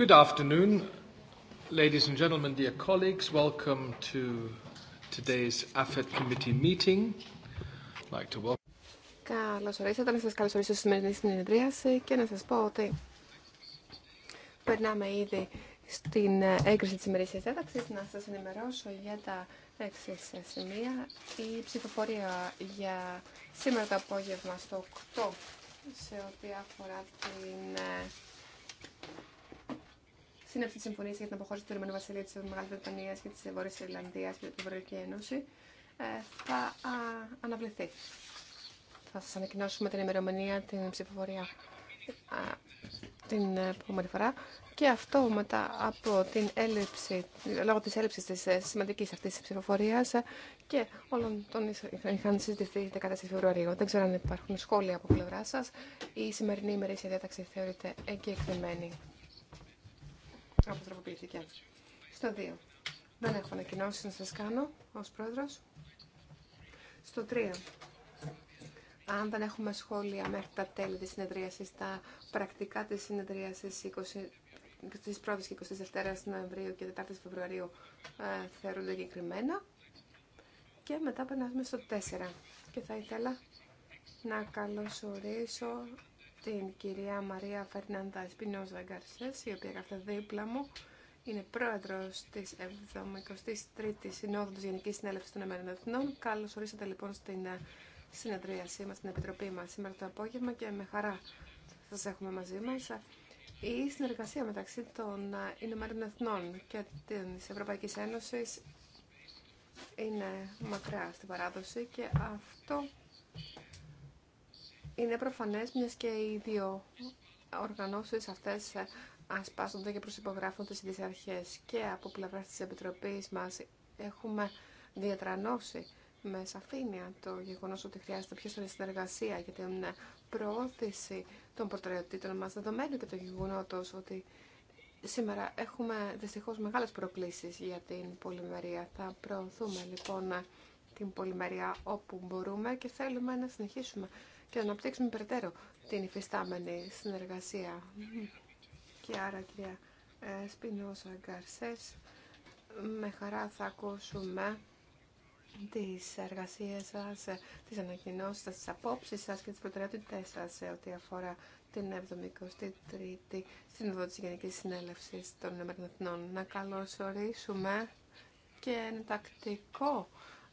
Good afternoon, ladies and gentlemen, dear colleagues. Welcome to today's AFET Committee meeting. I'd like to welcome... Καλώς ορίσατε, να σας καλωσορίσω στη σημερινή συνεδρίαση και να σας πω ότι περνάμε ήδη στην έγκριση της σημερινής ένταξης να σας ενημερώσω για τα εξή σημεία. Η ψηφοφορία για σήμερα το απόγευμα στο 8 σε ό,τι αφορά την ε, αυτή τη συμφωνία για την αποχώρηση του Ηνωμένου Βασιλείου τη Μεγάλη Βρετανία και τη Βόρεια Ιρλανδία και την Ευρωπαϊκή Ένωση ε, θα αναβληθεί. Θα σα ανακοινώσουμε την ημερομηνία, την ψηφοφορία την επόμενη φορά και αυτό μετά από την έλλειψη, λόγω τη έλλειψη τη ε, σημαντική αυτή τη ψηφοφορία ε, και όλων των είχαν συζητηθεί 14 Φεβρουαρίου. Δεν ξέρω αν υπάρχουν σχόλια από πλευρά σα. Η σημερινή ημερήσια διάταξη θεωρείται εγκεκριμένη. Στο 2. Δεν έχω ανακοινώσει να σα κάνω ω πρόεδρο. Στο 3. Αν δεν έχουμε σχόλια μέχρι τα τέλη της συνεδρίασης, τα πρακτικά της συνεδρίασης 20 της 1 27η και 22 η Νοεμβρίου και 4 η Φεβρουαρίου ε, θεωρούνται εγκεκριμένα. Και μετά περνάμε στο 4. Και θα ήθελα να καλωσορίσω την κυρία Μαρία Φερνάντα Σπινόζα Γκαρσές, η οποία κάθε δίπλα μου. Είναι πρόεδρος της 73ης Συνόδου της Γενικής Συνέλευσης των Εμένων Εθνών. Καλώς ορίσατε λοιπόν στην ε, συνεδρίασή μας, στην Επιτροπή μας σήμερα το απόγευμα και με χαρά σας έχουμε μαζί μας. Η συνεργασία μεταξύ των ε, Ηνωμένων Εθνών και της Ευρωπαϊκής Ένωσης είναι μακρά στην παράδοση και αυτό είναι προφανές μιας και οι δύο οργανώσεις αυτές ε, ασπάζονται και προσυπογράφουν τι αρχές και από πλευρά της Επιτροπής μας έχουμε διατρανώσει με σαφήνεια το γεγονός ότι χρειάζεται πιο στενή συνεργασία για την ε, προώθηση των προτεραιοτήτων μας, δεδομένου και το γεγονότος ότι σήμερα έχουμε δυστυχώς μεγάλες προκλήσεις για την πολυμερία. Θα προωθούμε λοιπόν την πολυμερία όπου μπορούμε και θέλουμε να συνεχίσουμε και να αναπτύξουμε περαιτέρω την υφιστάμενη συνεργασία. Και άρα, κυρία ε, Σπινόσα Γκαρσές, με χαρά θα ακούσουμε τις εργασίες σας, ε, τις ανακοινώσεις σας, τις απόψεις σας και τις προτεραιότητές σας σε ό,τι αφορά την 73η Σύνοδο της Γενικής Συνέλευσης των Εθνών. Να καλωσορίσουμε και ένα τακτικό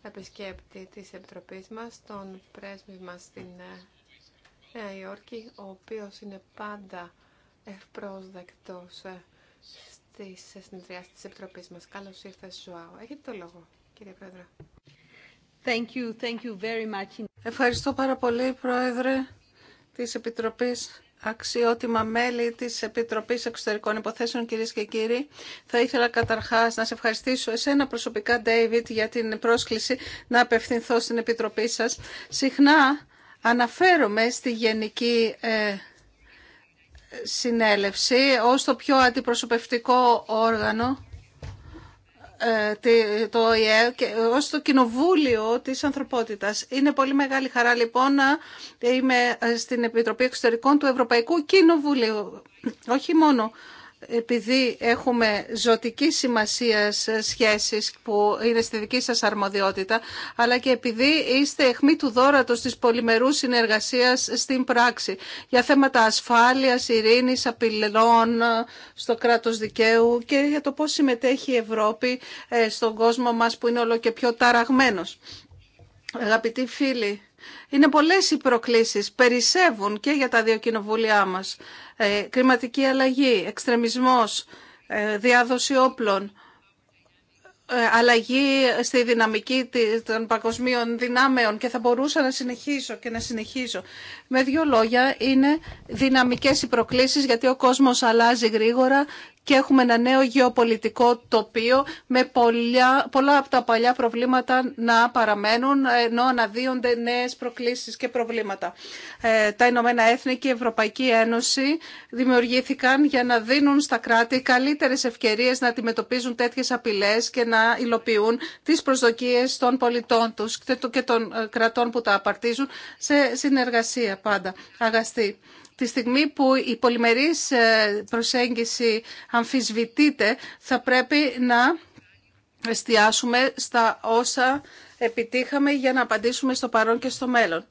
επισκέπτη της Επιτροπής μας, τον πρέσβη μας στην ε, Νέα Υόρκη, ο οποίος είναι πάντα ευπρόσδεκτος ε, στις συνεδριάσεις της Επιτροπής μας. Καλώς ήρθες, Ζωάο. Έχετε το λόγο, κύριε Πρόεδρε. Thank you, thank you very much. Ευχαριστώ πάρα πολύ, Πρόεδρε της Επιτροπής αξιότιμα μέλη της Επιτροπής Εξωτερικών Υποθέσεων, κυρίες και κύριοι. Θα ήθελα καταρχάς να σε ευχαριστήσω εσένα προσωπικά, David, για την πρόσκληση να απευθυνθώ στην Επιτροπή σας. Συχνά αναφέρομαι στη Γενική ε, Συνέλευση ως το πιο αντιπροσωπευτικό όργανο ε, το ΟΗΕ και ως το Κοινοβούλιο της Ανθρωπότητας. Είναι πολύ μεγάλη χαρά λοιπόν να είμαι στην Επιτροπή Εξωτερικών του Ευρωπαϊκού Κοινοβουλίου. Όχι μόνο επειδή έχουμε ζωτική σημασία σχέσεις που είναι στη δική σας αρμοδιότητα, αλλά και επειδή είστε εχμή του δόρατος της πολυμερού συνεργασίας στην πράξη για θέματα ασφάλειας, ειρήνης, απειλών ε, στο κράτος δικαίου και για το πώς συμμετέχει η Ευρώπη ε, στον κόσμο μας που είναι όλο και πιο ταραγμένος. Αγαπητοί φίλοι, είναι πολλές οι προκλήσεις, περισσεύουν και για τα δύο κοινοβούλια μας. Ε, αλλαγή, εξτρεμισμός, ε, διάδοση όπλων, ε, αλλαγή στη δυναμική των παγκοσμίων δυνάμεων και θα μπορούσα να συνεχίσω και να συνεχίζω. Με δύο λόγια είναι δυναμικές οι προκλήσεις γιατί ο κόσμος αλλάζει γρήγορα και έχουμε ένα νέο γεωπολιτικό τοπίο με πολλά, πολλά από τα παλιά προβλήματα να παραμένουν ενώ αναδύονται νέες προκλήσεις και προβλήματα. Ε, τα Ηνωμένα Έθνη και η Ευρωπαϊκή Ένωση δημιουργήθηκαν για να δίνουν στα κράτη καλύτερες ευκαιρίες να αντιμετωπίζουν τέτοιες απειλές και να υλοποιούν τις προσδοκίες των πολιτών τους και των ε, κρατών που τα απαρτίζουν σε συνεργασία πάντα αγαστή τη στιγμή που η πολυμερής ε, προσέγγιση αμφισβητείται, θα πρέπει να εστιάσουμε στα όσα επιτύχαμε για να απαντήσουμε στο παρόν και στο μέλλον.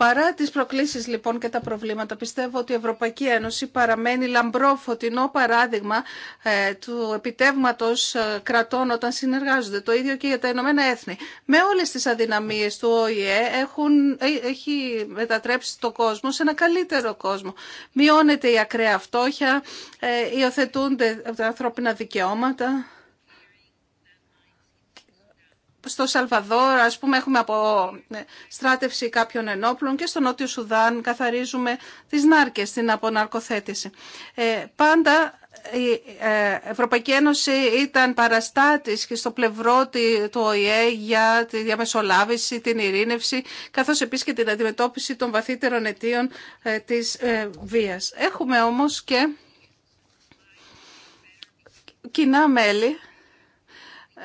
Παρά τις προκλήσεις λοιπόν και τα προβλήματα, πιστεύω ότι η Ευρωπαϊκή Ένωση παραμένει λαμπρό φωτεινό παράδειγμα ε, του επιτεύγματος ε, κρατών όταν συνεργάζονται. Το ίδιο και για τα Ηνωμένα Έθνη. Με όλες τις αδυναμίες του ΟΗΕ έχουν, ε, έχει μετατρέψει το κόσμο σε ένα καλύτερο κόσμο. Μειώνεται η ακραία φτώχεια, ε, υιοθετούνται τα ανθρώπινα δικαιώματα στο Σαλβαδόρ, ας πούμε, έχουμε από ε, στράτευση κάποιων ενόπλων και στο Νότιο Σουδάν καθαρίζουμε τις νάρκες, την αποναρκοθέτηση. Ε, πάντα η ε, Ευρωπαϊκή Ένωση ήταν παραστάτης και στο πλευρό του ΟΗΕ για τη διαμεσολάβηση, την ειρήνευση, καθώς επίσης και την αντιμετώπιση των βαθύτερων αιτίων ε, της βίας. Έχουμε όμως και κοινά μέλη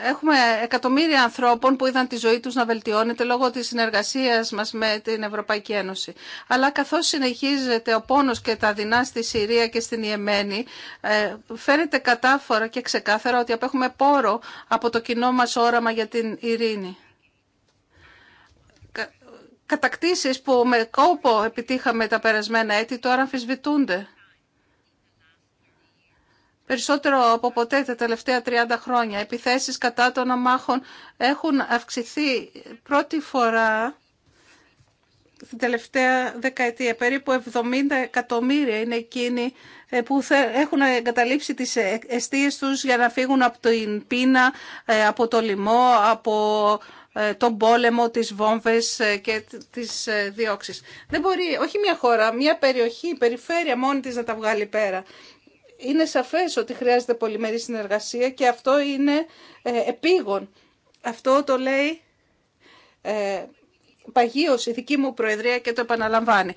Έχουμε εκατομμύρια ανθρώπων που είδαν τη ζωή τους να βελτιώνεται λόγω της συνεργασίας μας με την Ευρωπαϊκή Ένωση. Αλλά καθώς συνεχίζεται ο πόνος και τα δεινά στη Συρία και στην Ιεμένη, ε, φαίνεται κατάφορα και ξεκάθαρα ότι απέχουμε πόρο από το κοινό μας όραμα για την ειρήνη. Κατακτήσεις που με κόπο επιτύχαμε τα περασμένα έτη τώρα αμφισβητούνται περισσότερο από ποτέ τα τελευταία 30 χρόνια. Επιθέσεις κατά των αμάχων έχουν αυξηθεί πρώτη φορά την τελευταία δεκαετία. Περίπου 70 εκατομμύρια είναι εκείνοι ε, που έχουν εγκαταλείψει τις ε, αιστείες τους για να φύγουν από την πείνα, ε, από το λοιμό, από τον πόλεμο, τις βόμβες και τις διώξεις. Δεν μπορεί, όχι μια χώρα, μια περιοχή, περιφέρεια μόνη της να τα βγάλει πέρα. Είναι σαφές ότι χρειάζεται πολυμερή συνεργασία και αυτό είναι ε, επίγον. Αυτό το λέει ε, παγίως η δική μου Προεδρία και το επαναλαμβάνει.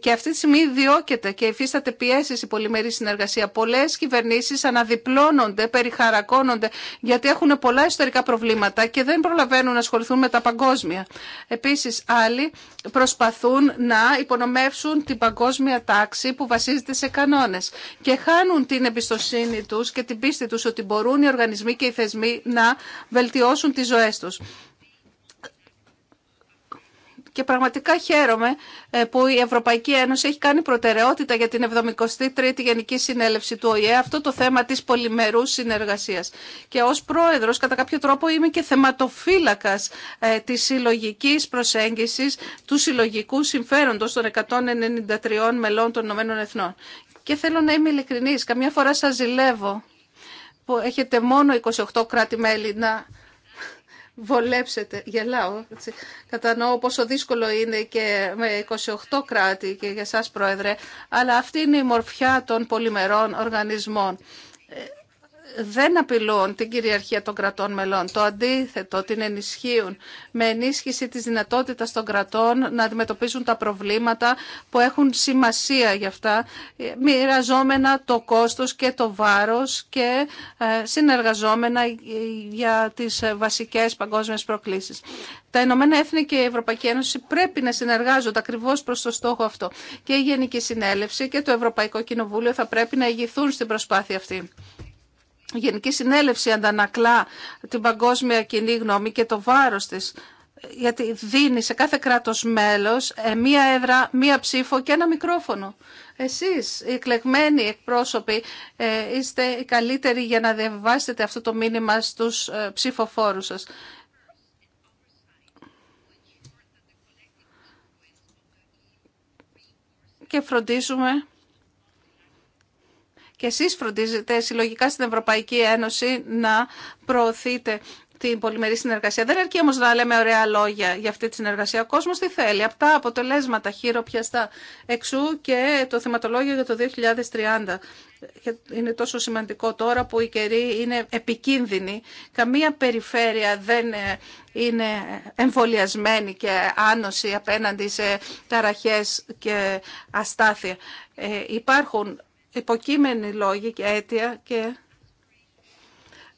Και αυτή τη στιγμή διώκεται και υφίσταται πιέσει η πολυμερή συνεργασία. Πολλέ κυβερνήσει αναδιπλώνονται, περιχαρακώνονται, γιατί έχουν πολλά ιστορικά προβλήματα και δεν προλαβαίνουν να ασχοληθούν με τα παγκόσμια. Επίση, άλλοι προσπαθούν να υπονομεύσουν την παγκόσμια τάξη που βασίζεται σε κανόνε και χάνουν την εμπιστοσύνη του και την πίστη του ότι μπορούν οι οργανισμοί και οι θεσμοί να βελτιώσουν τι ζωέ του και πραγματικά χαίρομαι ε, που η Ευρωπαϊκή Ένωση έχει κάνει προτεραιότητα για την 73η Γενική Συνέλευση του ΟΗΕ αυτό το θέμα της πολυμερούς συνεργασίας. Και ως πρόεδρος κατά κάποιο τρόπο είμαι και θεματοφύλακας ε, της συλλογική προσέγγισης του συλλογικού συμφέροντος των 193 μελών των ΗΕ. Και θέλω να είμαι ειλικρινής, καμιά φορά σας ζηλεύω που έχετε μόνο 28 κράτη-μέλη να βολέψετε. Γελάω. Έτσι. Κατανοώ πόσο δύσκολο είναι και με 28 κράτη και για σας Πρόεδρε, αλλά αυτή είναι η μορφιά των πολυμερών οργανισμών. Ε, δεν απειλούν την κυριαρχία των κρατών μελών. Το αντίθετο, την ενισχύουν με ενίσχυση της δυνατότητας των κρατών να αντιμετωπίσουν τα προβλήματα που έχουν σημασία για αυτά, μοιραζόμενα το κόστος και το βάρος και ε, συνεργαζόμενα για τις βασικές παγκόσμιες προκλήσεις. Τα Ηνωμένα Έθνη και η Ευρωπαϊκή Ένωση πρέπει να συνεργάζονται ακριβώ προ το στόχο αυτό. Και η Γενική Συνέλευση και το Ευρωπαϊκό Κοινοβούλιο θα πρέπει να ηγηθούν στην προσπάθεια αυτή. Γενική Συνέλευση αντανακλά την παγκόσμια κοινή γνώμη και το βάρος της γιατί δίνει σε κάθε κράτος μέλος ε, μία έδρα, μία ψήφο και ένα μικρόφωνο. Εσείς, οι εκλεγμένοι εκπρόσωποι, ε, είστε οι καλύτεροι για να διαβάσετε αυτό το μήνυμα στους ε, ψηφοφόρους σας. Και φροντίζουμε και εσείς φροντίζετε συλλογικά στην Ευρωπαϊκή Ένωση να προωθείτε την πολυμερή συνεργασία. Δεν αρκεί όμω να λέμε ωραία λόγια για αυτή τη συνεργασία. Ο κόσμο τι θέλει. Αυτά αποτελέσματα χειροπιαστά. Εξού και το θεματολόγιο για το 2030. Είναι τόσο σημαντικό τώρα που η καιροί είναι επικίνδυνη. Καμία περιφέρεια δεν ε, είναι εμβολιασμένη και άνοση απέναντι σε ταραχές και αστάθεια. Ε, υπάρχουν υποκείμενοι λόγοι και αίτια και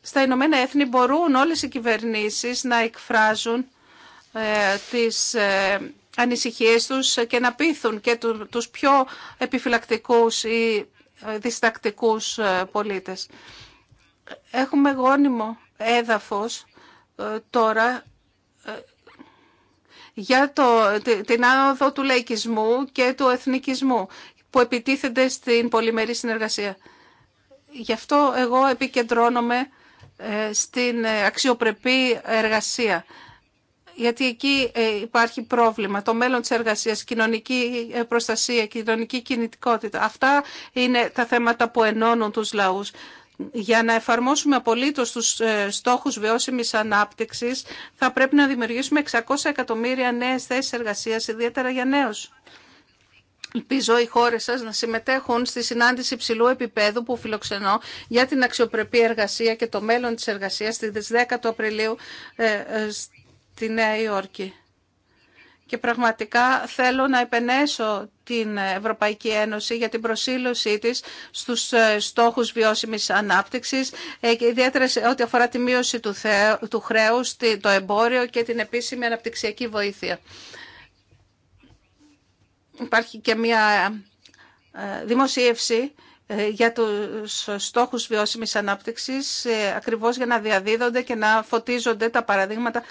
στα Ηνωμένα Έθνη μπορούν όλες οι κυβερνήσεις να εκφράζουν ε, τις ε, ανησυχίες τους και να πείθουν και τους πιο επιφυλακτικούς ή ε, διστακτικούς πολίτες. Έχουμε γόνιμο έδαφος τώρα για το, την άνοδο του λαϊκισμού και του εθνικισμού που επιτίθενται στην πολυμερή συνεργασία. Γι' αυτό εγώ επικεντρώνομαι ε, στην ε, αξιοπρεπή εργασία. Γιατί εκεί ε, υπάρχει πρόβλημα. Το μέλλον της εργασίας, κοινωνική προστασία, κοινωνική κινητικότητα. Αυτά είναι τα θέματα που ενώνουν τους λαούς. Για να εφαρμόσουμε απολύτως τους στόχους βιώσιμης ανάπτυξης θα πρέπει να δημιουργήσουμε 600 εκατομμύρια νέες θέσεις εργασίας, ιδιαίτερα για νέους. Ελπίζω οι χώρε σα να συμμετέχουν στη συνάντηση υψηλού επίπεδου που φιλοξενώ για την αξιοπρεπή εργασία και το μέλλον τη εργασία στι 10 του Απριλίου ε, ε, στη Νέα Υόρκη. Και πραγματικά θέλω να επενέσω την Ευρωπαϊκή Ένωση για την προσήλωσή της στους ε, στόχους βιώσιμης ανάπτυξης, ιδιαίτερα ό,τι αφορά τη μείωση του, χρέους, το εμπόριο και την επίσημη αναπτυξιακή βοήθεια υπάρχει και μια ε, δημοσίευση ε, για τους στόχους βιώσιμης ανάπτυξης ε, ακριβώς για να διαδίδονται και να φωτίζονται τα παραδείγματα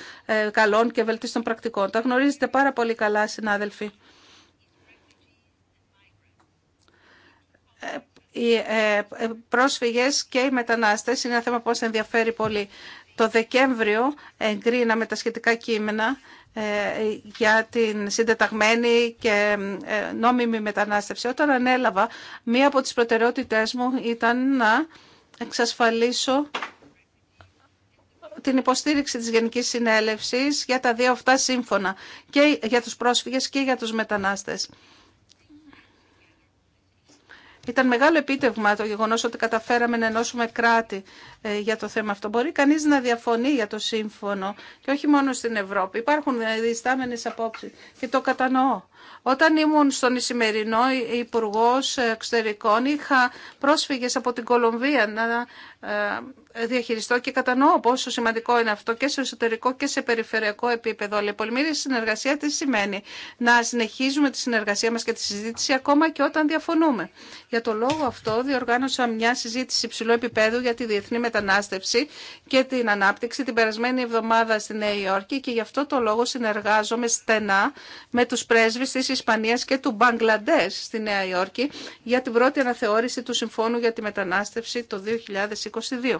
καλών και βελτίστων πρακτικών. Τα γνωρίζετε πάρα πολύ καλά, συνάδελφοι. Οι πρόσφυγες και οι μετανάστες είναι ένα θέμα που μας ενδιαφέρει πολύ. Το Δεκέμβριο εγκρίναμε τα σχετικά κείμενα ε, για την συντεταγμένη και ε, νόμιμη μετανάστευση. Όταν ανέλαβα, μία από τις προτεραιότητές μου ήταν να εξασφαλίσω την υποστήριξη της Γενικής Συνέλευσης για τα δύο αυτά σύμφωνα, και για τους πρόσφυγες και για τους μετανάστες. Ήταν μεγάλο επίτευγμα το γεγονό ότι καταφέραμε να ενώσουμε κράτη ε, για το θέμα αυτό. Μπορεί κανείς να διαφωνεί για το σύμφωνο και όχι μόνο στην Ευρώπη. Υπάρχουν διστάμενε απόψει. και το κατανοώ. Όταν ήμουν στον Ισημερινό υπουργό Εξωτερικών είχα πρόσφυγε από την Κολομβία να ε, διαχειριστώ και κατανοώ πόσο σημαντικό είναι αυτό και σε εσωτερικό και σε περιφερειακό επίπεδο. Αλλά η πολυμήρια συνεργασία τι σημαίνει. Να συνεχίζουμε τη συνεργασία μα και τη συζήτηση ακόμα και όταν διαφωνούμε. Για το λόγο αυτό διοργάνωσα μια συζήτηση υψηλού επίπεδου για τη διεθνή μετανάστευση και την ανάπτυξη την περασμένη εβδομάδα στη Νέα Υόρκη και γι' αυτό το λόγο συνεργάζομαι στενά με του πρέσβει της Ισπανίας και του Μπαγκλαντές στη Νέα Υόρκη για την πρώτη αναθεώρηση του Συμφώνου για τη Μετανάστευση το 2022.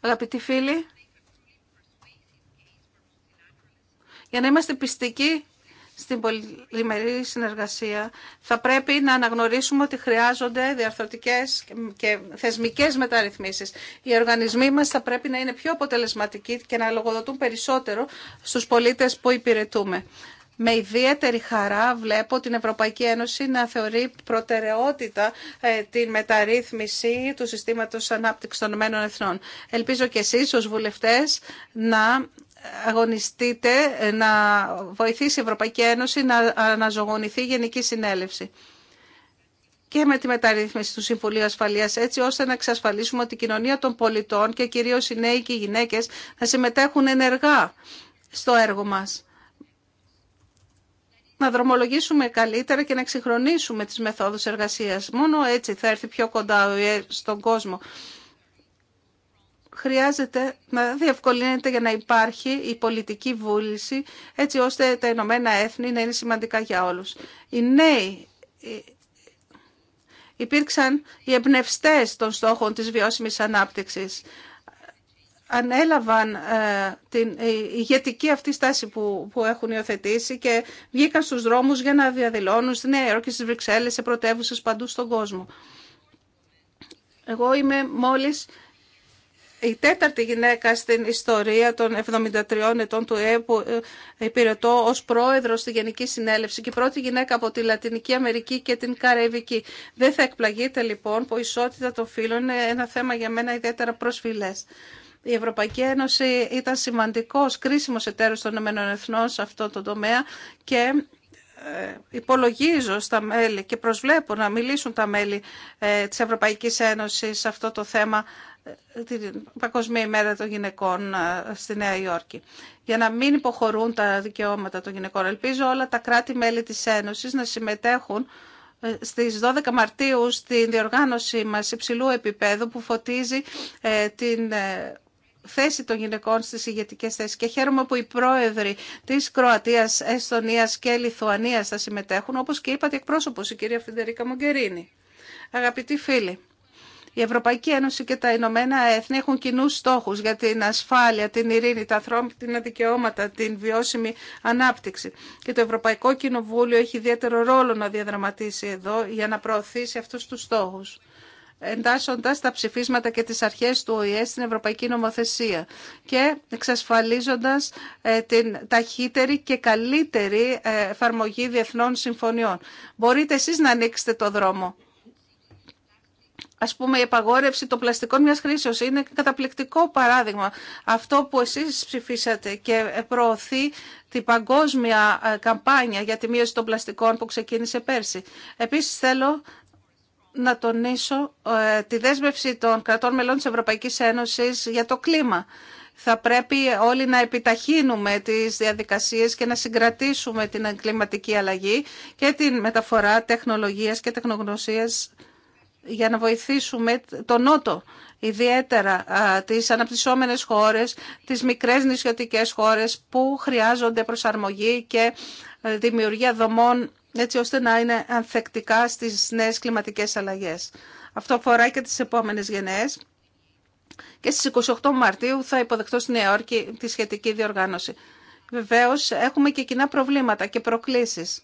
Αγαπητοί φίλοι, για να είμαστε πιστικοί στην πολυμερή συνεργασία, θα πρέπει να αναγνωρίσουμε ότι χρειάζονται διαρθρωτικές και θεσμικές μεταρρυθμίσεις. Οι οργανισμοί μας θα πρέπει να είναι πιο αποτελεσματικοί και να λογοδοτούν περισσότερο στους πολίτες που υπηρετούμε με ιδιαίτερη χαρά βλέπω την Ευρωπαϊκή Ένωση να θεωρεί προτεραιότητα ε, τη μεταρρύθμιση του συστήματος ανάπτυξης των Ηνωμένων Εθνών. Ελπίζω και εσείς ως βουλευτές να αγωνιστείτε, ε, να βοηθήσει η Ευρωπαϊκή Ένωση να αναζωογονηθεί η Γενική Συνέλευση και με τη μεταρρύθμιση του Συμβουλίου Ασφαλεία, έτσι ώστε να εξασφαλίσουμε ότι η κοινωνία των πολιτών και κυρίω οι νέοι και οι γυναίκε θα συμμετέχουν ενεργά στο έργο μας να δρομολογήσουμε καλύτερα και να εξυγχρονίσουμε τις μεθόδους εργασίας. Μόνο έτσι θα έρθει πιο κοντά στον κόσμο. Χρειάζεται να διευκολύνεται για να υπάρχει η πολιτική βούληση, έτσι ώστε τα Ηνωμένα Έθνη να είναι σημαντικά για όλους. Οι νέοι υπήρξαν οι εμπνευστές των στόχων της βιώσιμης ανάπτυξης ανέλαβαν ε, την ε, ηγετική αυτή στάση που, που έχουν υιοθετήσει και βγήκαν στους δρόμους για να διαδηλώνουν στη Νέα Υόρκη, στις Βρυξέλλες, σε πρωτεύουσε παντού στον κόσμο. Εγώ είμαι μόλις η τέταρτη γυναίκα στην ιστορία των 73 ετών του ΕΕ που ε, υπηρετώ ως πρόεδρο στη Γενική Συνέλευση και η πρώτη γυναίκα από τη Λατινική Αμερική και την Καραϊβική. Δεν θα εκπλαγείτε λοιπόν που η ισότητα των φύλων είναι ένα θέμα για μένα ιδιαίτερα προσφυλές. Η Ευρωπαϊκή Ένωση ήταν σημαντικός, κρίσιμος εταίρος των ΗΕ σε αυτό το τομέα και ε, υπολογίζω στα μέλη και προσβλέπω να μιλήσουν τα μέλη ε, της Ευρωπαϊκής Ένωσης σε αυτό το θέμα ε, την Παγκοσμία ημέρα των γυναικών στη Νέα Υόρκη. Για να μην υποχωρούν τα δικαιώματα των γυναικών, ελπίζω όλα τα κράτη-μέλη της Ένωσης να συμμετέχουν στις 12 Μαρτίου στην διοργάνωση μας υψηλού επίπεδου που φωτίζει την θέση των γυναικών στις ηγετικέ θέσει και χαίρομαι που οι πρόεδροι της Κροατίας, Εστονίας και Λιθουανίας θα συμμετέχουν, όπως και είπατε εκπρόσωπο, η κυρία Φιντερίκα Μογκερίνη. Αγαπητοί φίλοι, η Ευρωπαϊκή Ένωση και τα Ηνωμένα Έθνη έχουν κοινού στόχου για την ασφάλεια, την ειρήνη, τα ανθρώπινα δικαιώματα, την βιώσιμη ανάπτυξη. Και το Ευρωπαϊκό Κοινοβούλιο έχει ιδιαίτερο ρόλο να διαδραματίσει εδώ για να προωθήσει αυτού του στόχου εντάσσοντας τα ψηφίσματα και τις αρχές του ΟΗΕ στην Ευρωπαϊκή Νομοθεσία και εξασφαλίζοντας ε, την ταχύτερη και καλύτερη ε, εφαρμογή διεθνών συμφωνιών. Μπορείτε εσείς να ανοίξετε το δρόμο. Ας πούμε η επαγόρευση των πλαστικών μιας χρήσεως είναι καταπληκτικό παράδειγμα. Αυτό που εσείς ψηφίσατε και προωθεί την παγκόσμια ε, καμπάνια για τη μείωση των πλαστικών που ξεκίνησε πέρσι. Επίσης θέλω να τονίσω ε, τη δέσμευση των κρατών μελών της Ευρωπαϊκής Ένωσης για το κλίμα. Θα πρέπει όλοι να επιταχύνουμε τις διαδικασίες και να συγκρατήσουμε την κλιματική αλλαγή και την μεταφορά τεχνολογίας και τεχνογνωσίας για να βοηθήσουμε τον Νότο, ιδιαίτερα τις αναπτυσσόμενες χώρες, τις μικρές νησιωτικές χώρες που χρειάζονται προσαρμογή και ε, δημιουργία δομών έτσι ώστε να είναι ανθεκτικά στις νέες κλιματικές αλλαγές. Αυτό αφορά και τις επόμενες γενναίες. Και στις 28 Μαρτίου θα υποδεχτώ στη Νέα Υόρκη τη σχετική διοργάνωση. Βεβαίως έχουμε και κοινά προβλήματα και προκλήσεις.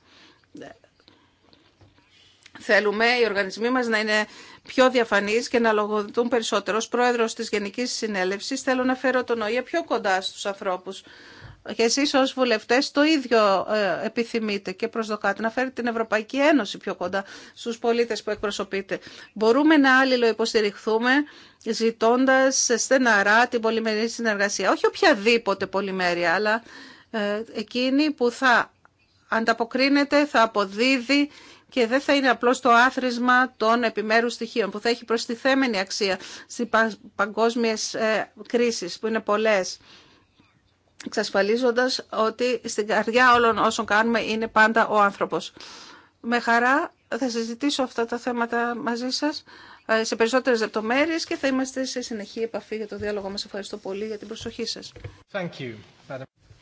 Θέλουμε οι οργανισμοί μας να είναι πιο διαφανείς και να λογοδοτούν περισσότερο. Ως πρόεδρος της Γενικής Συνέλευσης θέλω να φέρω τον ΟΗΕ πιο κοντά στους ανθρώπους και εσείς ως βουλευτές το ίδιο ε, επιθυμείτε και προσδοκάτε να φέρετε την Ευρωπαϊκή Ένωση πιο κοντά στους πολίτες που εκπροσωπείτε. Μπορούμε να άλληλο υποστηριχθούμε ζητώντας στεναρά την πολυμερή συνεργασία. Όχι οποιαδήποτε πολυμέρεια, αλλά ε, εκείνη που θα ανταποκρίνεται, θα αποδίδει και δεν θα είναι απλώς το άθροισμα των επιμέρους στοιχείων που θα έχει προστιθέμενη αξία στις παγκόσμιες ε, κρίσεις που είναι πολλές εξασφαλίζοντας ότι στην καρδιά όλων όσων κάνουμε είναι πάντα ο άνθρωπος. Με χαρά θα συζητήσω αυτά τα θέματα μαζί σας ε, σε περισσότερες λεπτομέρειες και θα είμαστε σε συνεχή επαφή για το διάλογο μας. Ευχαριστώ πολύ για την προσοχή σας. Thank you.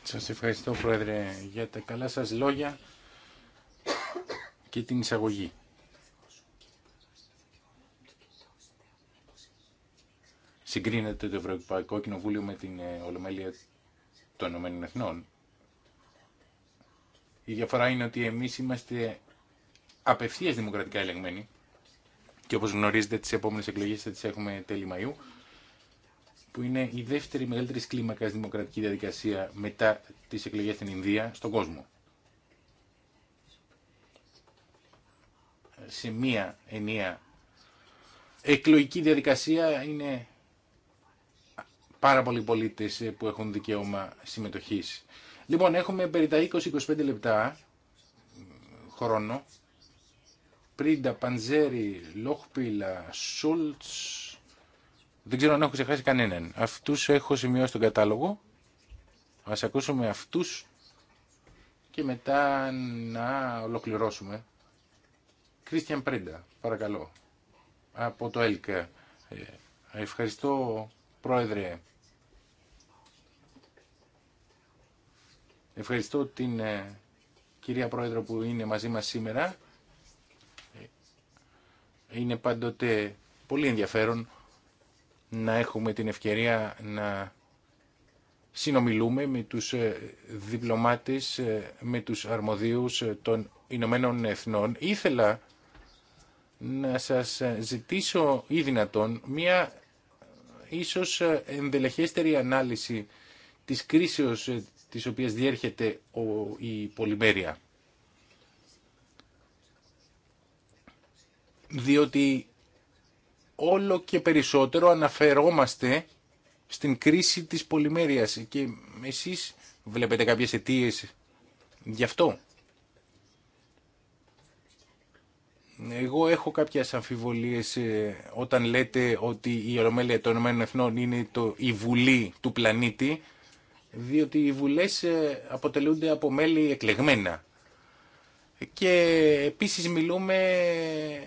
Σας ευχαριστώ Πρόεδρε για τα καλά σας λόγια και την εισαγωγή. Συγκρίνεται το Ευρωπαϊκό Κοινοβούλιο με την ε, Ολομέλεια των Ηνωμένων Εθνών. Η διαφορά είναι ότι εμείς είμαστε απευθείας δημοκρατικά ελεγμένοι και όπως γνωρίζετε τις επόμενες εκλογές θα τις έχουμε τέλη Μαΐου που είναι η δεύτερη μεγαλύτερη κλίμακα δημοκρατική διαδικασία μετά τις εκλογές στην Ινδία στον κόσμο. Σε μία ενία εκλογική διαδικασία είναι πάρα πολλοί πολίτε ε, που έχουν δικαίωμα συμμετοχή. Λοιπόν, έχουμε περί τα 20-25 λεπτά χρόνο. Πρίντα, Παντζέρι, Λόχπιλα, Σούλτς, δεν ξέρω αν έχω ξεχάσει κανέναν. Αυτού έχω σημειώσει τον κατάλογο. Α ακούσουμε αυτού και μετά να ολοκληρώσουμε. Κρίστιαν Πρίντα, παρακαλώ, από το ΕΛΚΑ. Ε, ευχαριστώ, Πρόεδρε. Ευχαριστώ την ε, κυρία Πρόεδρο που είναι μαζί μας σήμερα. Ε, είναι πάντοτε πολύ ενδιαφέρον να έχουμε την ευκαιρία να συνομιλούμε με τους ε, διπλωμάτες, με τους αρμοδίους των Ηνωμένων Εθνών. Ήθελα να σας ζητήσω ή δυνατόν μία ίσως ενδελεχέστερη ανάλυση της κρίσεως τις οποίες διέρχεται η πολυμέρεια. Διότι όλο και περισσότερο αναφερόμαστε στην κρίση της πολυμέρειας και εσείς βλέπετε κάποιες αιτίε γι' αυτό. Εγώ έχω κάποιες αμφιβολίες ε, όταν λέτε ότι η Ολομέλεια των Ηνωμένων Εθνών είναι το, η βουλή του πλανήτη διότι οι βουλές ε, αποτελούνται από μέλη εκλεγμένα. Και επίσης μιλούμε ε,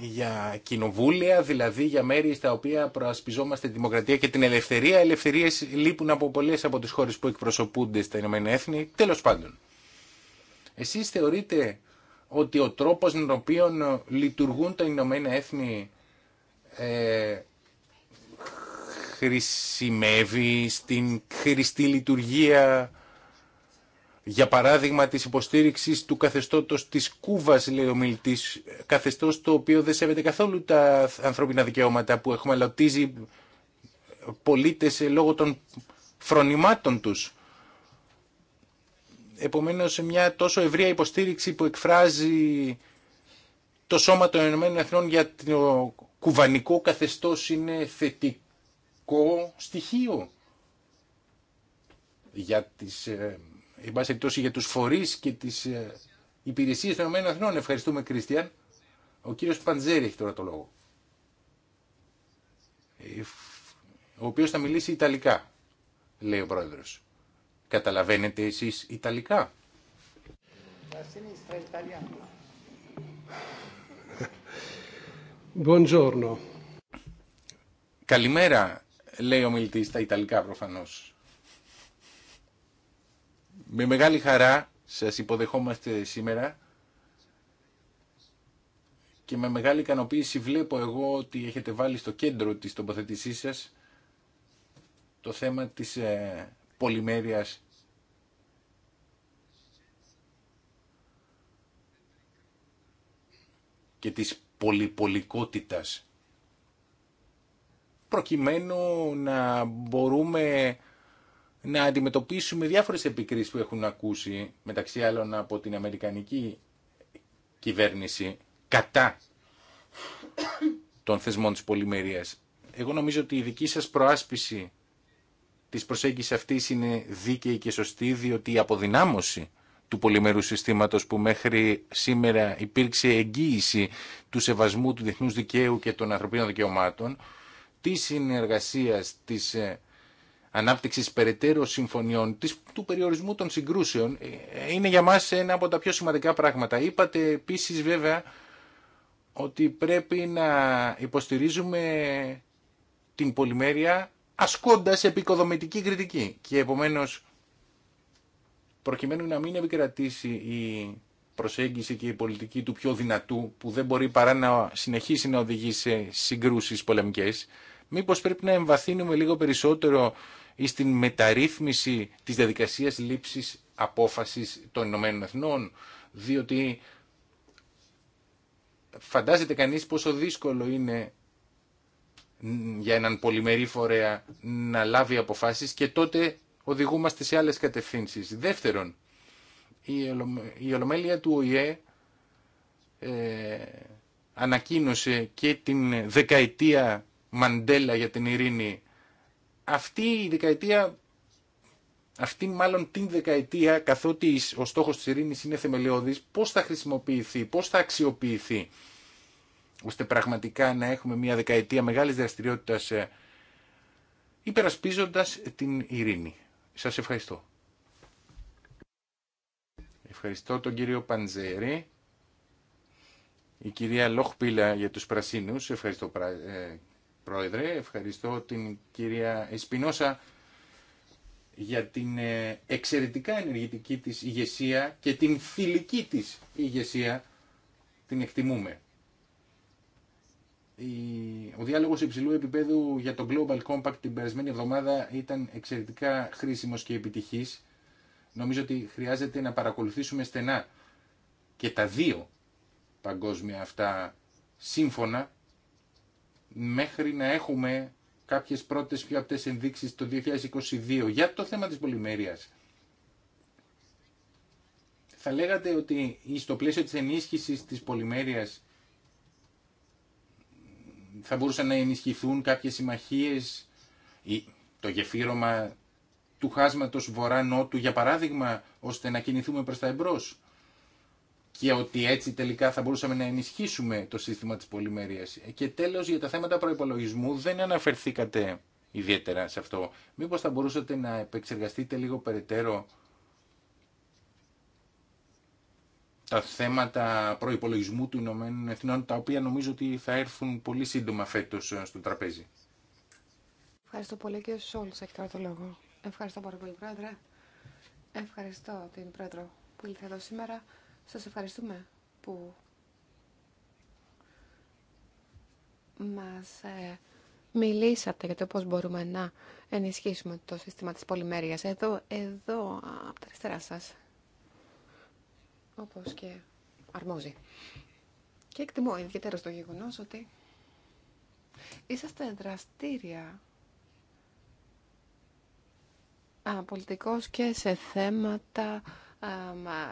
για κοινοβούλια, δηλαδή για μέρη στα οποία προασπιζόμαστε τη δημοκρατία και την ελευθερία. Ελευθερίες λείπουν από πολλές από τις χώρες που εκπροσωπούνται στα Ηνωμένα Έθνη. Τέλος πάντων, εσείς θεωρείτε ότι ο τρόπος με τον οποίο λειτουργούν τα Ηνωμένα Έθνη ε, χρησιμεύει στην χρηστή λειτουργία για παράδειγμα της υποστήριξης του καθεστώτος της Κούβας, λέει ο καθεστώς το οποίο δεν σέβεται καθόλου τα ανθρώπινα δικαιώματα που έχουμε λαοτίζει πολίτες ε, λόγω των φρονημάτων τους. Επομένως, μια τόσο ευρία υποστήριξη που εκφράζει το Σώμα των Ηνωμένων Εθνών για το κουβανικό καθεστώς είναι θετικό θετικό στοιχείο για τις, ε, ε, ε, για τους φορείς και τις ε, υπηρεσίες των ΗΠΑ. Ευχαριστούμε, Κρίστιαν. Ο κύριος Παντζέρη έχει τώρα το λόγο, ε, ο οποίος θα μιλήσει Ιταλικά, λέει ο πρόεδρος. Καταλαβαίνετε εσείς Ιταλικά. Buongiorno. Καλημέρα, λέει ο μιλητής στα Ιταλικά προφανώς. Με μεγάλη χαρά σας υποδεχόμαστε σήμερα και με μεγάλη ικανοποίηση βλέπω εγώ ότι έχετε βάλει στο κέντρο της τοποθετησής σας το θέμα της ε, και της πολυπολικότητας προκειμένου να μπορούμε να αντιμετωπίσουμε διάφορες επικρίσεις που έχουν ακούσει μεταξύ άλλων από την Αμερικανική κυβέρνηση κατά των θεσμών της πολυμερίας. Εγώ νομίζω ότι η δική σας προάσπιση της προσέγγισης αυτής είναι δίκαιη και σωστή διότι η αποδυνάμωση του πολυμερού συστήματος που μέχρι σήμερα υπήρξε εγγύηση του σεβασμού του διεθνούς δικαίου και των ανθρωπίνων δικαιωμάτων Τη συνεργασία, της ε, ανάπτυξης περαιτέρω συμφωνιών, της, του περιορισμού των συγκρούσεων, ε, είναι για μας ένα από τα πιο σημαντικά πράγματα. Είπατε επίση, βέβαια ότι πρέπει να υποστηρίζουμε την πολυμέρεια ασκώντας επικοδομητική κριτική και επομένως προκειμένου να μην επικρατήσει η προσέγγιση και η πολιτική του πιο δυνατού που δεν μπορεί παρά να συνεχίσει να οδηγεί σε συγκρούσεις πολεμικές Μήπως πρέπει να εμβαθύνουμε λίγο περισσότερο στην μεταρρύθμιση της διαδικασίας λήψης απόφασης των Ηνωμένων Εθνών, διότι φαντάζεται κανείς πόσο δύσκολο είναι για έναν πολυμερή φορέα να λάβει αποφάσεις και τότε οδηγούμαστε σε άλλες κατευθύνσεις. Δεύτερον, η Ολομέλεια του ΟΗΕ ε, ανακοίνωσε και την δεκαετία Μαντέλα για την ειρήνη. Αυτή η δεκαετία, αυτή μάλλον την δεκαετία, καθότι ο στόχος της ειρήνης είναι θεμελιώδης, πώς θα χρησιμοποιηθεί, πώς θα αξιοποιηθεί, ώστε πραγματικά να έχουμε μια δεκαετία μεγάλης δραστηριότητας ε, υπερασπίζοντας την ειρήνη. Σας ευχαριστώ. Ευχαριστώ τον κύριο Παντζέρη. Η κυρία Λόχπίλα για τους πρασίνους. Ευχαριστώ ε, Πρόεδρε. Ευχαριστώ την κυρία Εσπινόσα για την ε, εξαιρετικά ενεργητική της ηγεσία και την φιλική της ηγεσία την εκτιμούμε. Ο διάλογος υψηλού επίπεδου για το Global Compact την περασμένη εβδομάδα ήταν εξαιρετικά χρήσιμος και επιτυχής. Νομίζω ότι χρειάζεται να παρακολουθήσουμε στενά και τα δύο παγκόσμια αυτά σύμφωνα μέχρι να έχουμε κάποιες πρώτες πιο απτές ενδείξεις το 2022 για το θέμα της πολυμέρειας. Θα λέγατε ότι στο πλαίσιο της ενίσχυσης της πολυμέρειας θα μπορούσαν να ενισχυθούν κάποιες συμμαχίες ή το γεφύρωμα του χάσματος βορρά-νότου, για παράδειγμα, ώστε να κινηθούμε προς τα εμπρός και ότι έτσι τελικά θα μπορούσαμε να ενισχύσουμε το σύστημα της πολυμερίας. Και τέλος για τα θέματα προϋπολογισμού δεν αναφερθήκατε ιδιαίτερα σε αυτό. Μήπως θα μπορούσατε να επεξεργαστείτε λίγο περαιτέρω τα θέματα προϋπολογισμού του Ηνωμένων Εθνών, τα οποία νομίζω ότι θα έρθουν πολύ σύντομα φέτος ε, στο τραπέζι. Ευχαριστώ πολύ και στους όλους έχει τώρα το λόγο. Ευχαριστώ πάρα πολύ, Πρόεδρε. Ευχαριστώ την Πρόεδρο που ήλθε εδώ σήμερα. Σας ευχαριστούμε που μας ε, μιλήσατε για το πώς μπορούμε να ενισχύσουμε το σύστημα της πολυμέρειας. Εδώ, εδώ, από τα αριστερά σας. Όπως και αρμόζει. Και εκτιμώ ιδιαίτερα στο γεγονός ότι είσαστε δραστήρια α, πολιτικός και σε θέματα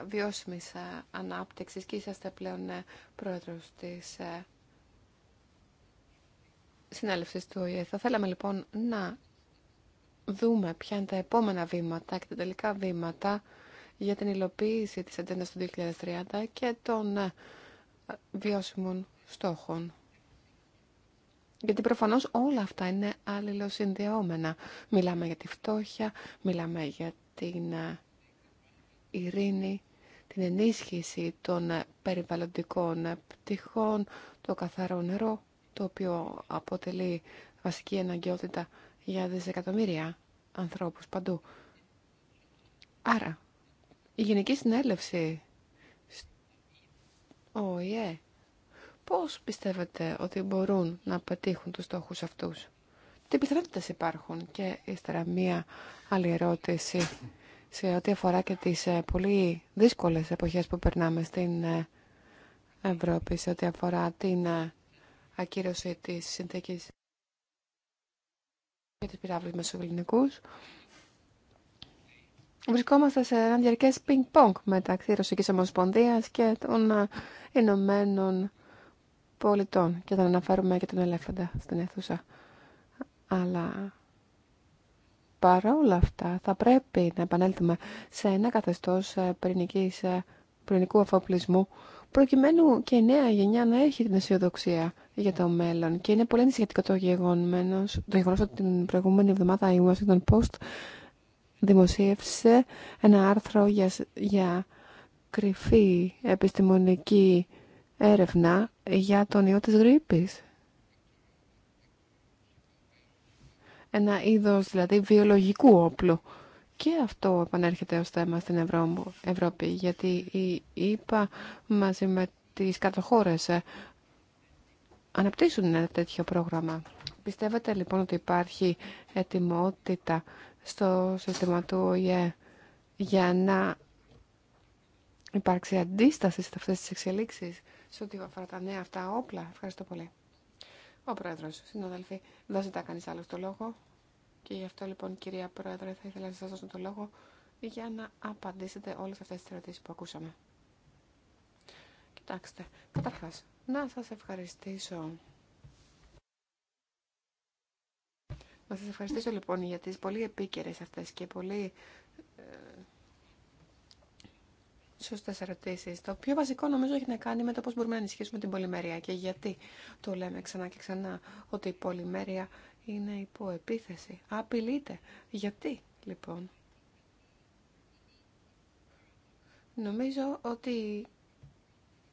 βιώσιμης ανάπτυξης και είσαστε πλέον ε, πρόεδρος της ε, συνέλευσης του ΟΗΕ. Θα θέλαμε λοιπόν να δούμε ποια είναι τα επόμενα βήματα και τα τελικά βήματα για την υλοποίηση της ατζέντα του 2030 και των ε, βιώσιμων στόχων. Γιατί προφανώς όλα αυτά είναι αλληλοσυνδεόμενα. Μιλάμε για τη φτώχεια, μιλάμε για την ειρήνη, την ενίσχυση των περιβαλλοντικών πτυχών, το καθαρό νερό, το οποίο αποτελεί βασική αναγκαιότητα για δισεκατομμύρια ανθρώπους παντού. Άρα, η Γενική Συνέλευση, ο ΙΕ, πώς πιστεύετε ότι μπορούν να πετύχουν τους στόχους αυτούς. Τι πιθανότητες υπάρχουν και ύστερα μία άλλη ερώτηση σε ό,τι αφορά και τις ε, πολύ δύσκολες εποχές που περνάμε στην ε, Ευρώπη, σε ό,τι αφορά την ε, ακύρωση της συνθήκης για τους πυράβλους Μεσογλυνικούς. Βρισκόμαστε σε έναν διαρκες διαρκές πινκ-πονκ μεταξύ Ρωσικής Ομοσπονδίας και των Ηνωμένων Πολιτών. Και θα αναφέρουμε και τον ελέφαντα στην αίθουσα. Αλλά όλα αυτά θα πρέπει να επανέλθουμε σε ένα καθεστώς ε, πυρηνικής, ε, πυρηνικού αφοπλισμού προκειμένου και η νέα γενιά να έχει την αισιοδοξία για το μέλλον. Και είναι πολύ ενισχυτικό το γεγονό το ότι την προηγούμενη εβδομάδα η Washington Post δημοσίευσε ένα άρθρο για, για κρυφή επιστημονική έρευνα για τον ιό της γρήπης. ένα είδος δηλαδή βιολογικού όπλου. Και αυτό επανέρχεται ως θέμα στην Ευρώπη, Ευρώπη γιατί η ΕΠΑ μαζί με τις κατοχώρες ε, αναπτύσσουν ένα τέτοιο πρόγραμμα. Πιστεύετε λοιπόν ότι υπάρχει ετοιμότητα στο σύστημα του ΟΗΕ για να υπάρξει αντίσταση σε αυτές τις εξελίξεις σε ό,τι αφορά τα νέα αυτά όπλα. Ευχαριστώ πολύ. Ο Πρόεδρος, συναδελφοί, δεν ζητά κανείς άλλο το λόγο. Και γι' αυτό λοιπόν, κυρία Πρόεδρε, θα ήθελα να σας δώσω το λόγο για να απαντήσετε όλες αυτές τις ερωτήσεις που ακούσαμε. Κοιτάξτε, καταρχάς, να σας ευχαριστήσω. Να σας ευχαριστήσω λοιπόν για τις πολύ επίκαιρες αυτές και πολύ ε, σωστέ ερωτήσει. Το πιο βασικό νομίζω έχει να κάνει με το πώ μπορούμε να ενισχύσουμε την πολυμέρια. και γιατί το λέμε ξανά και ξανά ότι η πολυμέρια είναι υπό επίθεση. Απειλείται. Γιατί λοιπόν. Νομίζω ότι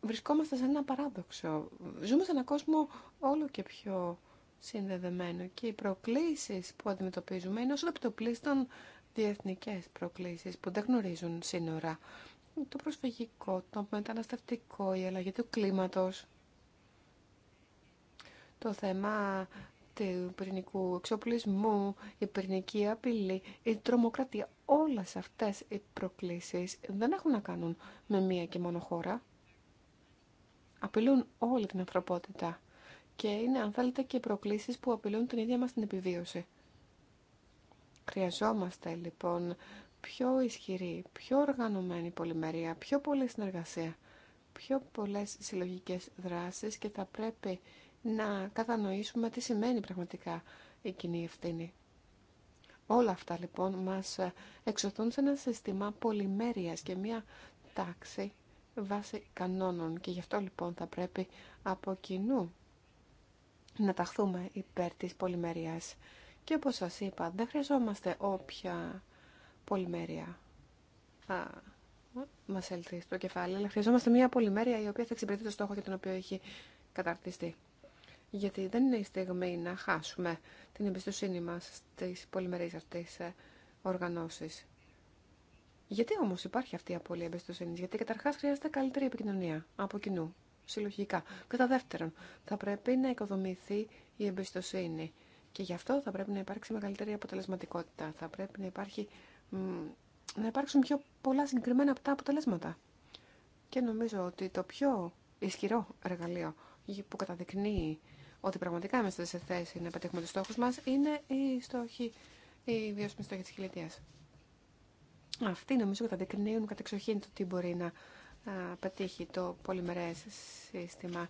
βρισκόμαστε σε ένα παράδοξο. Ζούμε σε έναν κόσμο όλο και πιο συνδεδεμένο και οι προκλήσεις που αντιμετωπίζουμε είναι όσο το επιτοπλίστων διεθνικές προκλήσεις που δεν γνωρίζουν σύνορα το προσφυγικό, το μεταναστευτικό, η αλλαγή του κλίματος, το θέμα του πυρηνικού εξοπλισμού, η πυρηνική απειλή, η τρομοκρατία. Όλες αυτές οι προκλήσεις δεν έχουν να κάνουν με μία και μόνο χώρα. Απειλούν όλη την ανθρωπότητα και είναι αν θέλετε και προκλήσεις που απειλούν την ίδια μας την επιβίωση. Χρειαζόμαστε λοιπόν πιο ισχυρή, πιο οργανωμένη πολυμερία, πιο πολλή συνεργασία, πιο πολλές συλλογικές δράσεις και θα πρέπει να κατανοήσουμε τι σημαίνει πραγματικά η κοινή ευθύνη. Όλα αυτά λοιπόν μας εξωθούν σε ένα σύστημα πολυμέρειας και μια τάξη βάσει κανόνων και γι' αυτό λοιπόν θα πρέπει από κοινού να ταχθούμε υπέρ της πολυμερίας. Και όπως σας είπα, δεν χρειαζόμαστε όποια πολυμέρεια μα έλθει στο κεφάλι, αλλά χρειαζόμαστε μια πολυμέρεια η οποία θα εξυπηρετεί το στόχο για τον οποίο έχει καταρτιστεί. Γιατί δεν είναι η στιγμή να χάσουμε την εμπιστοσύνη μα στι πολυμερεί αυτέ ε, οργανώσει. Γιατί όμω υπάρχει αυτή η απώλεια εμπιστοσύνη, Γιατί καταρχά χρειάζεται καλύτερη επικοινωνία από κοινού, συλλογικά. Κατά δεύτερον, θα πρέπει να οικοδομηθεί η εμπιστοσύνη. Και γι' αυτό θα πρέπει να υπάρξει μεγαλύτερη αποτελεσματικότητα. Θα πρέπει να υπάρχει να υπάρξουν πιο πολλά συγκεκριμένα από τα αποτελέσματα. Και νομίζω ότι το πιο ισχυρό εργαλείο που καταδεικνύει ότι πραγματικά είμαστε σε θέση να πετύχουμε τους στόχους μας είναι η, στόχη, η βιώσιμη στόχη της Αυτοί νομίζω καταδεικνύουν κατεξοχήν το τι μπορεί να πετύχει το πολυμερές σύστημα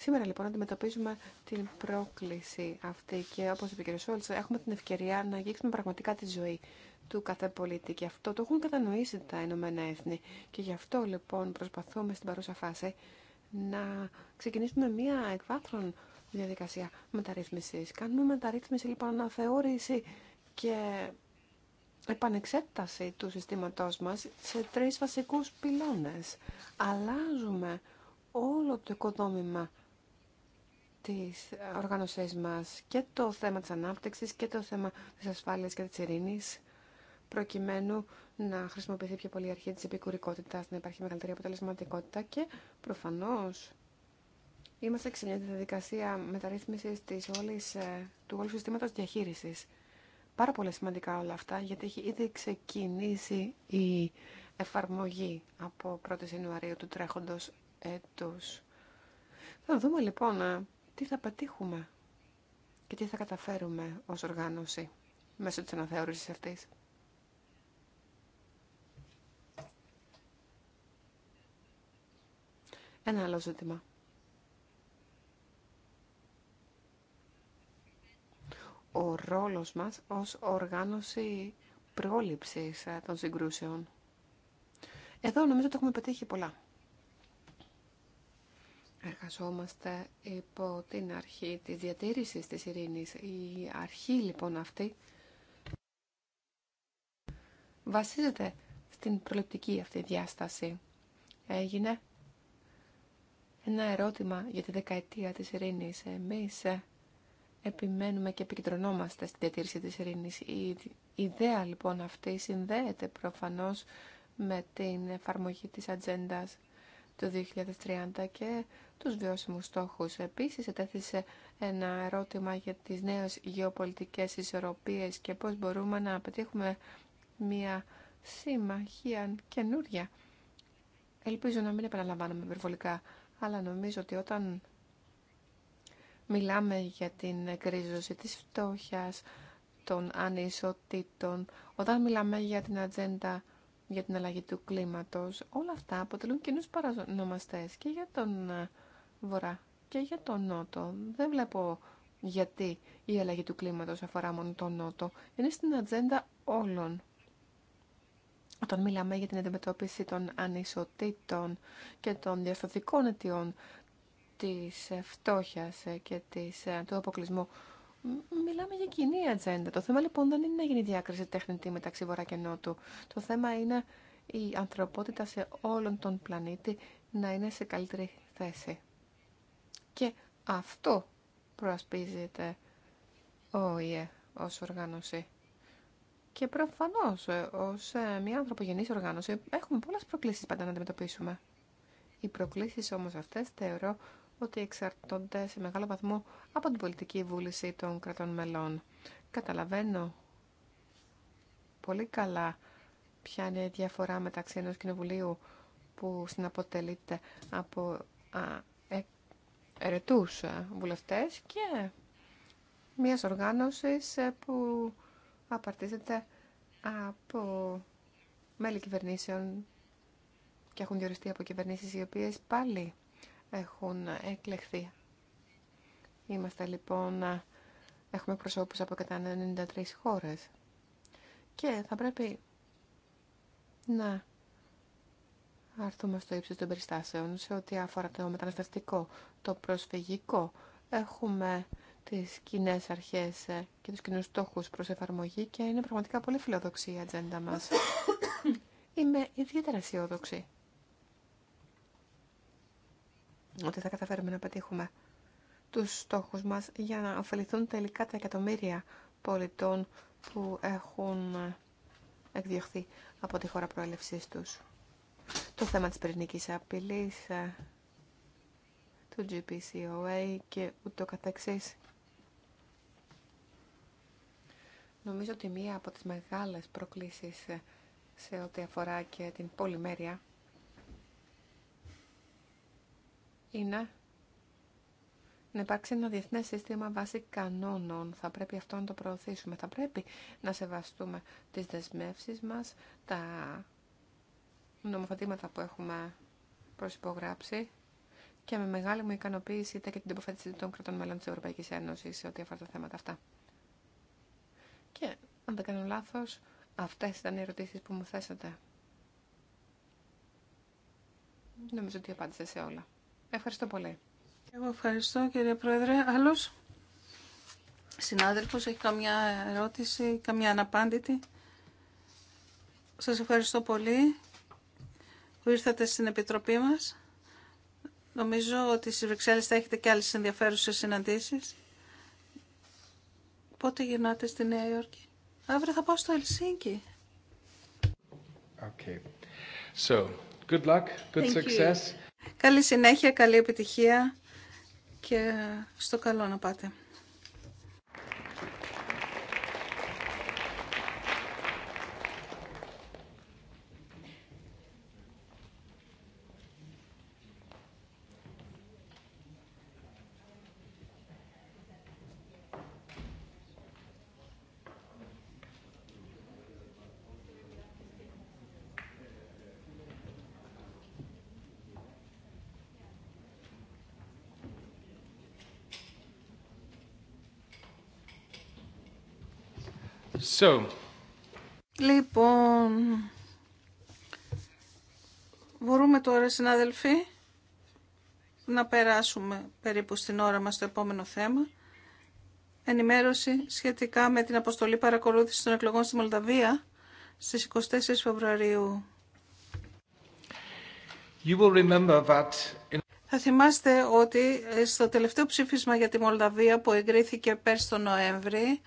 Σήμερα λοιπόν αντιμετωπίζουμε την πρόκληση αυτή και όπω είπε ο κ. έχουμε την ευκαιρία να αγγίξουμε πραγματικά τη ζωή του κάθε πολίτη και αυτό το έχουν κατανοήσει τα Ηνωμένα Έθνη και γι' αυτό λοιπόν προσπαθούμε στην παρούσα φάση να ξεκινήσουμε μία εκβάθρον διαδικασία μεταρρύθμιση. Κάνουμε μεταρρύθμιση λοιπόν αναθεώρηση και επανεξέταση του συστήματός μας σε τρεις βασικούς πυλώνες. Αλλάζουμε όλο το οικοδόμημα τις οργανωσές μας και το θέμα της ανάπτυξης και το θέμα της ασφάλειας και της ειρήνης προκειμένου να χρησιμοποιηθεί πιο πολύ η αρχή της επικουρικότητας, να υπάρχει μεγαλύτερη αποτελεσματικότητα και προφανώς είμαστε σε μια διαδικασία μεταρρύθμισης της όλης, ε, του όλου συστήματος διαχείρισης. Πάρα πολύ σημαντικά όλα αυτά, γιατί έχει ήδη ξεκινήσει η εφαρμογή από 1η Ιανουαρίου του τρέχοντος έτους. Θα δούμε λοιπόν τι θα πετύχουμε και τι θα καταφέρουμε ως οργάνωση μέσω της αναθεώρησης αυτής. Ένα άλλο ζήτημα. Ο ρόλος μας ως οργάνωση πρόληψης των συγκρούσεων. Εδώ νομίζω ότι έχουμε πετύχει πολλά εργαζόμαστε υπό την αρχή της διατήρησης της ειρήνης. Η αρχή λοιπόν αυτή βασίζεται στην προληπτική αυτή διάσταση. Έγινε ένα ερώτημα για τη δεκαετία της ειρήνης. Εμείς επιμένουμε και επικεντρωνόμαστε στη διατήρηση της ειρήνης. Η ιδέα λοιπόν αυτή συνδέεται προφανώς με την εφαρμογή της ατζέντα το 2030 και τους βιώσιμους στόχους. Επίσης, ετέθησε ένα ερώτημα για τις νέες γεωπολιτικές ισορροπίες και πώς μπορούμε να πετύχουμε μια συμμαχία καινούρια. Ελπίζω να μην επαναλαμβάνομαι υπερβολικά, αλλά νομίζω ότι όταν μιλάμε για την κρίζωση της φτώχειας, των ανισοτήτων, όταν μιλάμε για την ατζέντα για την αλλαγή του κλίματος. Όλα αυτά αποτελούν κοινού παρανομαστές και για τον ε, Βορρά και για τον Νότο. Δεν βλέπω γιατί η αλλαγή του κλίματος αφορά μόνο τον Νότο. Είναι στην ατζέντα όλων. Όταν μιλάμε για την αντιμετώπιση των ανισοτήτων και των διαστατικών αιτιών της ε, φτώχειας ε, και της, του αποκλεισμού Μιλάμε για κοινή ατζέντα. Το θέμα λοιπόν δεν είναι να γίνει διάκριση τεχνητή μεταξύ βορρά και νότου. Το θέμα είναι η ανθρωπότητα σε όλον τον πλανήτη να είναι σε καλύτερη θέση. Και αυτό προασπίζεται ο ΙΕ ως οργάνωση. Και προφανώς ε, ως ε, μια ανθρωπογενής οργάνωση έχουμε πολλές προκλήσεις πάντα να αντιμετωπίσουμε. Οι προκλήσεις όμως αυτές θεωρώ ότι εξαρτώνται σε μεγάλο βαθμό από την πολιτική βούληση των κρατών μελών. Καταλαβαίνω πολύ καλά ποια είναι η διαφορά μεταξύ ενός κοινοβουλίου που συναποτελείται από α, ε, ερετούς βουλευτές και μιας οργάνωσης ε, που απαρτίζεται από μέλη κυβερνήσεων και έχουν διοριστεί από κυβερνήσεις οι οποίες πάλι έχουν εκλεχθεί. Είμαστε λοιπόν, έχουμε προσώπους από 93 χώρες και θα πρέπει να αρθούμε στο ύψος των περιστάσεων σε ό,τι αφορά το μεταναστευτικό, το προσφυγικό. Έχουμε τις κοινέ αρχές και τους κοινούς στόχους προς εφαρμογή και είναι πραγματικά πολύ φιλοδοξή η ατζέντα μας. Είμαι ιδιαίτερα αισιόδοξη ότι θα καταφέρουμε να πετύχουμε τους στόχους μας για να ωφεληθούν τελικά τα εκατομμύρια πολιτών που έχουν εκδιωχθεί από τη χώρα προέλευσής τους. Το θέμα της πυρηνικής απειλής, ε, του GPCOA και ούτω καθεξής. Νομίζω ότι μία από τις μεγάλες προκλήσεις ε, σε ό,τι αφορά και την πολυμέρεια είναι να υπάρξει ένα διεθνές σύστημα βάσει κανόνων. Θα πρέπει αυτό να το προωθήσουμε. Θα πρέπει να σεβαστούμε τις δεσμεύσεις μας, τα νομοθετήματα που έχουμε προσυπογράψει και με μεγάλη μου ικανοποίηση είτε και την τοποθέτηση των κρατών μελών της Ευρωπαϊκής Ένωσης σε ό,τι αφορά τα θέματα αυτά. Και, αν δεν κάνω λάθος, αυτές ήταν οι ερωτήσεις που μου θέσατε. Νομίζω ότι απάντησα σε όλα. Ευχαριστώ πολύ. Εγώ ευχαριστώ κύριε Πρόεδρε. Άλλος συνάδελφος έχει καμιά ερώτηση, καμιά αναπάντητη. Σας ευχαριστώ πολύ που ήρθατε στην Επιτροπή μας. Νομίζω ότι στις Βρυξέλλες θα έχετε και άλλες ενδιαφέρουσες συναντήσεις. Πότε γυρνάτε στη Νέα Υόρκη. Αύριο θα πάω στο Ελσίνκι. Okay. So, good luck, good success. Καλή συνέχεια, καλή επιτυχία και στο καλό να πάτε. Λοιπόν, μπορούμε τώρα συνάδελφοι να περάσουμε περίπου στην ώρα μας το επόμενο θέμα. Ενημέρωση σχετικά με την αποστολή παρακολούθησης των εκλογών στη Μολδαβία στις 24 Φεβρουαρίου. Θα θυμάστε ότι ε, στο τελευταίο ψήφισμα για τη Μολδαβία που εγκρίθηκε πέρσι τον Νοέμβρη,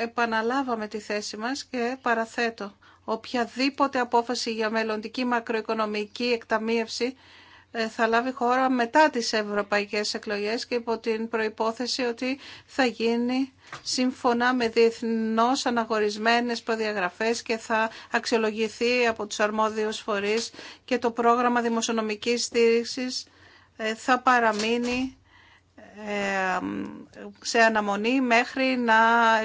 επαναλάβαμε τη θέση μας και παραθέτω οποιαδήποτε απόφαση για μελλοντική μακροοικονομική εκταμείευση ε, θα λάβει χώρα μετά τις ευρωπαϊκές εκλογές και υπό την προϋπόθεση ότι θα γίνει σύμφωνα με διεθνώς αναγορισμένες προδιαγραφές και θα αξιολογηθεί από τους αρμόδιους φορείς και το πρόγραμμα δημοσιονομικής στήριξης ε, θα παραμείνει σε αναμονή μέχρι να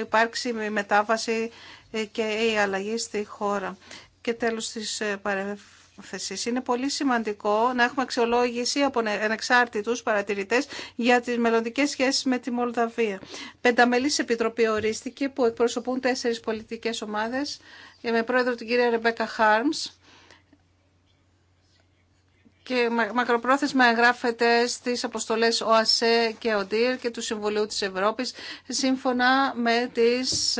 υπάρξει η μετάβαση ε, και η αλλαγή στη χώρα. Και τέλος της ε, παρέμφεσης. Είναι πολύ σημαντικό να έχουμε αξιολόγηση από ανεξάρτητους παρατηρητές για τις μελλοντικές σχέσεις με τη Μολδαβία. Πενταμελής επιτροπή ορίστηκε που εκπροσωπούν τέσσερις πολιτικές ομάδες ε, με πρόεδρο την κυρία Ρεμπέκα Χάρμς και μακροπρόθεσμα εγγράφεται στις αποστολέ ΟΑΣΕ και ΟΔΙΡ και του Συμβουλίου τη Ευρώπη σύμφωνα με τι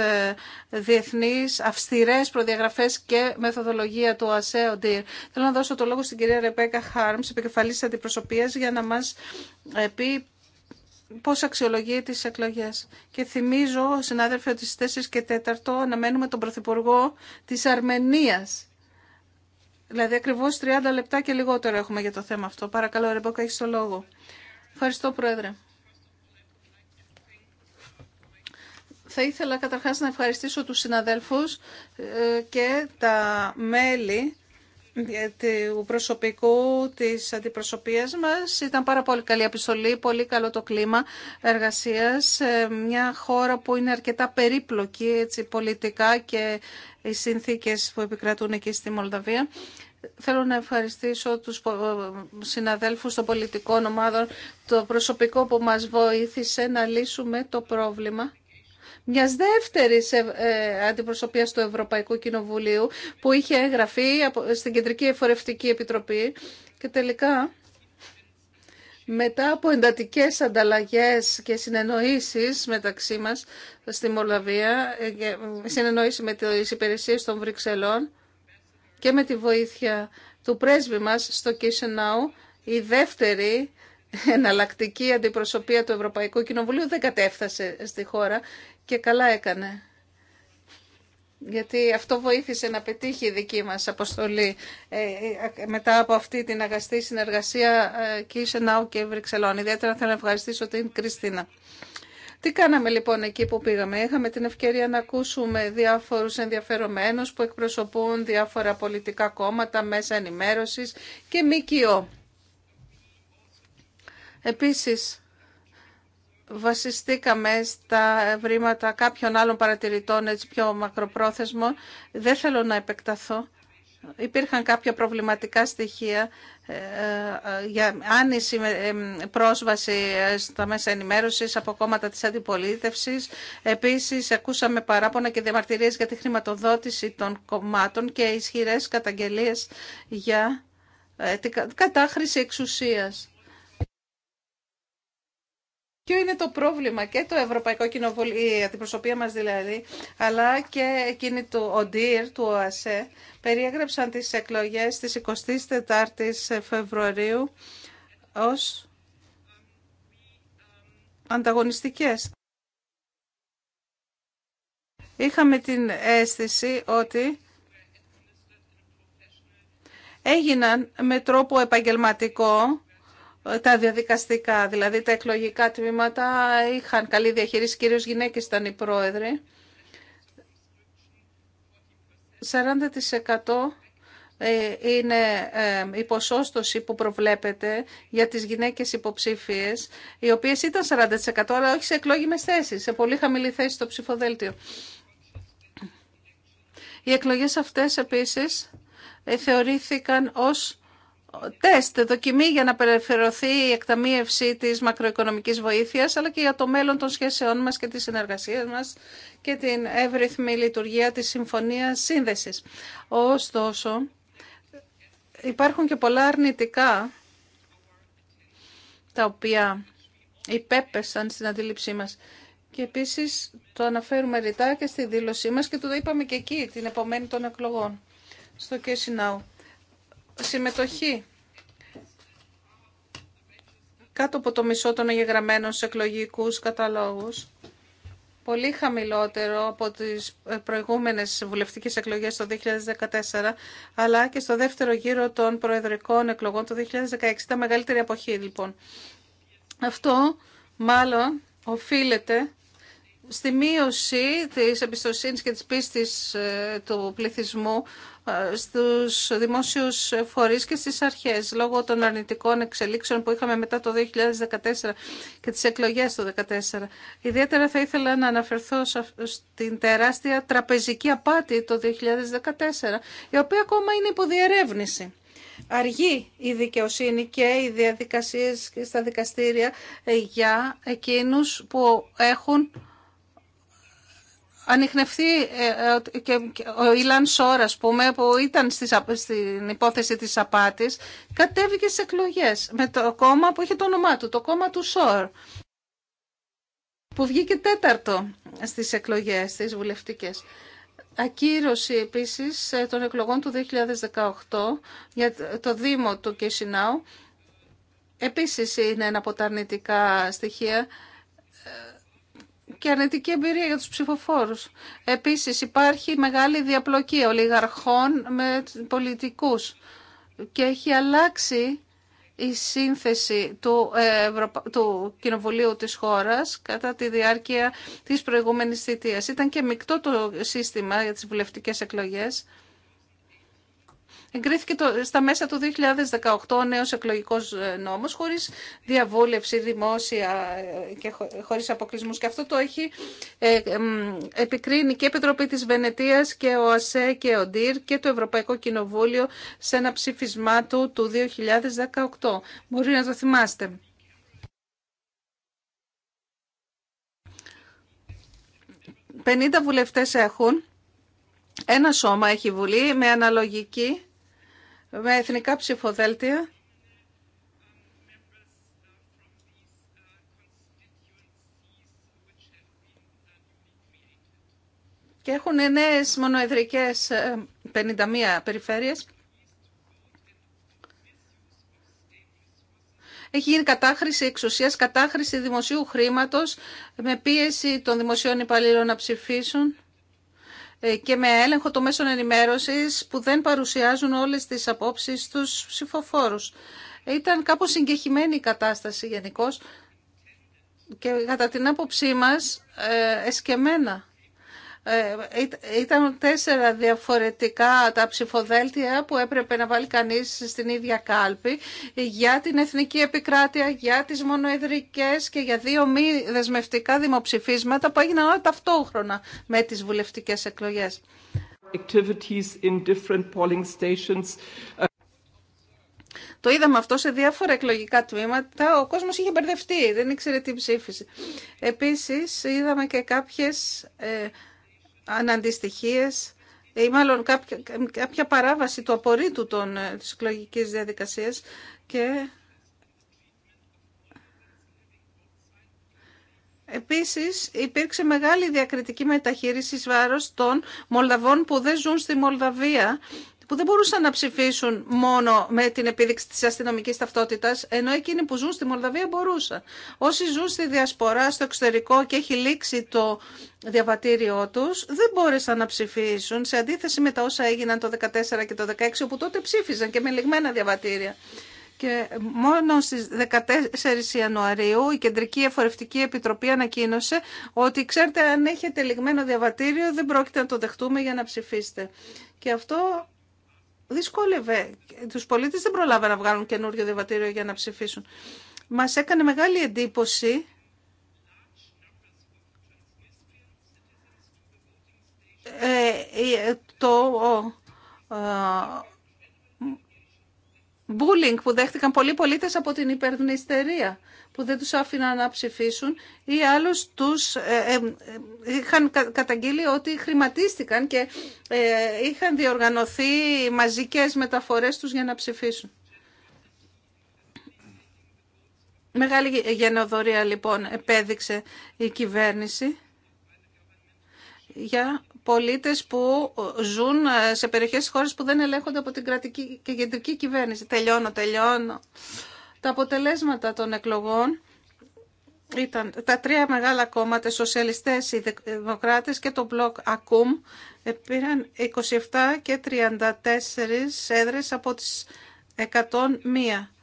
ε, διεθνεί αυστηρέ προδιαγραφέ και μεθοδολογία του ΟΑΣΕ ΟΔΙΡ. Θέλω να δώσω το λόγο στην κυρία Ρεπέκα Χάρμς, επικεφαλής αντιπροσωπεία, για να μα ε, πει πώ αξιολογεί τι εκλογέ. Και θυμίζω, συνάδελφε, ότι στις 4 και 4 αναμένουμε τον Πρωθυπουργό τη Αρμενία. Δηλαδή ακριβώ 30 λεπτά και λιγότερο έχουμε για το θέμα αυτό. Παρακαλώ Ρεμπόκα, έχει το λόγο. Ευχαριστώ Πρόεδρε. Θα ήθελα καταρχάς να ευχαριστήσω τους συναδέλφους ε, και τα μέλη του προσωπικού της αντιπροσωπείας μας. Ήταν πάρα πολύ καλή επιστολή, πολύ καλό το κλίμα εργασίας. Ε, μια χώρα που είναι αρκετά περίπλοκη έτσι, πολιτικά και οι συνθήκες που επικρατούν εκεί στη Μολδαβία. Θέλω να ευχαριστήσω τους συναδέλφους των πολιτικών ομάδων, το προσωπικό που μας βοήθησε να λύσουμε το πρόβλημα μια δεύτερη ε, ε, αντιπροσωπεία του Ευρωπαϊκού Κοινοβουλίου που είχε εγγραφεί στην Κεντρική Εφορευτική Επιτροπή και τελικά μετά από εντατικές ανταλλαγές και συνεννοήσεις μεταξύ μας στη Μολδαβία, ε, συνεννοήσεις με τις υπηρεσίες των Βρυξελών και με τη βοήθεια του πρέσβη μας στο Κίσενάου, η δεύτερη εναλλακτική αντιπροσωπεία του Ευρωπαϊκού Κοινοβουλίου δεν κατέφτασε στη χώρα και καλά έκανε. Γιατί αυτό βοήθησε να πετύχει η δική μας αποστολή ε, ε, μετά από αυτή την αγαστή συνεργασία ε, Κίσενάου και Βρυξελών. Ιδιαίτερα θέλω να ευχαριστήσω την Κριστίνα. Τι κάναμε λοιπόν εκεί που πήγαμε. Είχαμε την ευκαιρία να ακούσουμε διάφορους ενδιαφερομένους που εκπροσωπούν διάφορα πολιτικά κόμματα, μέσα ενημέρωσης και ΜΚΟ. Επίσης, βασιστήκαμε στα βρήματα κάποιων άλλων παρατηρητών έτσι πιο μακροπρόθεσμο. Δεν θέλω να επεκταθώ. Υπήρχαν κάποια προβληματικά στοιχεία ε, ε, για άνηση ε, πρόσβαση στα μέσα ενημέρωσης από κόμματα της αντιπολίτευσης. Επίσης, ακούσαμε παράπονα και διαμαρτυρίες για τη χρηματοδότηση των κομμάτων και ισχυρές καταγγελίες για την κατάχρηση εξουσίας. Ποιο είναι το πρόβλημα και το Ευρωπαϊκό Κοινοβούλιο, η αντιπροσωπεία μας δηλαδή, αλλά και εκείνη του ΟΝΤΙΡ, του ΟΑΣΕ, περιέγραψαν τις εκλογές της 24ης Φεβρουαρίου ως ανταγωνιστικές. Είχαμε την αίσθηση ότι έγιναν με τρόπο επαγγελματικό τα διαδικαστικά, δηλαδή τα εκλογικά τμήματα είχαν καλή διαχείριση, κυρίως γυναίκες ήταν οι πρόεδροι. 40% ε, είναι ε, η ποσόστοση που προβλέπεται για τις γυναίκες υποψήφιες, οι οποίες ήταν 40% αλλά όχι σε εκλόγιμες θέσεις, σε πολύ χαμηλή θέση στο ψηφοδέλτιο. Οι εκλογές αυτές επίσης ε, θεωρήθηκαν ως τεστ, δοκιμή για να περιφερωθεί η εκταμείευση της μακροοικονομικής βοήθειας, αλλά και για το μέλλον των σχέσεών μας και της συνεργασίας μας και την εύρυθμη λειτουργία της Συμφωνίας Σύνδεσης. Ωστόσο, υπάρχουν και πολλά αρνητικά τα οποία υπέπεσαν στην αντίληψή μας. Και επίσης το αναφέρουμε ρητά και στη δήλωσή μας και το είπαμε και εκεί την επομένη των εκλογών στο Κεσινάου συμμετοχή κάτω από το μισό των εγγεγραμμένων σε εκλογικούς καταλόγους, πολύ χαμηλότερο από τις προηγούμενες βουλευτικές εκλογές το 2014, αλλά και στο δεύτερο γύρο των προεδρικών εκλογών το 2016, τα μεγαλύτερη αποχή λοιπόν. Αυτό μάλλον οφείλεται στη μείωση της εμπιστοσύνης και της πίστης ε, του πληθυσμού ε, στους δημόσιους φορείς και στις αρχές λόγω των αρνητικών εξελίξεων που είχαμε μετά το 2014 και τις εκλογές του 2014. Ιδιαίτερα θα ήθελα να αναφερθώ στην τεράστια τραπεζική απάτη το 2014 η οποία ακόμα είναι υποδιερεύνηση. Αργεί η δικαιοσύνη και οι διαδικασίες στα δικαστήρια ε, για εκείνους που έχουν ανοιχνευτεί ε, ε, και ο Ιλάν Σόρ, α πούμε, που ήταν στην υπόθεση της απάτης, κατέβηκε στι εκλογές με το κόμμα που είχε το όνομά του, το κόμμα του Σόρ, που βγήκε τέταρτο στις εκλογές, στι βουλευτικές. Ακύρωση επίσης ε, των εκλογών του 2018 για το Δήμο του Κεσινάου. Επίσης είναι ένα από τα αρνητικά στοιχεία και αρνητική εμπειρία για τους ψηφοφόρους. Επίσης υπάρχει μεγάλη διαπλοκή ολιγαρχών με πολιτικούς και έχει αλλάξει η σύνθεση του, ε, του Κοινοβουλίου της χώρας κατά τη διάρκεια της προηγούμενης θητείας. Ήταν και μεικτό το σύστημα για τις βουλευτικές εκλογές Εγκρίθηκε το, στα μέσα του 2018 ο νέος εκλογικός ε, νόμος χωρίς διαβούλευση δημόσια ε, και χωρίς αποκλεισμούς. Και αυτό το έχει ε, επικρίνει και η Επιτροπή της Βενετίας και ο ΑΣΕ και ο ΝΤΙΡ και το Ευρωπαϊκό Κοινοβούλιο σε ένα ψήφισμά του του 2018. Μπορεί να το θυμάστε. «50 βουλευτές έχουν, ένα σώμα έχει βουλή με αναλογική με εθνικά ψηφοδέλτια. Και έχουν νέες μονοεδρικές 51 ε, περιφέρειες. Έχει γίνει κατάχρηση εξουσίας, κατάχρηση δημοσίου χρήματος με πίεση των δημοσίων υπαλλήλων να ψηφίσουν. Ε, και με έλεγχο των μέσων ενημέρωσης που δεν παρουσιάζουν όλες τις απόψεις τους ψηφοφόρους. Ε, ήταν κάπως συγκεχημένη η κατάσταση γενικώ και κατά την άποψή μας ε, εσκεμένα. Ε, ήταν τέσσερα διαφορετικά τα ψηφοδέλτια που έπρεπε να βάλει κανείς στην ίδια κάλπη για την εθνική επικράτεια, για τις μονοεδρικές και για δύο μη δεσμευτικά δημοψηφίσματα που έγιναν όλα ταυτόχρονα με τις βουλευτικές εκλογές. Το είδαμε αυτό σε διάφορα εκλογικά τμήματα. Ο κόσμος είχε μπερδευτεί, δεν ήξερε τι ψήφισε. Επίσης, είδαμε και κάποιες ε, αναντιστοιχίες ή μάλλον κάποια, παράβαση του απορρίτου των, ε, της εκλογικής διαδικασίας και Επίσης υπήρξε μεγάλη διακριτική μεταχείριση βάρος των Μολδαβών που δεν ζουν στη Μολδαβία που δεν μπορούσαν να ψηφίσουν μόνο με την επίδειξη της αστυνομικής ταυτότητας, ενώ εκείνοι που ζουν στη Μολδαβία μπορούσαν. Όσοι ζουν στη διασπορά, στο εξωτερικό και έχει λήξει το διαβατήριό τους, δεν μπόρεσαν να ψηφίσουν, σε αντίθεση με τα όσα έγιναν το 2014 και το 2016, όπου τότε ψήφιζαν και με λιγμένα διαβατήρια. Και μόνο στις 14 Ιανουαρίου η Κεντρική Εφορευτική Επιτροπή ανακοίνωσε ότι ξέρετε αν έχετε λιγμένο διαβατήριο δεν πρόκειται να το δεχτούμε για να ψηφίσετε. Και αυτό δυσκόλευε. Τους πολίτες δεν προλάβανε να βγάλουν καινούριο διαβατήριο για να ψηφίσουν. Μας έκανε μεγάλη εντύπωση ε, το ε, που δέχτηκαν πολλοί πολίτες από την υπερνηστερία που δεν τους άφηναν να ψηφίσουν ή άλλους τους ε, ε, ε, είχαν καταγγείλει ότι χρηματίστηκαν και είχαν διοργανωθεί μαζικές μεταφορές τους για να ψηφίσουν. Μεγάλη γενοδορία λοιπόν επέδειξε η κυβέρνηση για πολίτες που ζουν ε, σε περιοχέ χώρες που δεν ελέγχονται από την κρατική και κεντρική κυβέρνηση. Τελειώνω, τελειώνω. Τα αποτελέσματα των εκλογών ήταν τα τρία μεγάλα κόμματα, οι σοσιαλιστές, οι δημοκράτες και το μπλοκ ΑΚΟΥΜ, ε, πήραν 27 και 34 έδρε από τις 101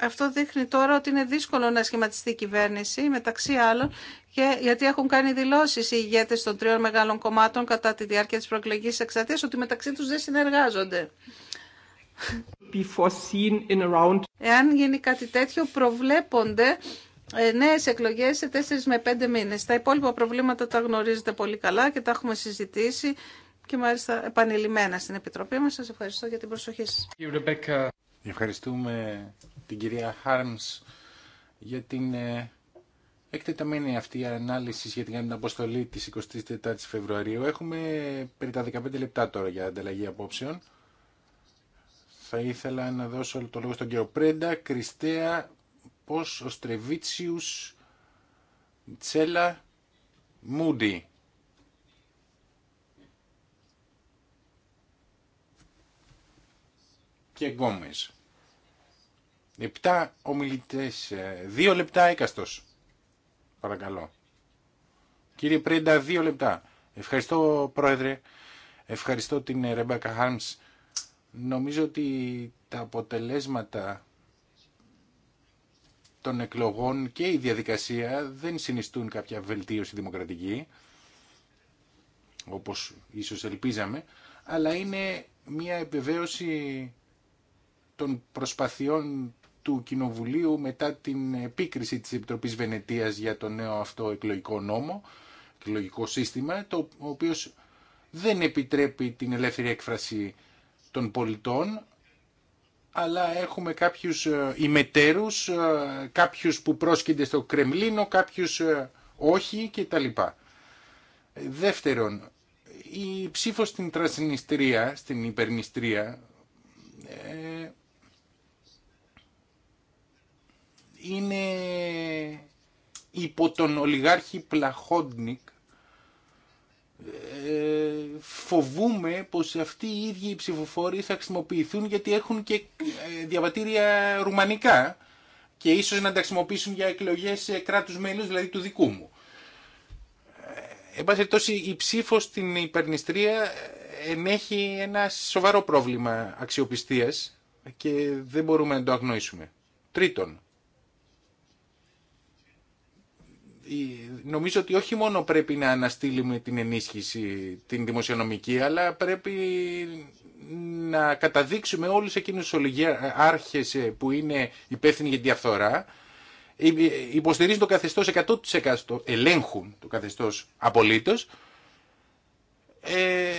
αυτό δείχνει τώρα ότι είναι δύσκολο να σχηματιστεί η κυβέρνηση, μεταξύ άλλων, και γιατί έχουν κάνει δηλώσει οι ηγέτε των τριών μεγάλων κομμάτων κατά τη διάρκεια τη προεκλογική εξαρτία ότι μεταξύ του δεν συνεργάζονται. Εάν γίνει κάτι τέτοιο, προβλέπονται ε, νέε εκλογέ σε 4 με πέντε μήνε. Τα υπόλοιπα προβλήματα τα γνωρίζετε πολύ καλά και τα έχουμε συζητήσει και μάλιστα επανειλημμένα στην Επιτροπή μας. Σας ευχαριστώ για την προσοχή σας. Ευχαριστούμε την κυρία Χάρμς για την ε, εκτεταμένη αυτή η ανάλυση σχετικά με την αποστολή της 24ης Φεβρουαρίου. Έχουμε περί τα 15 λεπτά τώρα για ανταλλαγή απόψεων. Θα ήθελα να δώσω το λόγο στον κύριο Πρέντα, Κριστέα, Πώς, Οστρεβίτσιους, Τσέλα, Μούντι. και Γκόμες. Επτά ομιλητές, ε, δύο λεπτά έκαστος. Παρακαλώ. Κύριε Πρέντα, δύο λεπτά. Ευχαριστώ, Πρόεδρε. Ευχαριστώ την ε, Ρεμπέκα Χάρμς. Νομίζω ότι τα αποτελέσματα των εκλογών και η διαδικασία δεν συνιστούν κάποια βελτίωση δημοκρατική, όπως ίσως ελπίζαμε, αλλά είναι μια επιβεβαίωση των προσπαθειών του Κοινοβουλίου μετά την επίκριση της Επιτροπής Βενετίας για το νέο αυτό εκλογικό νόμο, εκλογικό σύστημα, το οποίο δεν επιτρέπει την ελεύθερη έκφραση των πολιτών, αλλά έχουμε κάποιους ε, ημετέρους, ε, κάποιους που πρόσκυνται στο Κρεμλίνο, κάποιους ε, όχι κτλ. Δεύτερον, η ψήφος στην Τρασινιστρία, στην Υπερνιστρία, είναι υπό τον ολιγάρχη Πλαχόντνικ ε, φοβούμε πως αυτοί οι ίδιοι οι ψηφοφόροι θα χρησιμοποιηθούν γιατί έχουν και ε, διαβατήρια ρουμανικά και ίσως να τα χρησιμοποιήσουν για εκλογές κράτους μέλους, δηλαδή του δικού μου. Ε, εν η ψήφο στην υπερνιστρία ενέχει ένα σοβαρό πρόβλημα αξιοπιστίας και δεν μπορούμε να το αγνοήσουμε. Τρίτον, νομίζω ότι όχι μόνο πρέπει να αναστείλουμε την ενίσχυση, την δημοσιονομική, αλλά πρέπει να καταδείξουμε όλους εκείνους τους άρχες ε, που είναι υπεύθυνοι για τη διαφθορά, υποστηρίζουν το καθεστώς 100%, ελέγχουν το καθεστώς απολύτως, ε,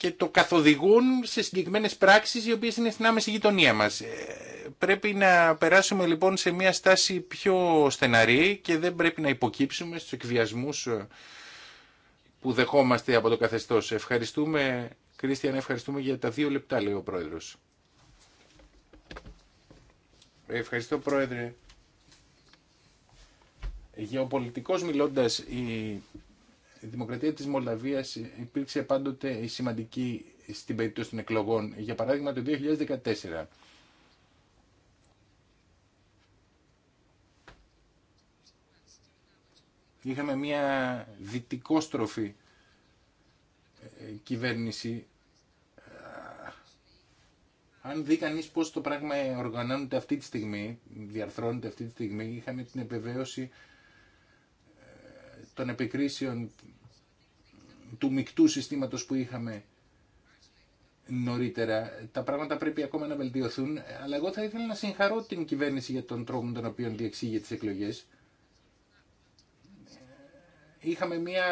και το καθοδηγούν σε συγκεκριμένες πράξεις οι οποίες είναι στην άμεση γειτονία μας. Ε, πρέπει να περάσουμε λοιπόν σε μια στάση πιο στεναρή και δεν πρέπει να υποκύψουμε στους εκβιασμούς ε, που δεχόμαστε από το καθεστώς. Ευχαριστούμε, Κρίστιαν, ευχαριστούμε για τα δύο λεπτά, λέει ο Πρόεδρος. Ευχαριστώ, Πρόεδρε. Γεωπολιτικός μιλώντας, η η δημοκρατία της Μολδαβίας υπήρξε πάντοτε σημαντική στην περίπτωση των εκλογών. Για παράδειγμα το 2014. Είχαμε μια δυτικόστροφη ε, κυβέρνηση. Αν δει κανείς πώς το πράγμα οργανώνεται αυτή τη στιγμή, διαρθρώνεται αυτή τη στιγμή, είχαμε την επιβεβαίωση των επικρίσεων του μεικτού συστήματος που είχαμε νωρίτερα. Τα πράγματα πρέπει ακόμα να βελτιωθούν, αλλά εγώ θα ήθελα να συγχαρώ την κυβέρνηση για τον τρόπο με τον οποίο διεξήγει τις εκλογές. Είχαμε μια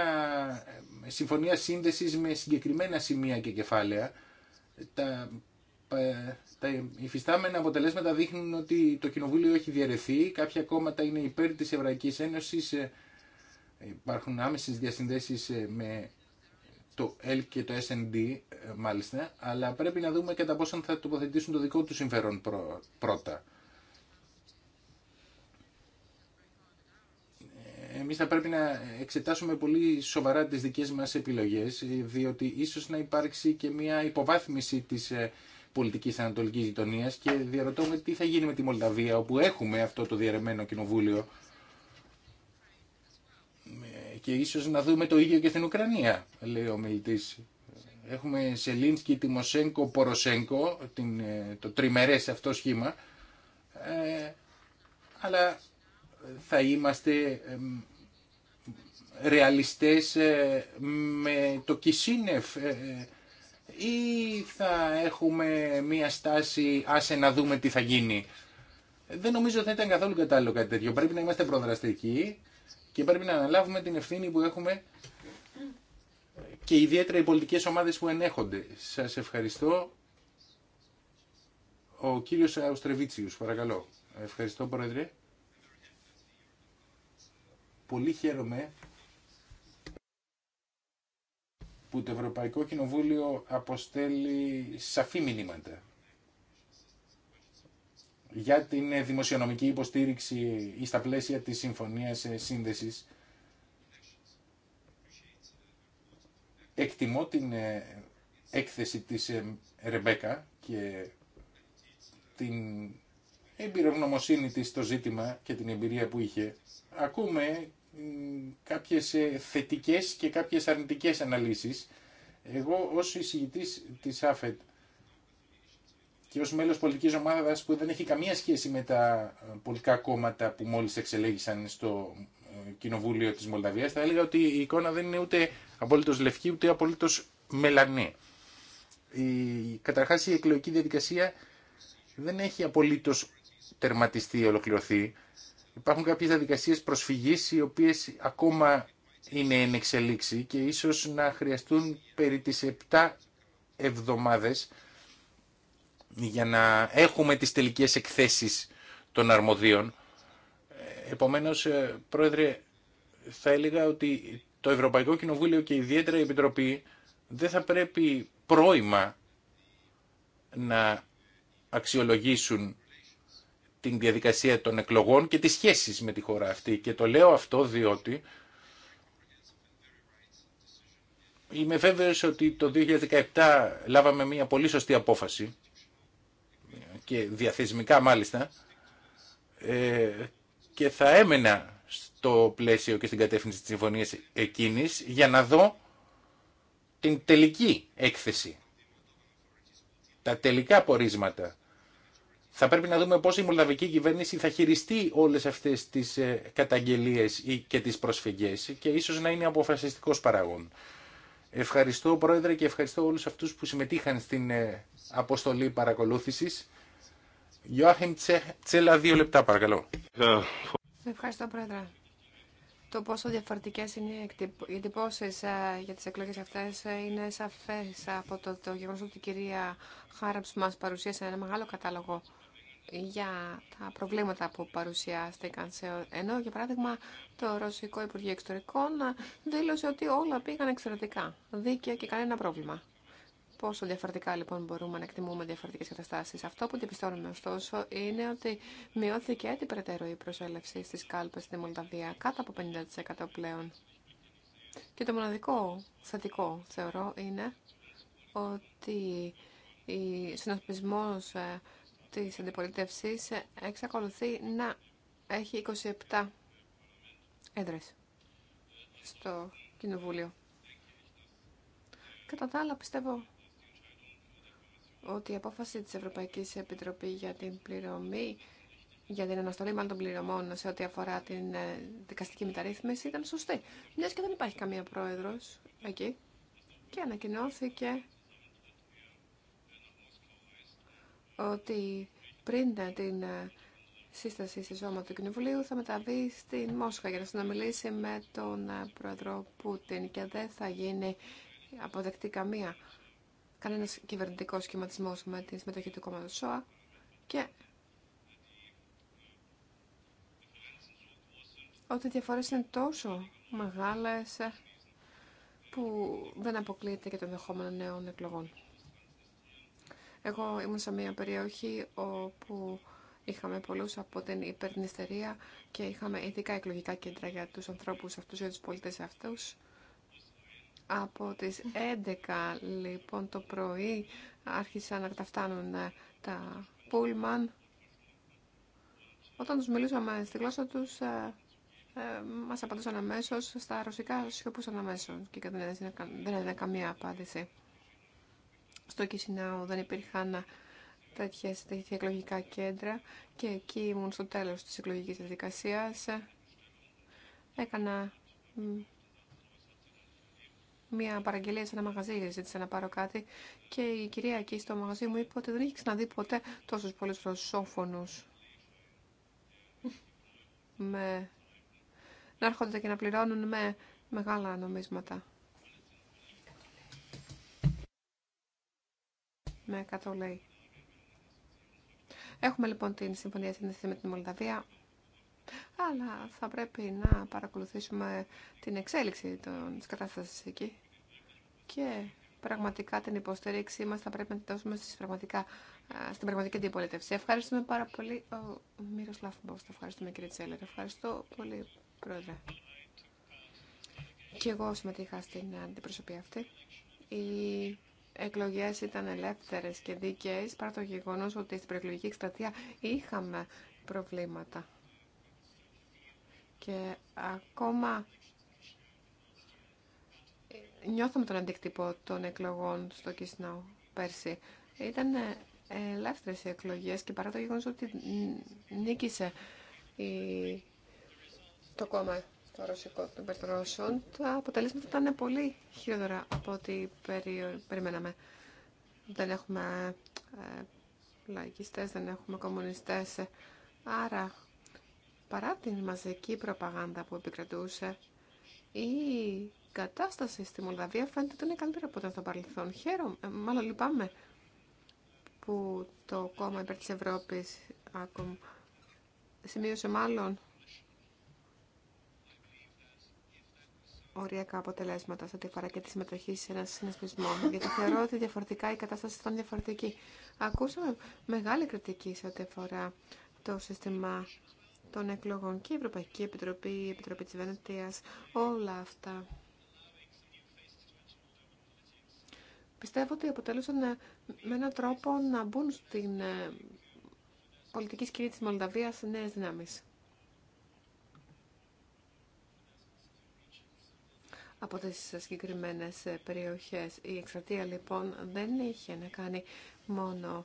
συμφωνία σύνδεσης με συγκεκριμένα σημεία και κεφάλαια. Τα, τα υφιστάμενα αποτελέσματα δείχνουν ότι το Κοινοβούλιο έχει διαρρεθεί, κάποια κόμματα είναι υπέρ της Ευρωπαϊκής Ένωσης, ε, Υπάρχουν άμεσες διασυνδέσεις ε, με το L και το SND ε, μάλιστα, αλλά πρέπει να δούμε κατά πόσον θα τοποθετήσουν το δικό του συμφέρον πρώτα. Εμείς θα πρέπει να εξετάσουμε πολύ σοβαρά τις δικές μας επιλογές, διότι ίσως να υπάρξει και μια υποβάθμιση της ε, πολιτικής ανατολικής γειτονίας και διαρωτώ με τι θα γίνει με τη Μολδαβία, όπου έχουμε αυτό το διαρρεμένο κοινοβούλιο και ίσως να δούμε το ίδιο και στην Ουκρανία, λέει ο μιλητής. Έχουμε Σελίνσκι, Τιμοσέγκο, Ποροσέγκο, την, ε, το τριμερές αυτό σχήμα. Ε, αλλά θα είμαστε ρεαλιστές ε, με το Κισίνεφ ή θα έχουμε μία στάση άσε να δούμε τι θα γίνει. Δεν νομίζω ότι θα ήταν καθόλου κατάλληλο κάτι τέτοιο. Πρέπει να είμαστε προδραστικοί και πρέπει να αναλάβουμε την ευθύνη που έχουμε και ιδιαίτερα οι πολιτικές ομάδες που ενέχονται. Σας ευχαριστώ. Ο κύριος Αουστρεβίτσιους, παρακαλώ. Ευχαριστώ, Πρόεδρε. Πολύ χαίρομαι που το Ευρωπαϊκό Κοινοβούλιο αποστέλει σαφή μηνύματα για την ε, δημοσιονομική υποστήριξη στα πλαίσια της Συμφωνίας ε, Σύνδεσης. Εκτιμώ την ε, έκθεση της Ρεμπέκα και την εμπειρογνωμοσύνη της στο ζήτημα και την εμπειρία που είχε. Ακούμε κάποιες θετικές και κάποιες αρνητικές αναλύσεις. Εγώ ως εισηγητής της ΑΦΕΤ και ω μέλος πολιτικής ομάδας που δεν έχει καμία σχέση με τα ε, πολιτικά κόμματα που μόλι εξελέγησαν στο ε, Κοινοβούλιο τη Μολδαβία, θα έλεγα ότι η εικόνα δεν είναι ούτε απολύτω λευκή, ούτε απολύτω μελανή. Η, καταρχάς η εκλογική διαδικασία δεν έχει απολύτω τερματιστεί, ολοκληρωθεί. Υπάρχουν κάποιε διαδικασίε προσφυγής οι οποίε ακόμα είναι εν εξελίξη και ίσω να χρειαστούν περί τι 7 εβδομάδε για να έχουμε τις τελικές εκθέσεις των αρμοδίων. Ε, επομένως, ε, Πρόεδρε, θα έλεγα ότι το Ευρωπαϊκό Κοινοβούλιο και ιδιαίτερα η Επιτροπή δεν θα πρέπει πρόημα να αξιολογήσουν την διαδικασία των εκλογών και τις σχέσεις με τη χώρα αυτή. Και το λέω αυτό διότι είμαι βέβαιος ότι το 2017 λάβαμε μια πολύ σωστή απόφαση και διαθεσμικά μάλιστα ε, και θα έμενα στο πλαίσιο και στην κατεύθυνση της συμφωνίας εκείνης για να δω την τελική έκθεση, τα τελικά πορίσματα. Θα πρέπει να δούμε πώς η μολδαβική κυβέρνηση θα χειριστεί όλες αυτές τις ε, καταγγελίες και τις προσφυγές και ίσως να είναι αποφασιστικός παραγών. Ευχαριστώ Πρόεδρε και ευχαριστώ όλους αυτούς που συμμετείχαν στην ε, αποστολή παρακολούθησης. Τσέλα, δύο λεπτά παρακαλώ. Ευχαριστώ πρόεδρε. Το πόσο διαφορετικέ είναι οι εντυπώσει ε, για τι εκλογέ αυτέ ε, είναι σαφέ από το, το γεγονό ότι η κυρία Χάραμ μα παρουσίασε ένα μεγάλο κατάλογο για τα προβλήματα που παρουσιάστηκαν. Σε, ενώ, για παράδειγμα, το Ρωσικό Υπουργείο Εξωτερικών ε, δήλωσε ότι όλα πήγαν εξαιρετικά, δίκαια και κανένα πρόβλημα πόσο διαφορετικά λοιπόν μπορούμε να εκτιμούμε διαφορετικέ καταστάσει. Αυτό που διαπιστώνουμε ωστόσο είναι ότι μειώθηκε έτσι περαιτέρω η προσέλευση στι κάλπε στη Μολδαβία κάτω από 50% πλέον. Και το μοναδικό θετικό θεωρώ είναι ότι ο συνασπισμό ε, τη αντιπολίτευση ε, εξακολουθεί να έχει 27 έδρε στο Κοινοβούλιο. Κατά τα άλλα πιστεύω ότι η απόφαση της Ευρωπαϊκής Επιτροπής για την πληρωμή, για την αναστολή μάλλον των πληρωμών σε ό,τι αφορά την ε, δικαστική μεταρρύθμιση ήταν σωστή. Μιας και δεν υπάρχει καμία πρόεδρος εκεί και ανακοινώθηκε ότι πριν την ε, σύσταση στη σώμα του Κοινοβουλίου θα μεταβεί στην Μόσχα για να συνομιλήσει με τον ε, πρόεδρο Πούτιν και δεν θα γίνει αποδεκτή καμία Κανένα κυβερνητικό σχηματισμό με τη συμμετοχή του κόμματος ΣΟΑ και ότι οι διαφορέ είναι τόσο μεγάλε που δεν αποκλείεται και το ενδεχόμενο νέων εκλογών. Εγώ ήμουν σε μια περιοχή όπου είχαμε πολλούς από την υπερνηστερία και είχαμε ειδικά εκλογικά κέντρα για τους ανθρώπους αυτούς, για τους πολίτες αυτούς από τις 11 λοιπόν το πρωί άρχισαν να καταφτάνουν ε, τα πούλμαν. Όταν τους μιλούσαμε στη γλώσσα τους, ε, ε, μας απαντούσαν αμέσως, στα ρωσικά σιωπούσαν αμέσως και δεν έδινε, δεν έδινε καμία απάντηση. Στο Κισινάου δεν υπήρχαν ε, τέτοια εκλογικά κέντρα και εκεί ήμουν στο τέλος της εκλογικής διαδικασίας. Ε, έκανα μια παραγγελία σε ένα μαγαζί, ζήτησα να πάρω κάτι και η κυρία εκεί στο μαγαζί μου είπε ότι δεν είχε ξαναδεί ποτέ τόσους πολλούς ρωσόφωνους με... να έρχονται και να πληρώνουν με μεγάλα νομίσματα. Με 100 λέει. Έχουμε λοιπόν την συμφωνία σύνδεση με την Μολδαβία αλλά θα πρέπει να παρακολουθήσουμε την εξέλιξη της κατάστασης εκεί και πραγματικά την υποστήριξή μας θα πρέπει να την δώσουμε στις πραγματικά, στην πραγματική αντιπολίτευση. Ευχαριστούμε πάρα πολύ. Ο Μύρος Λαφμπός, ευχαριστούμε κύριε Τσέλερ. Ευχαριστώ πολύ, Πρόεδρε. Και εγώ συμμετείχα στην αντιπροσωπή αυτή. Οι εκλογέ ήταν ελεύθερε και δίκαιε. παρά το γεγονό ότι στην προεκλογική εκστρατεία είχαμε προβλήματα και ακόμα νιώθαμε τον αντίκτυπο των εκλογών στο Κισνάου πέρσι. Ήταν ελεύθερε οι εκλογέ και παρά το γεγονό ότι νίκησε το κόμμα το ρωσικό των Ρώσων, τα αποτελέσματα ήταν πολύ χειρότερα από ό,τι περι... περιμέναμε. Δεν έχουμε ε, λαϊκιστές, δεν έχουμε κομμουνιστές, άρα παρά την μαζική προπαγάνδα που επικρατούσε, η κατάσταση στη Μολδαβία φαίνεται ότι είναι καλύτερη από όταν στο παρελθόν. Χαίρομαι, ε, μάλλον λυπάμαι που το κόμμα υπέρ της Ευρώπης σημείωσε μάλλον οριακά αποτελέσματα σε ό,τι αφορά και τη συμμετοχή σε ένα συνασπισμό. Γιατί θεωρώ ότι διαφορετικά η κατάσταση ήταν διαφορετική. Ακούσαμε μεγάλη κριτική σε ό,τι αφορά το σύστημα των εκλογών και η Ευρωπαϊκή Επιτροπή, η Επιτροπή της Βενετίας, όλα αυτά. Πιστεύω ότι αποτέλεσαν ε, με έναν τρόπο να μπουν στην ε, πολιτική σκηνή της Μολδαβίας νέες δυνάμεις. από τις συγκεκριμένες ε, περιοχές. Η εξαρτία λοιπόν δεν είχε να κάνει μόνο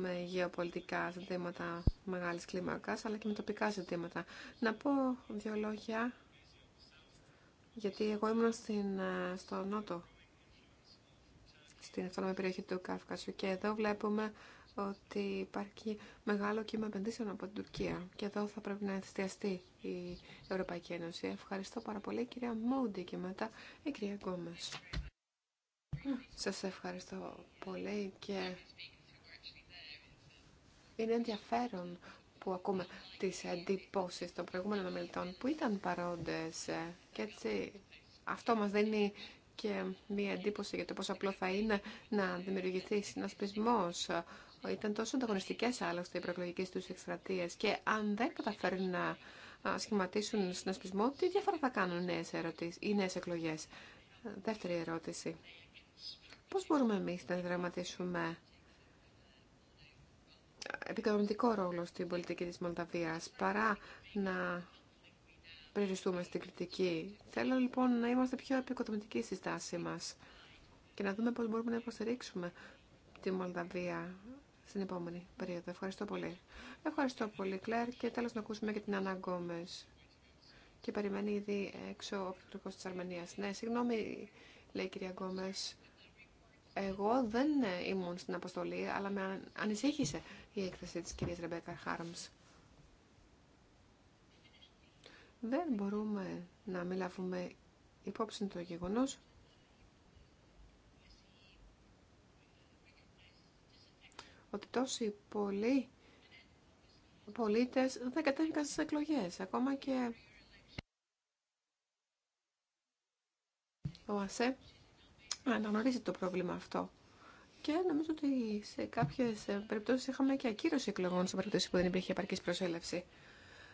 με γεωπολιτικά ζητήματα μεγάλης κλίμακας, αλλά και με τοπικά ζητήματα. Να πω δύο λόγια, γιατί εγώ ήμουν στην, ε, στο Νότο, στην αυτόνομη περιοχή του Κάφκασου και εδώ βλέπουμε ότι υπάρχει μεγάλο κύμα επενδύσεων από την Τουρκία και εδώ θα πρέπει να εστιαστεί η Ευρωπαϊκή Ένωση. Ευχαριστώ πάρα πολύ κυρία Μόντι και μετά η κυρία Γκόμες. Mm. Σας ευχαριστώ πολύ και είναι ενδιαφέρον που ακούμε τις εντυπώσεις των προηγούμενων μελητών που ήταν παρόντες ε, και έτσι αυτό μας δίνει και μία εντύπωση για το πόσο απλό θα είναι να δημιουργηθεί συνασπισμός. Ήταν τόσο ανταγωνιστικές άλλωστε οι προεκλογικέ του εκστρατείε. και αν δεν καταφέρουν να σχηματίσουν συνασπισμό, τι διαφορά θα κάνουν νέε ερωτήσει ή νέε εκλογέ. Δεύτερη ερώτηση. Πώ μπορούμε εμεί να δραματίσουμε επικοδομητικό ρόλο στην πολιτική της Μολδαβίας παρά να περιοριστούμε στην κριτική. Θέλω λοιπόν να είμαστε πιο επικοδομητικοί στη στάση μας και να δούμε πώς μπορούμε να υποστηρίξουμε τη Μολδαβία στην επόμενη περίοδο. Ευχαριστώ πολύ. Ευχαριστώ πολύ, Κλέρ, και τέλος να ακούσουμε και την Ανά Γκόμες. Και περιμένει ήδη έξω ο Πρωθυπουργός της Αρμενίας. Ναι, συγγνώμη, λέει η κυρία Γκόμες. Εγώ δεν ήμουν στην αποστολή, αλλά με ανησύχησε η έκθεση της κυρίας Ρεμπέκα Χάρμς. Δεν μπορούμε να μην λάβουμε υπόψη το γεγονός ότι τόσοι πολλοί πολίτες δεν κατέβηκαν στις εκλογές. Ακόμα και ο ΑΣΕ αναγνωρίζει το πρόβλημα αυτό. Και νομίζω ότι σε κάποιε περιπτώσει είχαμε και ακύρωση εκλογών σε περιπτώσει που δεν υπήρχε επαρκή προσέλευση.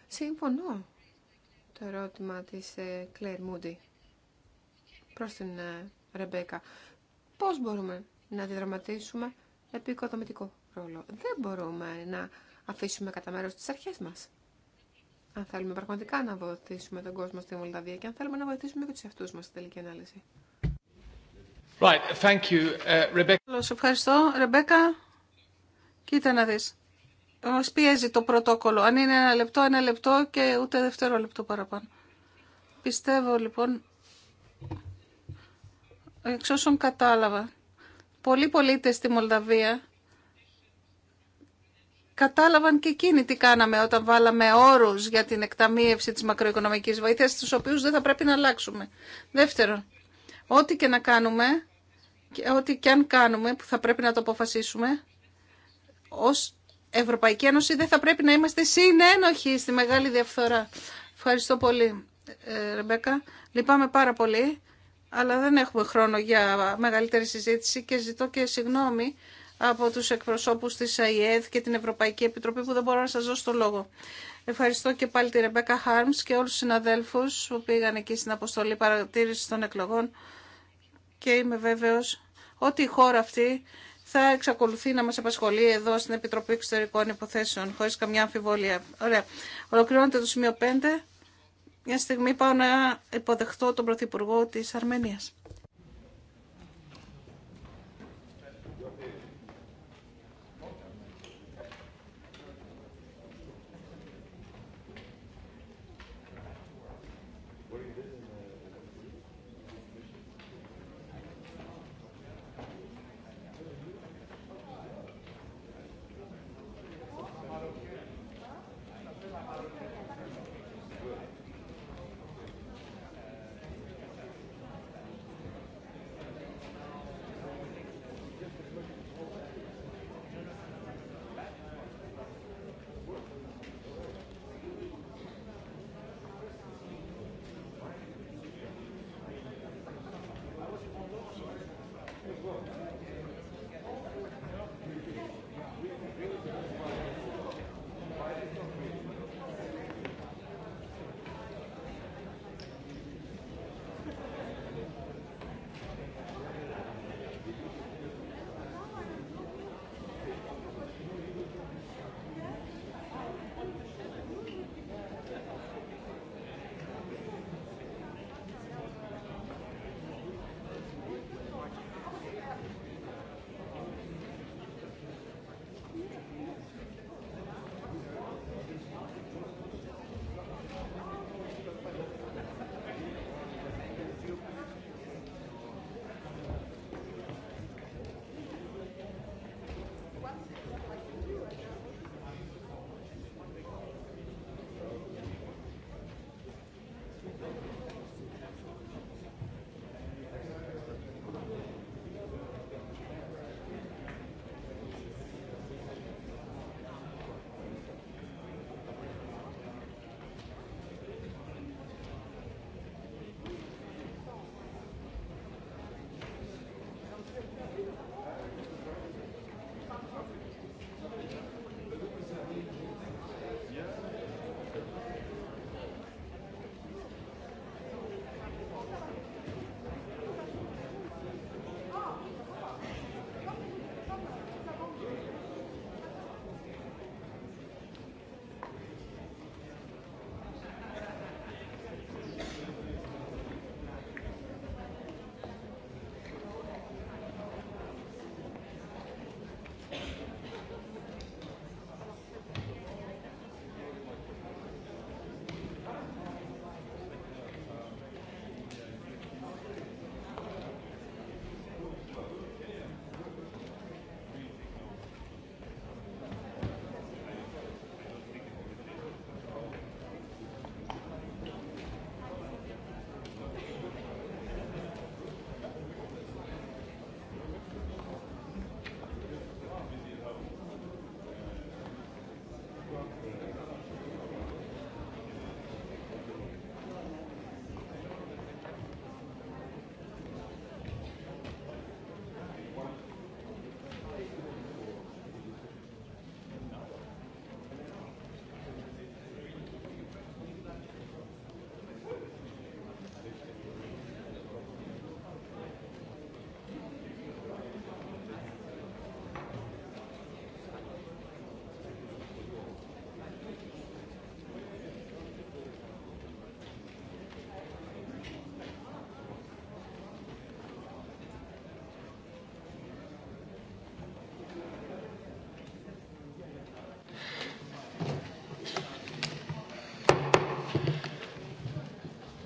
Συμφωνώ το ερώτημα τη Κλέρ Μούντι προ την ε, Ρεμπέκα. Πώ μπορούμε να αντιδραματίσουμε επικοδομητικό ρόλο. Δεν μπορούμε να αφήσουμε κατά μέρο τι αρχέ μα. Αν θέλουμε πραγματικά να βοηθήσουμε τον κόσμο στη Μολδαβία και αν θέλουμε να βοηθήσουμε και του εαυτού μα στην τελική ανάλυση. Right, uh, ευχαριστώ. Ρεμπέκα, κοίτα να δεις. πιέζει το πρωτόκολλο. Αν είναι ένα λεπτό, ένα λεπτό και ούτε λεπτό παραπάνω. Πιστεύω λοιπόν, εξ όσων κατάλαβα, πολλοί πολίτες στη Μολδαβία κατάλαβαν και εκείνοι τι κάναμε όταν βάλαμε όρους για την εκταμείευση της μακροοικονομικής βοήθειας, τους οποίους δεν θα πρέπει να αλλάξουμε. Δεύτερον, Ό,τι και να κάνουμε, και ό,τι και αν κάνουμε, που θα πρέπει να το αποφασίσουμε, ως Ευρωπαϊκή Ένωση δεν θα πρέπει να είμαστε συνένοχοι στη μεγάλη διαφθορά. Ευχαριστώ πολύ, ε, Ρεμπέκα. Λυπάμαι πάρα πολύ, αλλά δεν έχουμε χρόνο για μεγαλύτερη συζήτηση και ζητώ και συγγνώμη από τους εκπροσώπους της ΑΕΔ και την Ευρωπαϊκή Επιτροπή που δεν μπορώ να σας δώσω το λόγο. Ευχαριστώ και πάλι τη Ρεμπέκα Χάρμς και όλους τους συναδέλφους που πήγαν εκεί στην αποστολή παρατήρησης των εκλογών και είμαι βέβαιος ότι η χώρα αυτή θα εξακολουθεί να μας απασχολεί εδώ στην Επιτροπή Εξωτερικών Υποθέσεων χωρίς καμιά αμφιβολία. Ωραία. Ολοκληρώνεται το σημείο 5. Μια στιγμή πάω να υποδεχτώ τον Πρωθυπουργό της Αρμενίας.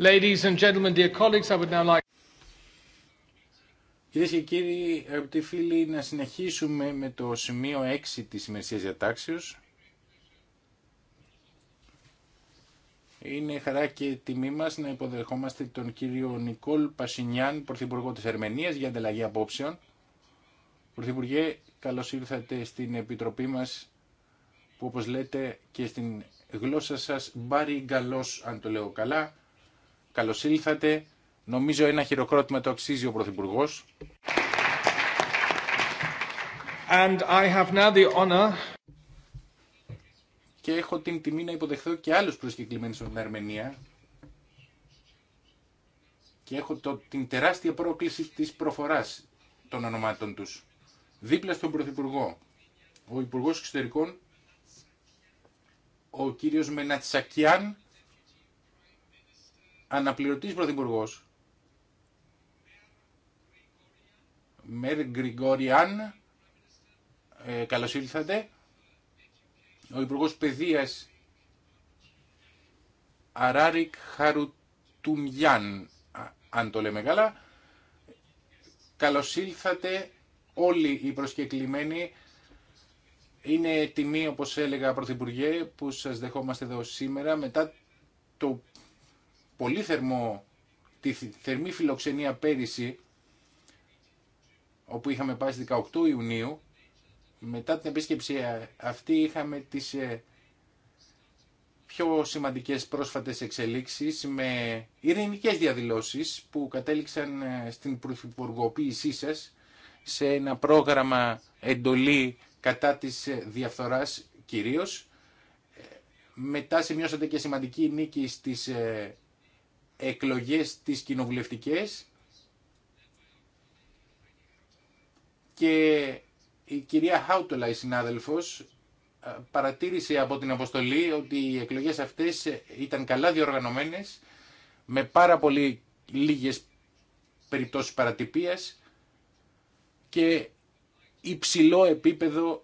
Ladies and gentlemen, dear colleagues, I would now like... Κυρίες και κύριοι, αγαπητοί φίλοι, να συνεχίσουμε με το σημείο 6 τη Μεσσίας διατάξεω. Είναι χαρά και τιμή μα να υποδεχόμαστε τον κύριο Νικόλ Πασινιάν, Πρωθυπουργό τη Ερμενίας, για ανταλλαγή απόψεων. Πρωθυπουργέ, καλώ ήρθατε στην Επιτροπή μα που όπω λέτε και στην γλώσσα σα μπάρει γκαλός, αν το λέω καλά, Καλώ ήλθατε. Νομίζω ένα χειροκρότημα το αξίζει ο Πρωθυπουργό. And I have now honor... Και έχω την τιμή να υποδεχθώ και άλλους προσκεκλημένους από την Αρμενία. Και έχω το, την τεράστια πρόκληση της προφοράς των ονομάτων τους. Δίπλα στον Πρωθυπουργό, ο Υπουργός Εξωτερικών, ο κύριος Μενατσακιάν, αναπληρωτής πρωθυπουργός Μέρ Γκριγκόριαν ε, καλώς ήλθατε ο Υπουργός Παιδείας Αράρικ Χαρουτουμιάν αν το λέμε καλά καλώς ήλθατε όλοι οι προσκεκλημένοι είναι τιμή όπως έλεγα Πρωθυπουργέ που σας δεχόμαστε εδώ σήμερα μετά το πολύ θερμό, τη θερμή φιλοξενία πέρυσι, όπου είχαμε πάει στις 18 Ιουνίου, μετά την επίσκεψη ε, αυτή είχαμε τις ε, πιο σημαντικές πρόσφατες εξελίξεις με ειρηνικές διαδηλώσεις που κατέληξαν ε, στην πρωθυπουργοποίησή σας σε ένα πρόγραμμα εντολή κατά της διαφθοράς κυρίως. Μετά σημειώσατε και σημαντική νίκη στις εκλογές τις κοινοβουλευτικές και η κυρία Χάουτολα, η συνάδελφος, παρατήρησε από την αποστολή ότι οι εκλογές αυτές ήταν καλά διοργανωμένες, με πάρα πολύ λίγες περιπτώσεις παρατυπίας και υψηλό επίπεδο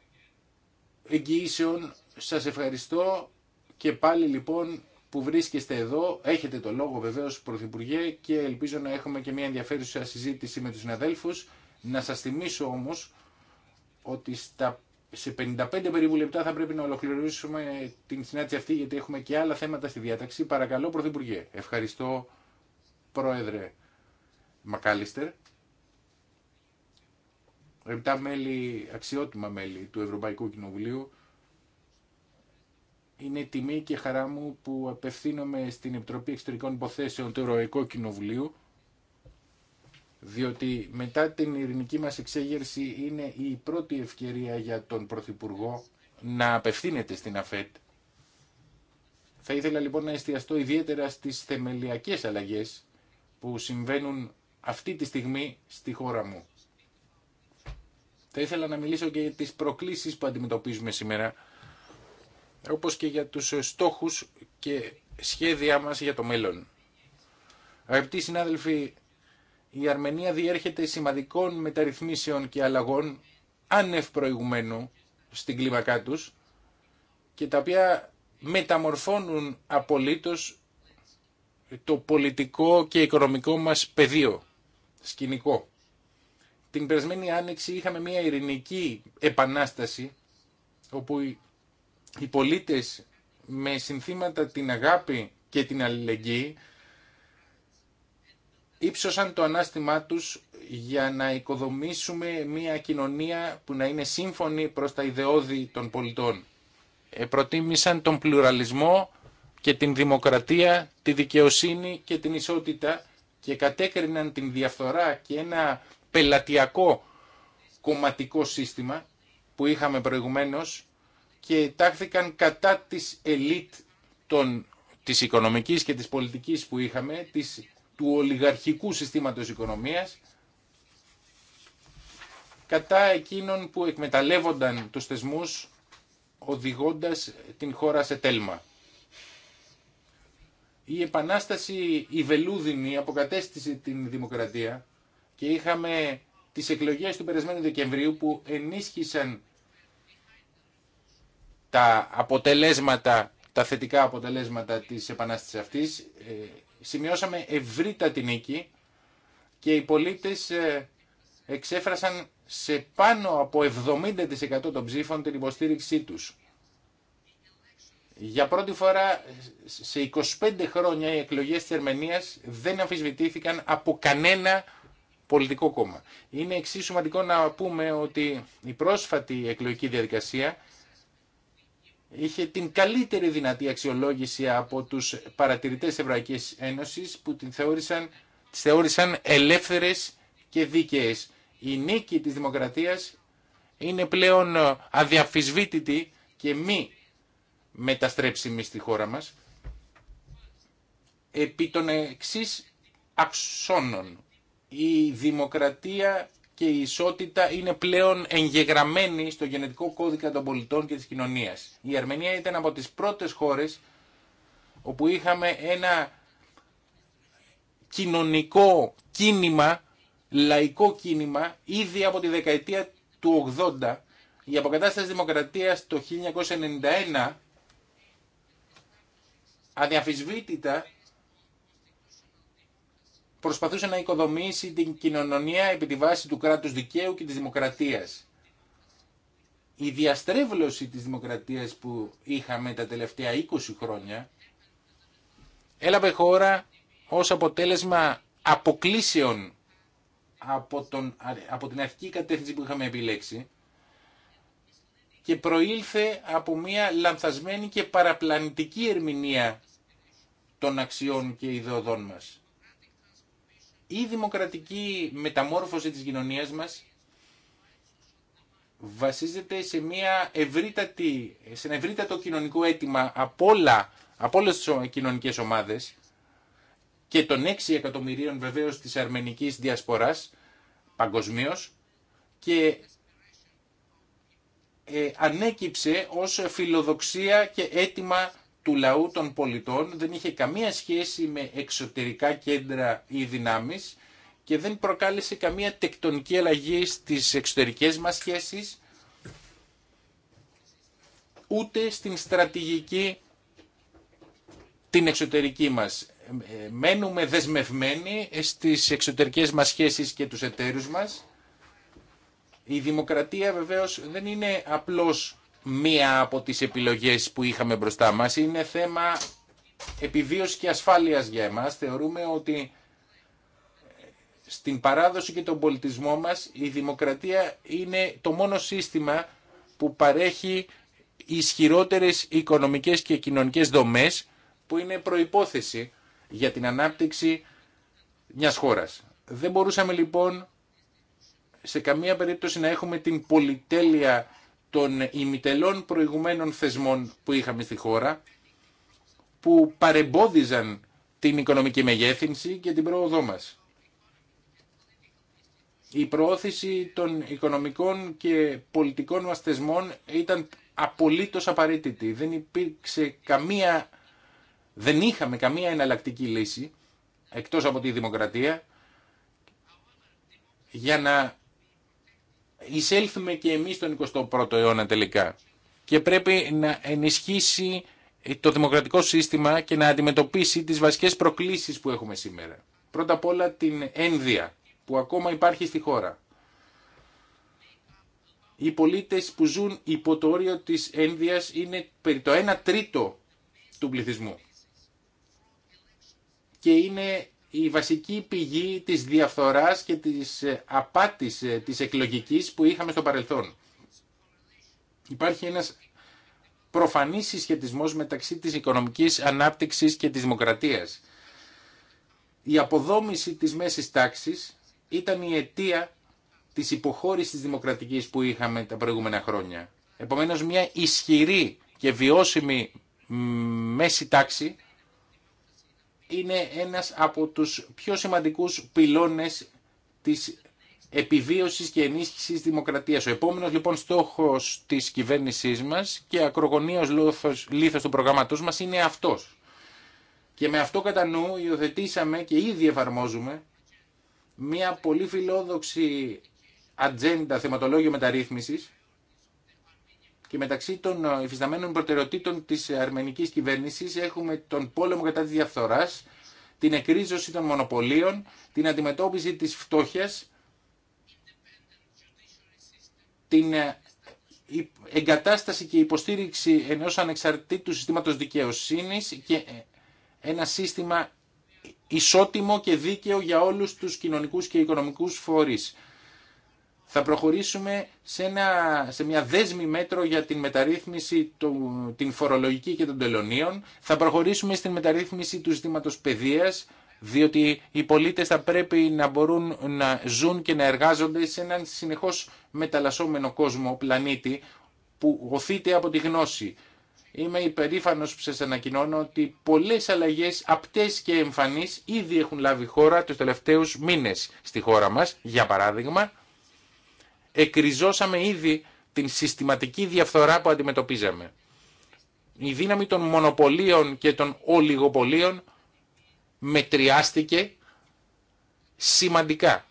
εγγυήσεων. Σας ευχαριστώ και πάλι λοιπόν που βρίσκεστε εδώ. Έχετε το λόγο βεβαίως Πρωθυπουργέ και ελπίζω να έχουμε και μια ενδιαφέρουσα συζήτηση με τους συναδέλφου. Να σας θυμίσω όμως ότι στα, σε 55 περίπου λεπτά θα πρέπει να ολοκληρώσουμε την συνάντηση αυτή γιατί έχουμε και άλλα θέματα στη διάταξη. Παρακαλώ Πρωθυπουργέ. Ευχαριστώ Πρόεδρε Μακάλιστερ. Επτά μέλη, αξιότιμα μέλη του Ευρωπαϊκού Κοινοβουλίου είναι τιμή και χαρά μου που απευθύνομαι στην Επιτροπή Εξωτερικών Υποθέσεων του Ευρωπαϊκού Κοινοβουλίου διότι μετά την ειρηνική μας εξέγερση είναι η πρώτη ευκαιρία για τον Πρωθυπουργό να απευθύνεται στην ΑΦΕΤ. Θα ήθελα λοιπόν να εστιαστώ ιδιαίτερα στις θεμελιακές αλλαγές που συμβαίνουν αυτή τη στιγμή στη χώρα μου. Θα ήθελα να μιλήσω και για τις προκλήσεις που αντιμετωπίζουμε σήμερα όπως και για τους στόχους και σχέδιά μας για το μέλλον. Αγαπητοί συνάδελφοι, η Αρμενία διέρχεται σημαντικών μεταρρυθμίσεων και αλλαγών άνευ προηγουμένου στην κλίμακά τους και τα οποία μεταμορφώνουν απολύτως το πολιτικό και οικονομικό μας πεδίο, σκηνικό. Την περασμένη άνοιξη είχαμε μια ειρηνική επανάσταση όπου οι πολίτες με συνθήματα την αγάπη και την αλληλεγγύη ύψωσαν το ανάστημά τους για να οικοδομήσουμε μια κοινωνία που να είναι σύμφωνη προς τα ιδεώδη των πολιτών. Ε, προτίμησαν τον πλουραλισμό και την δημοκρατία, τη δικαιοσύνη και την ισότητα και κατέκριναν την διαφθορά και ένα πελατειακό κομματικό σύστημα που είχαμε προηγουμένως και τάχθηκαν κατά της ελίτ των, της οικονομικής και της πολιτικής που είχαμε, της, του ολιγαρχικού συστήματος οικονομίας, κατά εκείνων που εκμεταλλεύονταν τους θεσμούς οδηγώντας την χώρα σε τέλμα. Η Επανάσταση η Βελούδινη αποκατέστησε την δημοκρατία και είχαμε τις εκλογές του περασμένου Δεκεμβρίου που ενίσχυσαν τα αποτελέσματα, τα θετικά αποτελέσματα της επανάστασης αυτής. Ε, σημειώσαμε ευρύτατη νίκη και οι πολίτες ε, εξέφρασαν σε πάνω από 70% των ψήφων την υποστήριξή τους. Για πρώτη φορά σε 25 χρόνια οι εκλογές της Ερμενίας δεν αμφισβητήθηκαν από κανένα πολιτικό κόμμα. Είναι εξίσου σημαντικό να πούμε ότι η πρόσφατη εκλογική διαδικασία είχε την καλύτερη δυνατή αξιολόγηση από τους παρατηρητές Ευρωπαϊκής Ένωσης που την θεώρησαν, τις θεώρησαν ελεύθερες και δίκαιες. Η νίκη της δημοκρατίας είναι πλέον ε, αδιαφυσβήτητη και μη μεταστρέψιμη στη χώρα μας επί των εξής αξώνων. Η δημοκρατία και η ισότητα είναι πλέον εγγεγραμμένη στο γενετικό κώδικα των πολιτών και της κοινωνίας. Η Αρμενία ήταν από τις πρώτες χώρες όπου είχαμε ένα κοινωνικό κίνημα, λαϊκό κίνημα, ήδη από τη δεκαετία του 80, η αποκατάσταση δημοκρατίας το 1991, αδιαφυσβήτητα προσπαθούσε να οικοδομήσει την κοινωνία επί τη βάση του κράτους δικαίου και της δημοκρατίας. Η διαστρέβλωση της δημοκρατίας που είχαμε τα τελευταία 20 χρόνια έλαβε χώρα ως αποτέλεσμα αποκλήσεων από, τον, από την αρχική κατεύθυνση που είχαμε επιλέξει και προήλθε από μια λανθασμένη και παραπλανητική ερμηνεία των αξιών και ιδεωδών μας η δημοκρατική μεταμόρφωση της κοινωνίας μας βασίζεται σε, μια ευρύτατη, σε ένα ευρύτατο κοινωνικό αίτημα από, όλα, από όλες τις κοινωνικές ομάδες και των 6 εκατομμυρίων βεβαίως της αρμενικής διασποράς παγκοσμίω και ε, ανέκυψε ως φιλοδοξία και αίτημα του λαού των πολιτών δεν είχε καμία σχέση με εξωτερικά κέντρα ή δυνάμεις και δεν προκάλεσε καμία τεκτονική αλλαγή στις εξωτερικές μας σχέσεις ούτε στην στρατηγική την εξωτερική μας. Μένουμε δεσμευμένοι στις εξωτερικές μας σχέσεις και τους εταίρους μας. Η δημοκρατία βεβαίως δεν είναι απλώς μία από τις επιλογές που είχαμε μπροστά μας. Είναι θέμα επιβίωσης και ασφάλειας για εμάς. Θεωρούμε ότι στην παράδοση και τον πολιτισμό μας η δημοκρατία είναι το μόνο σύστημα που παρέχει ισχυρότερες οικονομικές και κοινωνικές δομές που είναι προϋπόθεση για την ανάπτυξη μιας χώρας. Δεν μπορούσαμε λοιπόν σε καμία περίπτωση να έχουμε την πολυτέλεια των ημιτελών προηγουμένων θεσμών που είχαμε στη χώρα που παρεμπόδιζαν την οικονομική μεγέθυνση και την πρόοδό μας. Η προώθηση των οικονομικών και πολιτικών μας θεσμών ήταν απολύτως απαραίτητη. Δεν υπήρξε καμία, δεν είχαμε καμία εναλλακτική λύση, εκτός από τη δημοκρατία, για να εισέλθουμε και εμείς τον 21ο αιώνα τελικά. Και πρέπει να ενισχύσει το δημοκρατικό σύστημα και να αντιμετωπίσει τις βασικές προκλήσεις που έχουμε σήμερα. Πρώτα απ' όλα την ένδια που ακόμα υπάρχει στη χώρα. Οι πολίτες που ζουν υπό το όριο της ένδυας είναι περί το 1 τρίτο του πληθυσμού. Και είναι η βασική πηγή της διαφθοράς και της ε, απάτης ε, της εκλογικής που είχαμε στο παρελθόν. Υπάρχει ένας προφανής συσχετισμός μεταξύ της οικονομικής ανάπτυξης και της δημοκρατίας. Η αποδόμηση της μέσης τάξης ήταν η αιτία της υποχώρησης της δημοκρατικής που είχαμε τα προηγούμενα χρόνια. Επομένως μια ισχυρή και βιώσιμη μέση τάξη είναι ένας από τους πιο σημαντικούς πυλώνες της επιβίωσης και ενίσχυσης δημοκρατίας. Ο επόμενος λοιπόν στόχος της κυβέρνησής μας και ακρογωνίος λόθος, του προγραμματός μας είναι αυτός. Και με αυτό κατά νου υιοθετήσαμε και ήδη εφαρμόζουμε μια πολύ φιλόδοξη ατζέντα θεματολόγιο μεταρρύθμισης και μεταξύ των ε, υφισταμένων προτεραιοτήτων της ε, αρμενικής κυβέρνηση έχουμε τον πόλεμο κατά τη διαφθορά, την εκρίζωση των μονοπωλίων, την αντιμετώπιση της φτώχεια, την ε, εγκατάσταση και υποστήριξη ενός ανεξαρτήτου συστήματος δικαιοσύνη και ένα σύστημα ισότιμο και δίκαιο για όλους τους κοινωνικούς και οικονομικούς φορείς θα προχωρήσουμε σε, ένα, σε μια δέσμη μέτρο για την μεταρρύθμιση, την φορολογική και των τελωνίων. Θα προχωρήσουμε στην μεταρρύθμιση του ζητήματος παιδείας, διότι οι πολίτες θα πρέπει να μπορούν να ζουν και να εργάζονται σε έναν συνεχώς μεταλλασσόμενο κόσμο, πλανήτη, που οθείται από τη γνώση. Είμαι υπερήφανος που σας ανακοινώνω ότι πολλές αλλαγές απτές και εμφανείς ήδη έχουν λάβει χώρα τους τελευταίους μήνες στη χώρα μας. Για παράδειγμα, εκριζώσαμε ήδη την συστηματική διαφθορά που αντιμετωπίζαμε. Η δύναμη των μονοπωλίων και των ολιγοπωλίων μετριάστηκε σημαντικά.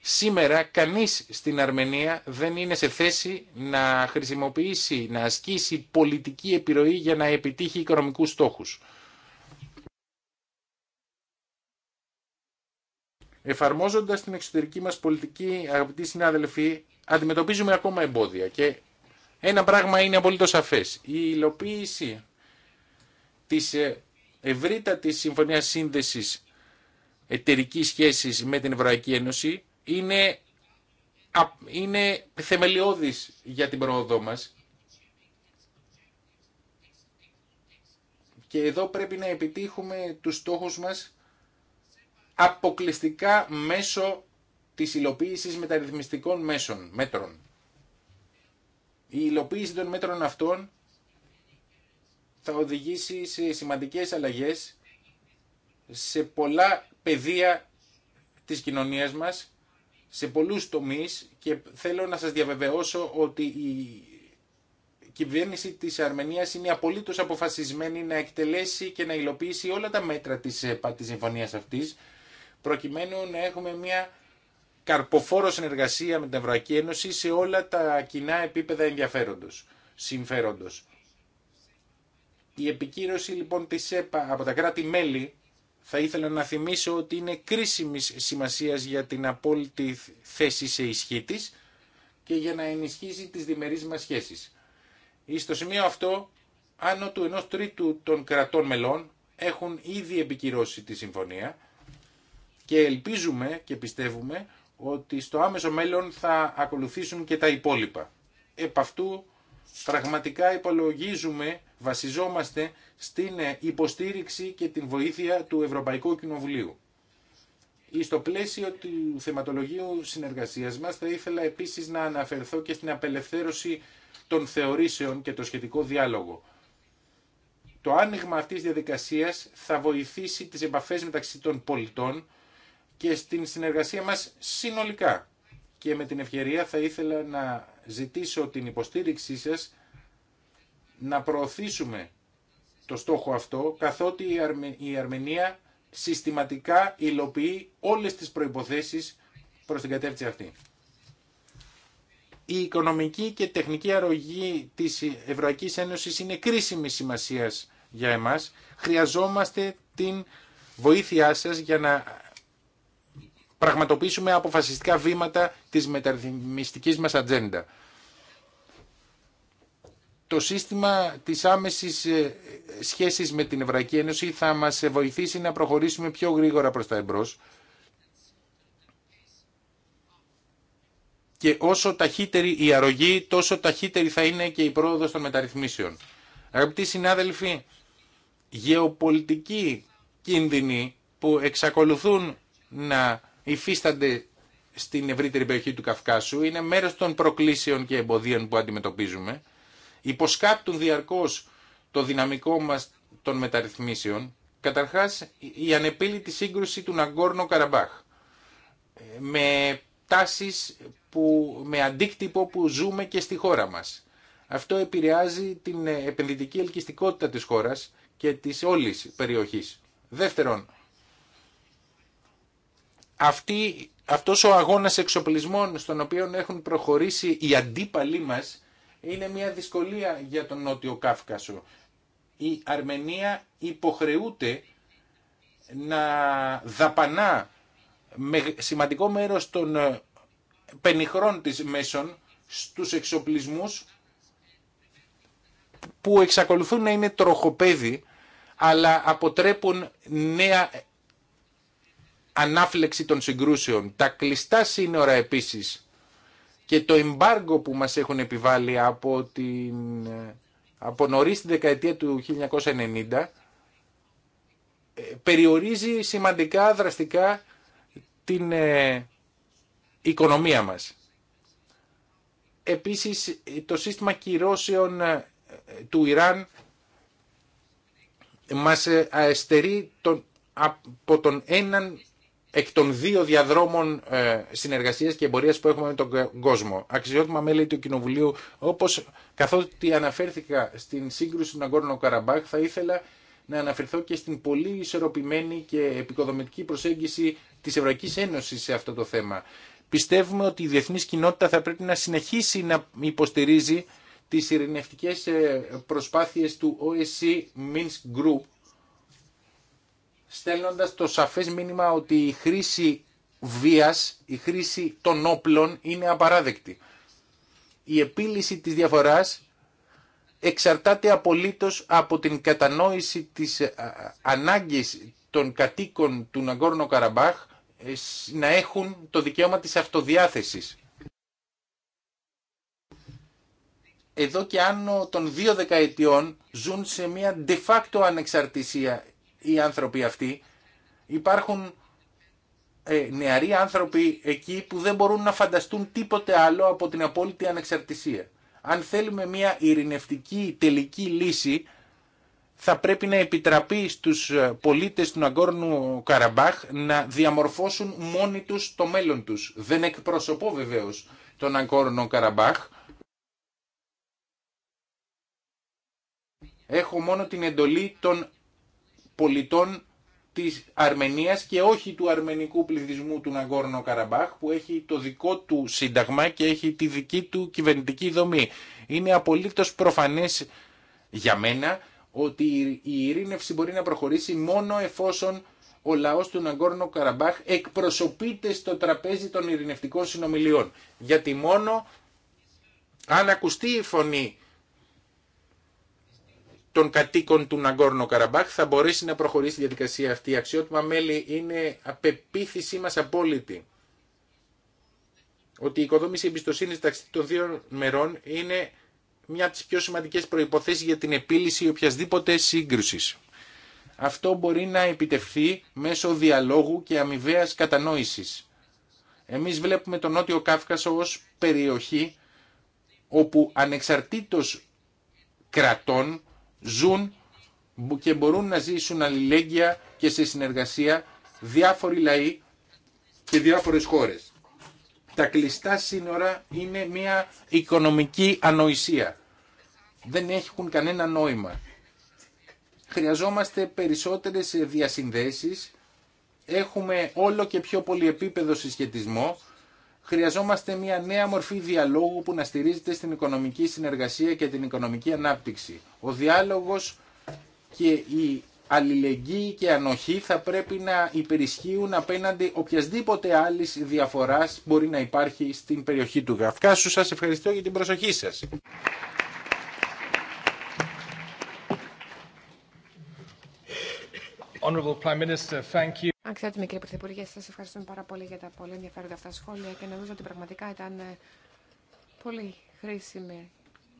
Σήμερα κανείς στην Αρμενία δεν είναι σε θέση να χρησιμοποιήσει, να ασκήσει πολιτική επιρροή για να επιτύχει οικονομικούς στόχους. Εφαρμόζοντας την εξωτερική μας πολιτική, αγαπητοί συνάδελφοι, αντιμετωπίζουμε ακόμα εμπόδια και ένα πράγμα είναι απολύτως σαφές. Η υλοποίηση της ε, ευρύτατης συμφωνία σύνδεσης εταιρική σχέση με την Ευρωπαϊκή Ένωση είναι, είναι θεμελιώδης για την πρόοδό μας. Και εδώ πρέπει να επιτύχουμε τους στόχους μας αποκλειστικά μέσω της υλοποίηση μεταρρυθμιστικών μέσων, μέτρων. Η υλοποίηση των μέτρων αυτών θα οδηγήσει σε σημαντικές αλλαγές σε πολλά πεδία της κοινωνίας μας, σε πολλούς τομείς και θέλω να σας διαβεβαιώσω ότι η κυβέρνηση της Αρμενίας είναι απολύτως αποφασισμένη να εκτελέσει και να υλοποιήσει όλα τα μέτρα της, της συμφωνίας αυτής προκειμένου να έχουμε μια καρποφόρο συνεργασία με την Ευρωπαϊκή Ένωση σε όλα τα κοινά επίπεδα ενδιαφέροντος, συμφέροντος. Η επικύρωση λοιπόν της ΕΠΑ από τα κράτη-μέλη θα ήθελα να θυμίσω ότι είναι κρίσιμης σημασίας για την απόλυτη θέση σε ισχύ της και για να ενισχύσει τις διμερείς μας σχέσεις. Στο σημείο αυτό, άνω του ενός τρίτου των κρατών μελών έχουν ήδη επικυρώσει τη συμφωνία και ελπίζουμε και πιστεύουμε ότι στο άμεσο μέλλον θα ακολουθήσουν και τα υπόλοιπα. Επ' αυτού πραγματικά υπολογίζουμε, βασιζόμαστε στην ε, υποστήριξη και την βοήθεια του Ευρωπαϊκού Κοινοβουλίου. Στο πλαίσιο του θεματολογίου συνεργασίας μας θα ήθελα επίσης να αναφερθώ και στην απελευθέρωση των θεωρήσεων και το σχετικό διάλογο. Το άνοιγμα αυτής διαδικασίας θα βοηθήσει τις επαφές μεταξύ των πολιτών και στην συνεργασία μας συνολικά. Και με την ευκαιρία θα ήθελα να ζητήσω την υποστήριξή σας να προωθήσουμε το στόχο αυτό, καθότι η Αρμενία συστηματικά υλοποιεί όλες τις προϋποθέσεις προς την κατεύθυνση αυτή. Η οικονομική και τεχνική αρρωγή της Ευρωπαϊκής Ένωσης είναι κρίσιμη σημασίας για εμάς. Χρειαζόμαστε την βοήθειά σας για να πραγματοποιήσουμε αποφασιστικά βήματα της μεταρρυθμιστικής μας ατζέντα. Το σύστημα της άμεσης ε, σχέσης με την Ευρωπαϊκή Ένωση θα μας βοηθήσει να προχωρήσουμε πιο γρήγορα προς τα εμπρός. Και όσο ταχύτερη η αρρωγή, τόσο ταχύτερη θα είναι και η πρόοδος των μεταρρυθμίσεων. Αγαπητοί συνάδελφοι, γεωπολιτικοί κίνδυνοι που εξακολουθούν να υφίστανται στην ευρύτερη περιοχή του Καυκάσου, είναι μέρος των προκλήσεων και εμποδίων που αντιμετωπίζουμε, υποσκάπτουν διαρκώς το δυναμικό μας των μεταρρυθμίσεων, καταρχάς η ανεπίλητη σύγκρουση του Ναγκόρνο Καραμπάχ, με τάσεις που, με αντίκτυπο που ζούμε και στη χώρα μας. Αυτό επηρεάζει την επενδυτική ελκυστικότητα της χώρας και της όλης περιοχής. Δεύτερον, αυτή, αυτός ο αγώνας εξοπλισμών στον οποίο έχουν προχωρήσει οι αντίπαλοι μας είναι μια δυσκολία για τον Νότιο Κάφκασο. Η Αρμενία υποχρεούται να δαπανά σημαντικό μέρος των ε, πενιχρών της μέσων στους εξοπλισμούς που εξακολουθούν να είναι τροχοπέδι αλλά αποτρέπουν νέα ανάφλεξη των συγκρούσεων. Τα κλειστά σύνορα επίσης και το εμπάργκο που μας έχουν επιβάλει από, την, από νωρίς δεκαετία του 1990 ε, περιορίζει σημαντικά δραστικά την ε, οικονομία μας. Επίσης το σύστημα κυρώσεων ε, του Ιράν μας αστερεί τον, από τον έναν εκ των δύο διαδρόμων ε, συνεργασίας και εμπορίας που έχουμε με τον κόσμο. Αξιότιμα μέλη του Κοινοβουλίου, όπως καθότι αναφέρθηκα στην σύγκρουση του Ναγκόρνο Καραμπάχ, θα ήθελα να αναφερθώ και στην πολύ ισορροπημένη και επικοδομητική προσέγγιση της Ευρωπαϊκής Ένωσης σε αυτό το θέμα. Πιστεύουμε ότι η διεθνής κοινότητα θα πρέπει να συνεχίσει να υποστηρίζει τις ειρηνευτικές ε, προσπάθειες του OSCE Minsk Group στέλνοντας το σαφές μήνυμα ότι η χρήση βίας, η χρήση των όπλων είναι απαράδεκτη. Η επίλυση της διαφοράς εξαρτάται απολύτως από την κατανόηση της ε, ανάγκης των κατοίκων του Ναγκόρνο Καραμπάχ ε, να έχουν το δικαίωμα της αυτοδιάθεσης. Εδώ και άνω των δύο δεκαετιών ζουν σε μια de facto ανεξαρτησία οι άνθρωποι αυτοί. Υπάρχουν ε, νεαροί άνθρωποι εκεί που δεν μπορούν να φανταστούν τίποτε άλλο από την απόλυτη ανεξαρτησία. Αν θέλουμε μια ειρηνευτική τελική λύση θα πρέπει να επιτραπεί στους ε, πολίτες του Ναγκόρνου Καραμπάχ να διαμορφώσουν μόνοι τους το μέλλον τους. Δεν εκπροσωπώ βεβαίως τον Ναγκόρνο Καραμπάχ. Έχω μόνο την εντολή των πολιτών της Αρμενίας και όχι του αρμενικού πληθυσμού του Ναγκόρνο Καραμπάχ που έχει το δικό του σύνταγμα και έχει τη δική του κυβερνητική δομή. Είναι απολύτως προφανές για μένα ότι η ειρήνευση μπορεί να προχωρήσει μόνο εφόσον ο λαός του Ναγκόρνο Καραμπάχ εκπροσωπείται στο τραπέζι των ειρηνευτικών συνομιλιών. Γιατί μόνο αν ακουστεί η φωνή των κατοίκων του Ναγκόρνο Καραμπάχ θα μπορέσει να προχωρήσει η διαδικασία αυτή. αξιότιμα μέλη είναι απεποίθησή μας απόλυτη ότι η οικοδόμηση εμπιστοσύνη μεταξύ των δύο μερών είναι μια από τις πιο σημαντικές προϋποθέσεις για την επίλυση οποιασδήποτε σύγκρουσης. Αυτό μπορεί να επιτευχθεί μέσω διαλόγου και αμοιβαία κατανόησης. Εμείς βλέπουμε τον Νότιο Κάφκασο ως περιοχή όπου ανεξαρτήτως κρατών ζουν και μπορούν να ζήσουν αλληλέγγυα και σε συνεργασία διάφοροι λαοί και διάφορες χώρες. Τα κλειστά σύνορα είναι μια οικονομική ανοησία. Δεν έχουν κανένα νόημα. Χρειαζόμαστε περισσότερες διασυνδέσεις. Έχουμε όλο και πιο πολυεπίπεδο συσχετισμό χρειαζόμαστε μια νέα μορφή διαλόγου που να στηρίζεται στην οικονομική συνεργασία και την οικονομική ανάπτυξη. Ο διάλογος και η αλληλεγγύη και ανοχή θα πρέπει να υπερισχύουν απέναντι οποιασδήποτε άλλης διαφοράς μπορεί να υπάρχει στην περιοχή του σου. Σας ευχαριστώ για την προσοχή σας. Prime Minister, thank you ξέρετε, κύριε Πρωθυπουργέ, σα ευχαριστούμε πάρα πολύ για τα πολύ ενδιαφέροντα αυτά σχόλια και νομίζω ότι πραγματικά ήταν ε, πολύ χρήσιμη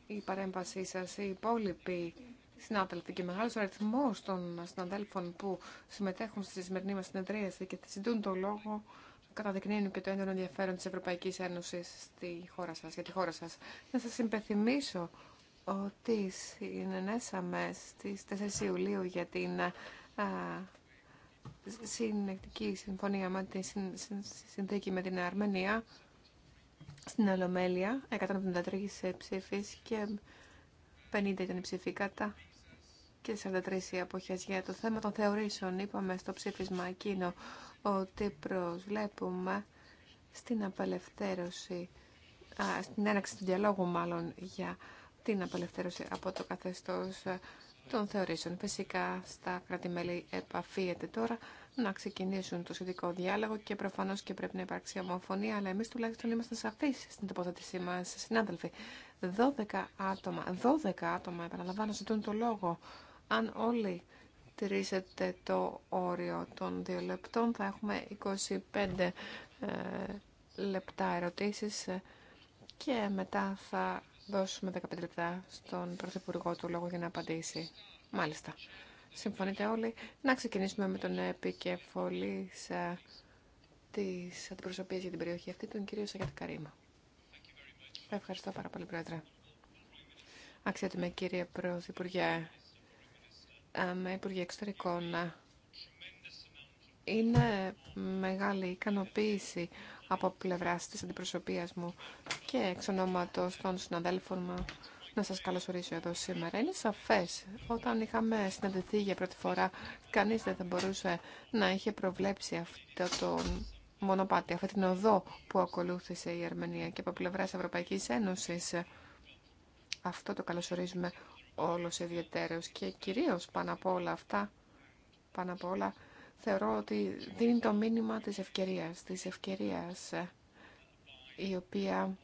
η παρέμβασή σα. Οι υπόλοιποι συνάδελφοι και μεγάλο αριθμό των συναδέλφων που συμμετέχουν στη σημερινή μα συνεδρίαση και τη ζητούν το λόγο καταδεικνύουν και το έντονο ενδιαφέρον τη Ευρωπαϊκή Ένωση στη χώρα για τη χώρα σα. Να σα υπενθυμίσω ότι συνενέσαμε στι 4 Ιουλίου για την ε, συνεκτική συμφωνία με τη συνθήκη με την Αρμενία στην Ολομέλεια, 173 ε, ψήφοι και 50 ήταν οι ψήφοι κατά και 43 οι αποχές για το θέμα των θεωρήσεων. Είπαμε στο ψήφισμα εκείνο ότι προσβλέπουμε στην απελευθέρωση, στην έναξη του διαλόγου μάλλον για την απελευθέρωση από το καθεστώς των θεωρήσεων. Φυσικά στα κράτη-μέλη επαφίεται τώρα να ξεκινήσουν το σχετικό διάλογο και προφανώ και πρέπει να υπάρξει ομοφωνία, αλλά εμεί τουλάχιστον είμαστε σαφεί στην τοποθέτησή μα, συνάδελφοι. 12 άτομα, 12 άτομα, επαναλαμβάνω, ζητούν το λόγο. Αν όλοι τηρήσετε το όριο των δύο λεπτών, θα έχουμε 25 ε, λεπτά ερωτήσει ε, και μετά θα δώσουμε 15 λεπτά στον Πρωθυπουργό του λόγο για να απαντήσει. Μάλιστα. Συμφωνείτε όλοι. Να ξεκινήσουμε με τον επικεφαλή ε, τη αντιπροσωπεία για την περιοχή αυτή, τον κύριο Σαγιάτ Καρύμα. Ευχαριστώ πάρα πολύ, Πρόεδρε. Αξιότιμε κύριε Πρωθυπουργέ, ε, με Υπουργέ Εξωτερικών, ε, είναι μεγάλη ικανοποίηση από πλευρά τη αντιπροσωπεία μου και εξ ονόματο των συναδέλφων μου να σα καλωσορίσω εδώ σήμερα. Είναι σαφέ, όταν είχαμε συναντηθεί για πρώτη φορά, κανεί δεν θα μπορούσε να είχε προβλέψει αυτό το μονοπάτι, αυτή την οδό που ακολούθησε η Αρμενία και από πλευρά Ευρωπαϊκή Ένωση. Αυτό το καλωσορίζουμε όλο ιδιαίτερο και κυρίω πάνω από όλα αυτά, πάνω θεωρώ ότι δίνει το μήνυμα της ευκαιρίας, της ευκαιρίας η οποία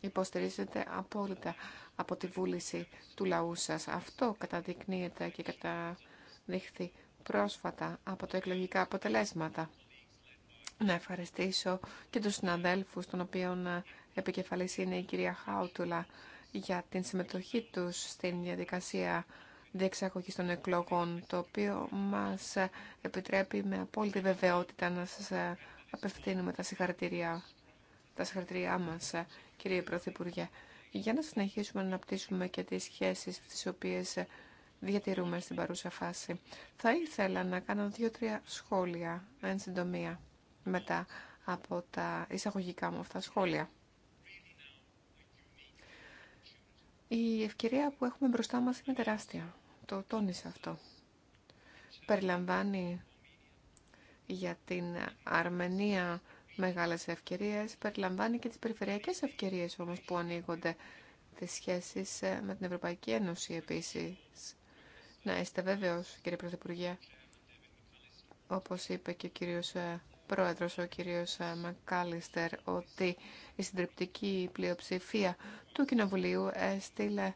υποστηρίζεται απόλυτα από τη βούληση του λαού σας. Αυτό καταδεικνύεται και καταδείχθη πρόσφατα από τα εκλογικά αποτελέσματα. Να ευχαριστήσω και τους συναδέλφους, των οποίων επικεφαλής είναι η κυρία Χάουτουλα, για την συμμετοχή τους στην διαδικασία διεξαγωγή των εκλογών, το οποίο μας επιτρέπει με απόλυτη βεβαιότητα να σας απευθύνουμε τα συγχαρητήριά, τα συγχαρητήριά μας, κύριε Πρωθυπουργέ. Για να συνεχίσουμε να αναπτύσσουμε και τις σχέσεις τις οποίες διατηρούμε στην παρούσα φάση. Θα ήθελα να κάνω δύο-τρία σχόλια, εν συντομία, μετά από τα εισαγωγικά μου αυτά σχόλια. Η ευκαιρία που έχουμε μπροστά μας είναι τεράστια. Το τόνισε αυτό. Περιλαμβάνει για την Αρμενία μεγάλες ευκαιρίες, περιλαμβάνει και τις περιφερειακές ευκαιρίες όμως που ανοίγονται τις σχέσεις ε, με την Ευρωπαϊκή Ένωση επίσης. Να είστε βέβαιος κύριε Πρωθυπουργέ, όπως είπε και ο κύριος ε, πρόεδρος ο κύριος ε, Μακάλιστερ ότι η συντριπτική πλειοψηφία του Κοινοβουλίου έστειλε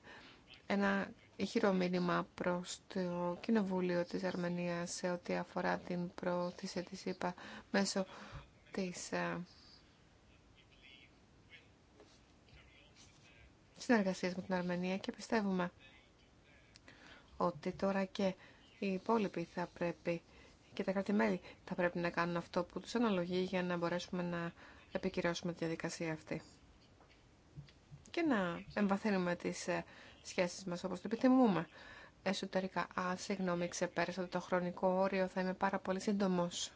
ένα ηχηρό μήνυμα προς το Κοινοβούλιο της Αρμενίας σε ό,τι αφορά την πρόθεση της ΕΠΑ μέσω της ε, συνεργασίας με την Αρμενία και πιστεύουμε ότι τώρα και οι υπόλοιποι θα πρέπει και τα κράτη-μέλη θα πρέπει να κάνουν αυτό που τους αναλογεί για να μπορέσουμε να επικυρώσουμε τη διαδικασία αυτή και να εμβαθύνουμε τις ε, σχέσεις μας όπως το επιθυμούμε εσωτερικά. Α, συγγνώμη, ξεπέρασα το χρονικό όριο, θα είμαι πάρα πολύ σύντομος.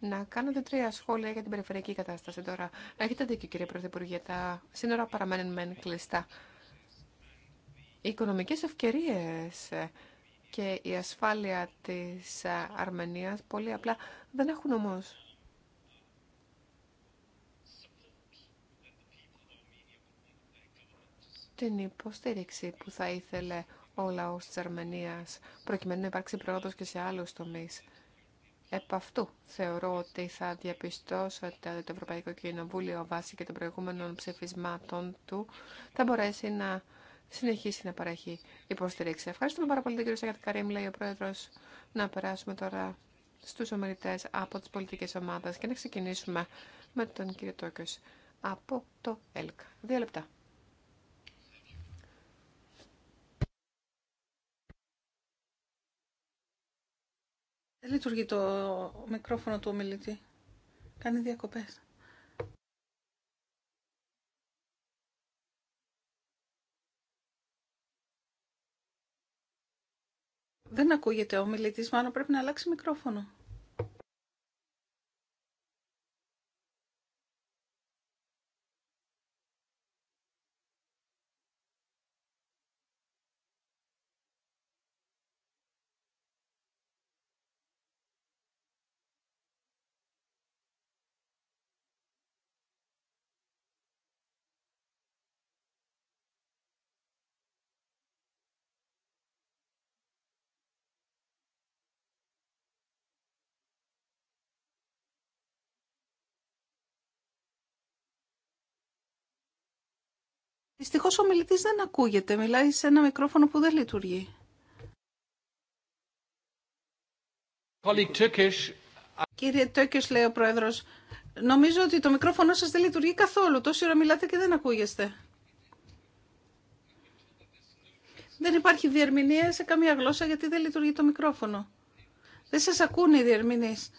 Να κάνετε τρία σχόλια για την περιφερειακή κατάσταση τώρα. Έχετε δίκιο, κύριε Πρωθυπουργέ. Τα σύνορα παραμένουν μεν κλειστά. Οι οικονομικές ευκαιρίες ε, και η ασφάλεια της ε, Αρμενίας πολύ απλά δεν έχουν όμως την υποστήριξη που θα ήθελε ο λαός της Αρμενίας προκειμένου να υπάρξει πρόοδος και σε άλλους τομείς. Επ' αυτού θεωρώ ότι θα διαπιστώσετε ότι το Ευρωπαϊκό Κοινοβούλιο βάσει και των προηγούμενων ψηφισμάτων του θα μπορέσει να συνεχίσει να παρέχει υποστηρίξη. Ευχαριστούμε πάρα πολύ τον κύριο Σάκη λέει ο Πρόεδρος. Να περάσουμε τώρα στους ομιλητέ από τις πολιτικές ομάδες και να ξεκινήσουμε με τον κύριο Τόκιο από το ΕΛΚ. Δύο λεπτά. Δεν λειτουργεί το μικρόφωνο του ομιλητή. Κάνει διακοπές. Δεν ακούγεται ο μιλητής, μάλλον πρέπει να αλλάξει μικρόφωνο. Δυστυχώ ο μιλητή δεν ακούγεται. Μιλάει σε ένα μικρόφωνο που δεν λειτουργεί. Κύριε Τόκιο, λέει ο προεδρό. νομίζω ότι το μικρόφωνο σας δεν λειτουργεί καθόλου. Τόση ώρα μιλάτε και δεν ακούγεστε. Δεν υπάρχει διερμηνία σε καμία γλώσσα γιατί δεν λειτουργεί το μικρόφωνο. Δεν σας ακούνε οι διερμηνείς.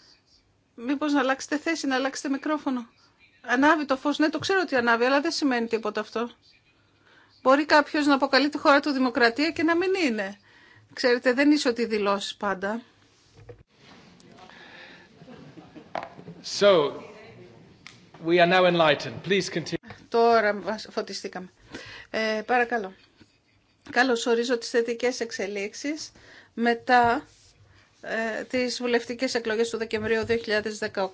Μήπως να αλλάξετε θέση, να αλλάξετε μικρόφωνο. Ανάβει το φως. Ναι, το ξέρω ότι ανάβει, αλλά δεν σημαίνει τίποτα αυτό. Μπορεί κάποιος να αποκαλεί τη χώρα του δημοκρατία και να μην είναι. Ξέρετε, δεν είσαι ότι δηλώσει πάντα. So, we are now enlightened. Please continue. Τώρα φωτιστήκαμε. Ε, παρακαλώ. Καλώς ορίζω τις θετικές εξελίξεις μετά ε, τις βουλευτικές εκλογές του Δεκεμβρίου 2018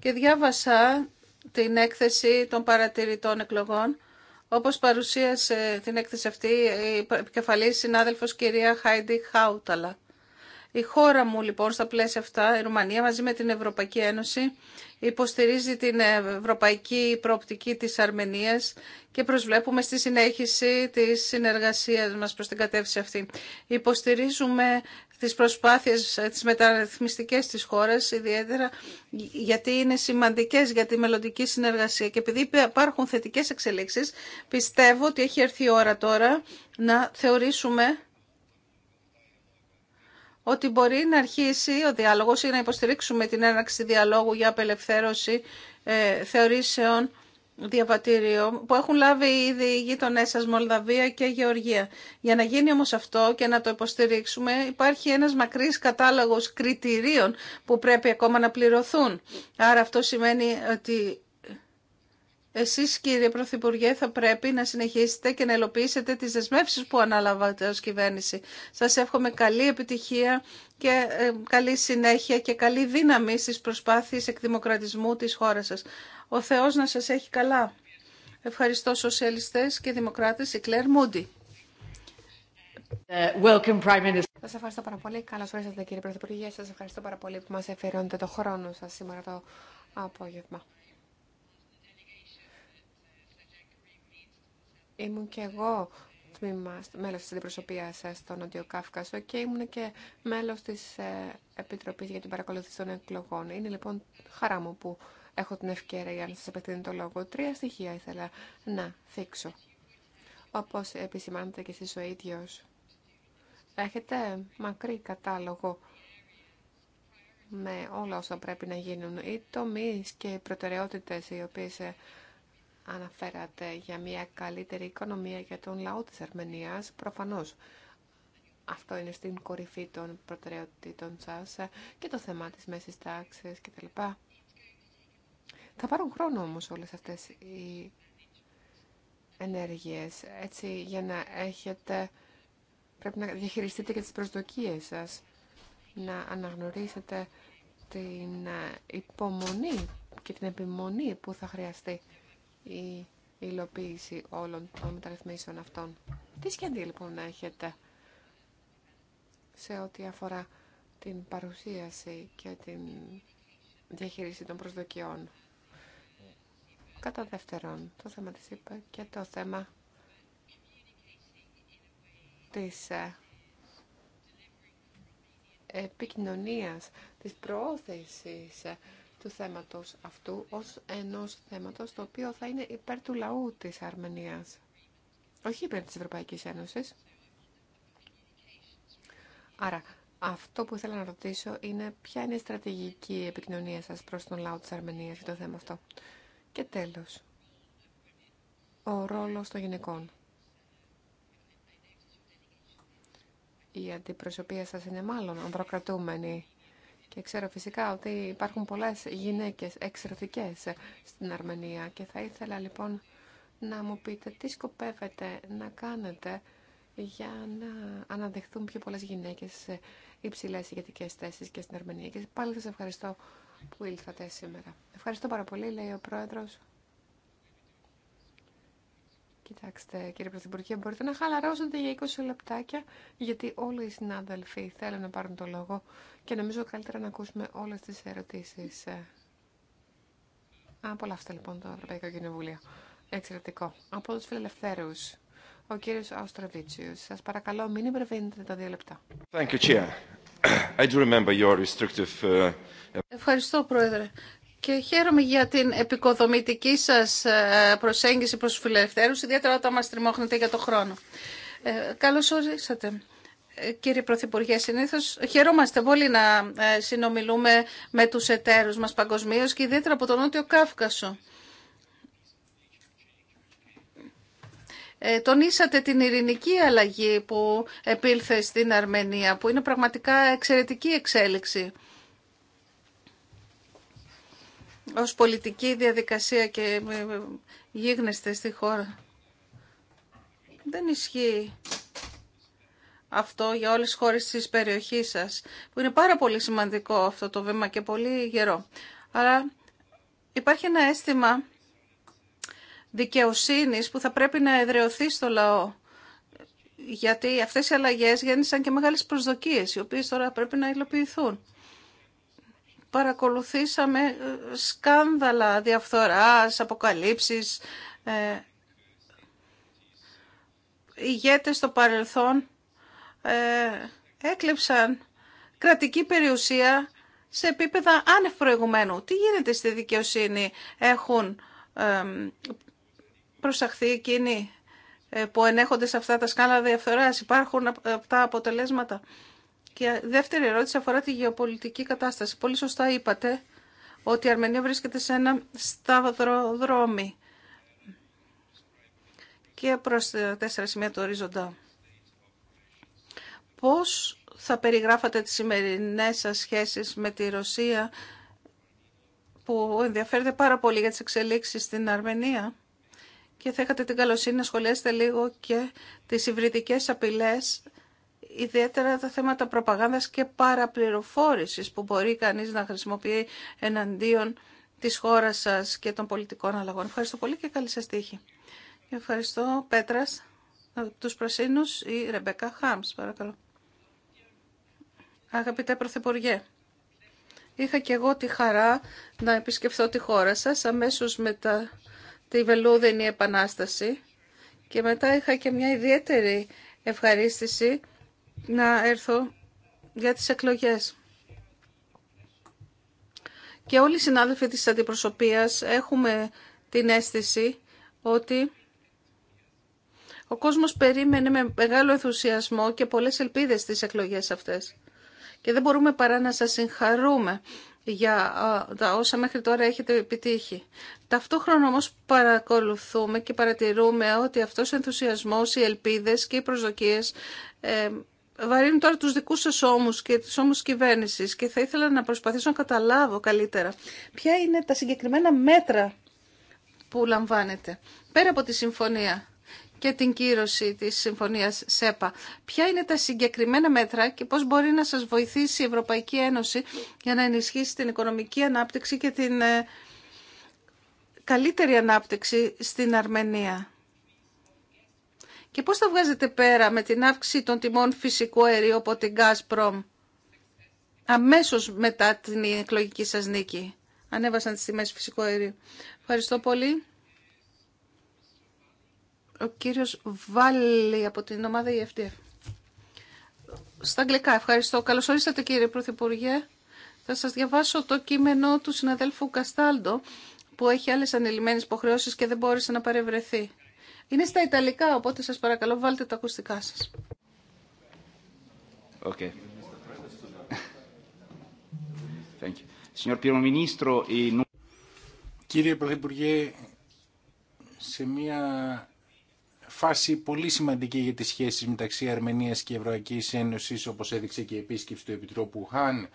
και διάβασα την έκθεση των παρατηρητών εκλογών όπως παρουσίασε την έκθεση αυτή η επικεφαλής συνάδελφος κυρία Χάιντι Χάουταλα. Η χώρα μου λοιπόν στα πλαίσια αυτά, η Ρουμανία μαζί με την Ευρωπαϊκή Ένωση υποστηρίζει την ευρωπαϊκή προοπτική της Αρμενίας και προσβλέπουμε στη συνέχιση της συνεργασίας μας προς την κατεύθυνση αυτή. Υποστηρίζουμε τις προσπάθειες, ε, τις μεταρρυθμιστικές της χώρας, ιδιαίτερα γιατί είναι σημαντικές για τη μελλοντική συνεργασία. Και επειδή υπάρχουν θετικές εξελίξεις, πιστεύω ότι έχει έρθει η ώρα τώρα να θεωρήσουμε ότι μπορεί να αρχίσει ο διάλογος ή να υποστηρίξουμε την έναρξη διαλόγου για απελευθέρωση ε, θεωρήσεων διαβατήριων που έχουν λάβει ήδη οι γείτονέ σα Μολδαβία και Γεωργία. Για να γίνει όμως αυτό και να το υποστηρίξουμε υπάρχει ένας μακρύς κατάλογος κριτηρίων που πρέπει ακόμα να πληρωθούν. Άρα αυτό σημαίνει ότι εσείς κύριε Πρωθυπουργέ θα πρέπει να συνεχίσετε και να ελοποιήσετε τις δεσμεύσεις που αναλάβατε ως κυβέρνηση. Σας εύχομαι καλή επιτυχία και ε, καλή συνέχεια και καλή δύναμη στις προσπάθειες εκδημοκρατισμού της χώρας σας. Ο Θεός να σας έχει καλά. Ευχαριστώ σοσιαλιστές και δημοκράτες, η Κλέρ Μούντι. Ε, welcome, Σας ευχαριστώ πάρα πολύ. Καλώς ορίσατε κύριε Πρωθυπουργέ. Σας ευχαριστώ πάρα πολύ που μας εφηρεώνετε το χρόνο σας σήμερα το απόγευμα. Ήμουν και εγώ τμήμα, μέλος της αντιπροσωπείας ε, στο Νότιο Κάφκασο και ήμουν και μέλος της ε, Επιτροπής για την Παρακολούθηση των Εκλογών. Είναι λοιπόν χαρά μου που έχω την ευκαιρία για να σας επεκτείνω το λόγο. Τρία στοιχεία ήθελα να θίξω. Όπως επισημάνετε και εσείς ο ίδιος, έχετε μακρύ κατάλογο με όλα όσα πρέπει να γίνουν. Οι τομείς και οι προτεραιότητες οι οποίες ε, αναφέρατε για μια καλύτερη οικονομία για τον λαό της Αρμενίας, προφανώς αυτό είναι στην κορυφή των προτεραιοτήτων σας και το θέμα της μέσης τάξης κτλ. Θα πάρουν χρόνο όμως όλες αυτές οι ενέργειες, έτσι για να έχετε, πρέπει να διαχειριστείτε και τις προσδοκίες σας, να αναγνωρίσετε την υπομονή και την επιμονή που θα χρειαστεί η υλοποίηση όλων των μεταρρυθμίσεων αυτών. Τι σχέδια λοιπόν έχετε σε ό,τι αφορά την παρουσίαση και την διαχείριση των προσδοκιών. Κατά δεύτερον, το θέμα της είπα και το θέμα της ε, επικοινωνίας, της προώθησης ε, του θέματος αυτού ως ενός θέματος το οποίο θα είναι υπέρ του λαού της Αρμενίας. Όχι υπέρ της Ευρωπαϊκής Ένωσης. Άρα, αυτό που ήθελα να ρωτήσω είναι ποια είναι η στρατηγική επικοινωνία σας προς τον λαό της Αρμενίας για το θέμα αυτό. Και τέλος, ο ρόλος των γυναικών. Η αντιπροσωπεία σας είναι μάλλον ανδροκρατούμενη και ξέρω φυσικά ότι υπάρχουν πολλές γυναίκες εξαιρετικές στην Αρμενία και θα ήθελα λοιπόν να μου πείτε τι σκοπεύετε να κάνετε για να αναδεχθούν πιο πολλές γυναίκες σε υψηλές ηγετικές θέσεις και στην Αρμενία. Και πάλι σας ευχαριστώ που ήλθατε σήμερα. Ευχαριστώ πάρα πολύ, λέει ο Πρόεδρος. Κοιτάξτε, κύριε Πρωθυπουργέ, μπορείτε να χαλαρώσετε για 20 λεπτάκια, γιατί όλοι οι συνάδελφοι θέλουν να πάρουν το λόγο και νομίζω καλύτερα να ακούσουμε όλες τις ερωτήσεις. Απολαύστε λοιπόν το Ευρωπαϊκό Κοινοβούλιο. Εξαιρετικό. Από του φιλελευθέρου, ο κύριος Αουστραβίτσιος. Σας παρακαλώ, μην υπερβαίνετε τα δύο λεπτά. Ευχαριστώ, Πρόεδρε. Και χαίρομαι για την επικοδομητική σας ε, προσέγγιση προς τους φιλελευθέρους, ιδιαίτερα όταν μας τριμώχνετε για το χρόνο. Ε, καλώς ορίσατε. Ε, κύριε Πρωθυπουργέ, Συνήθω. χαιρόμαστε πολύ να ε, συνομιλούμε με τους εταίρους μας παγκοσμίω και ιδιαίτερα από τον Νότιο Κάφκασο. Ε, τονίσατε την ειρηνική αλλαγή που επήλθε στην Αρμενία, που είναι πραγματικά εξαιρετική εξέλιξη ως πολιτική διαδικασία και γίγνεστε στη χώρα. Δεν ισχύει αυτό για όλες τις χώρες της περιοχής σας, που είναι πάρα πολύ σημαντικό αυτό το βήμα και πολύ γερό. Αλλά υπάρχει ένα αίσθημα δικαιοσύνης που θα πρέπει να εδρεωθεί στο λαό. Γιατί αυτές οι αλλαγές γέννησαν και μεγάλες προσδοκίες, οι οποίες τώρα πρέπει να υλοποιηθούν παρακολουθήσαμε ε, σκάνδαλα διαφθοράς, αποκαλύψεις, ε, ηγέτες στο παρελθόν ε, έκλεψαν κρατική περιουσία σε επίπεδα άνευ προηγουμένου. Τι γίνεται στη δικαιοσύνη έχουν ε, προσαχθεί εκείνοι ε, που ενέχονται σε αυτά τα σκάνδαλα διαφθοράς. Υπάρχουν αυτά αποτελέσματα. Και δεύτερη ερώτηση αφορά τη γεωπολιτική κατάσταση. Πολύ σωστά είπατε ότι η Αρμενία βρίσκεται σε ένα σταυροδρόμι και προς τέσσερα σημεία του ορίζοντα. Πώς θα περιγράφατε τις σημερινές σας σχέσεις με τη Ρωσία που ενδιαφέρεται πάρα πολύ για τις εξελίξεις στην Αρμενία και θα είχατε την καλοσύνη να σχολιάσετε λίγο και τις υβριδικές απειλές ιδιαίτερα τα θέματα προπαγάνδας και παραπληροφόρησης που μπορεί κανείς να χρησιμοποιεί εναντίον της χώρας σας και των πολιτικών αλλαγών. Ευχαριστώ πολύ και καλή σας τύχη. Ευχαριστώ Πέτρας, ε, τους Πρασίνους ή Ρεμπέκα Χάμς, παρακαλώ. Αγαπητέ Πρωθυπουργέ, είχα και εγώ τη χαρά να επισκεφθώ τη χώρα σας αμέσως μετά τη Βελούδινη Επανάσταση και μετά είχα και μια ιδιαίτερη ευχαρίστηση να έρθω για τις εκλογές. Και όλοι οι συνάδελφοι της αντιπροσωπείας έχουμε την αίσθηση ότι ο κόσμος περίμενε με μεγάλο ενθουσιασμό και πολλές ελπίδες στις εκλογές αυτές. Και δεν μπορούμε παρά να σας συγχαρούμε για τα όσα μέχρι τώρα έχετε επιτύχει. Ταυτόχρονα όμως παρακολουθούμε και παρατηρούμε ότι αυτός ο ενθουσιασμός, οι ελπίδες και οι προσδοκίες ε, βαρύνουν τώρα τους δικούς σας ώμους και τους ώμους κυβέρνηση, και θα ήθελα να προσπαθήσω να καταλάβω καλύτερα ποια είναι τα συγκεκριμένα μέτρα που λαμβάνετε πέρα από τη συμφωνία και την κύρωση της συμφωνίας ΣΕΠΑ. Ποια είναι τα συγκεκριμένα μέτρα και πώς μπορεί να σας βοηθήσει η Ευρωπαϊκή Ένωση για να ενισχύσει την οικονομική ανάπτυξη και την ε, καλύτερη ανάπτυξη στην Αρμενία. Και πώς θα βγάζετε πέρα με την αύξηση των τιμών φυσικού αερίου από την Gazprom αμέσως μετά την εκλογική σας νίκη. Ανέβασαν τις τιμές φυσικού αερίου. Ευχαριστώ πολύ. Ο κύριος Βάλλη από την ομάδα EFDF. Στα αγγλικά, ευχαριστώ. Καλώς ορίσατε κύριε Πρωθυπουργέ. Θα σας διαβάσω το κείμενο του συναδέλφου Καστάλντο που έχει άλλες ανελημμένες υποχρεώσεις και δεν μπόρεσε να παρευρεθεί. Είναι στα Ιταλικά, οπότε σας παρακαλώ βάλτε τα ακουστικά σας. Thank you. Κύριε Πρωθυπουργέ, σε μια φάση πολύ σημαντική για τις σχέσεις μεταξύ Αρμενίας και Ευρωπαϊκής Ένωσης, όπως έδειξε και η επίσκεψη του Επιτρόπου Χάν,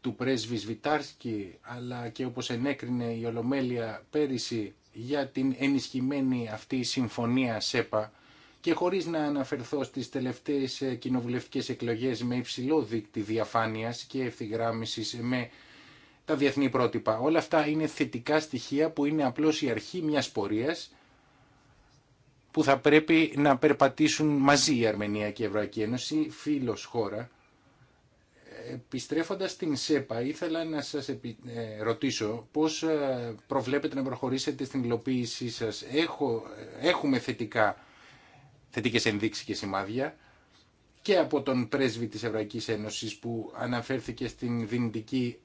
του πρέσβης Βιτάρσκι, αλλά και όπως ενέκρινε η Ολομέλεια πέρυσι, για την ενισχυμένη αυτή συμφωνία ΣΕΠΑ και χωρίς να αναφερθώ στις τελευταίες ε, κοινοβουλευτικές εκλογές με υψηλό δίκτυ διαφάνειας και ευθυγράμμισης με τα διεθνή πρότυπα. Όλα αυτά είναι θετικά στοιχεία που είναι απλώς η αρχή μιας πορείας που θα πρέπει να περπατήσουν μαζί η Αρμενία και η Ευρωπαϊκή Ένωση, φίλος χώρα, Επιστρέφοντας στην ΣΕΠΑ, ήθελα να σας ε, ρωτήσω πώς ε, προβλέπετε να προχωρήσετε στην υλοποίησή σας. Έχω... Ε, έχουμε θετικά, θετικές ενδείξεις και σημάδια και από τον πρέσβη της Ευρωπαϊκής Ένωσης που αναφέρθηκε στην δυνητική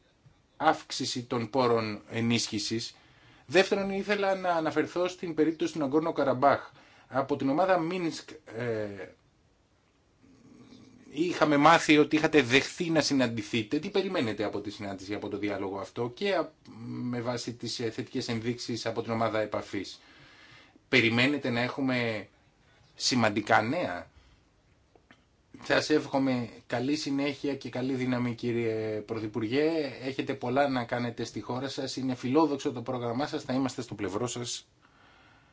αύξηση των πόρων ενίσχυσης. Δεύτερον, ήθελα να αναφερθώ στην περίπτωση του Ναγκόρνο Καραμπάχ. Από την ομάδα Μίνσκ είχαμε μάθει ότι είχατε δεχθεί να συναντηθείτε. Τι περιμένετε από τη συνάντηση, από το διάλογο αυτό και με βάση τις ε, θετικές ενδείξεις από την ομάδα επαφής. Περιμένετε να έχουμε σημαντικά νέα. Θα Σα εύχομαι καλή συνέχεια και καλή δύναμη κύριε Πρωθυπουργέ. Έχετε πολλά να κάνετε στη χώρα σας. Είναι φιλόδοξο το πρόγραμμά σας. Θα είμαστε στο πλευρό σας.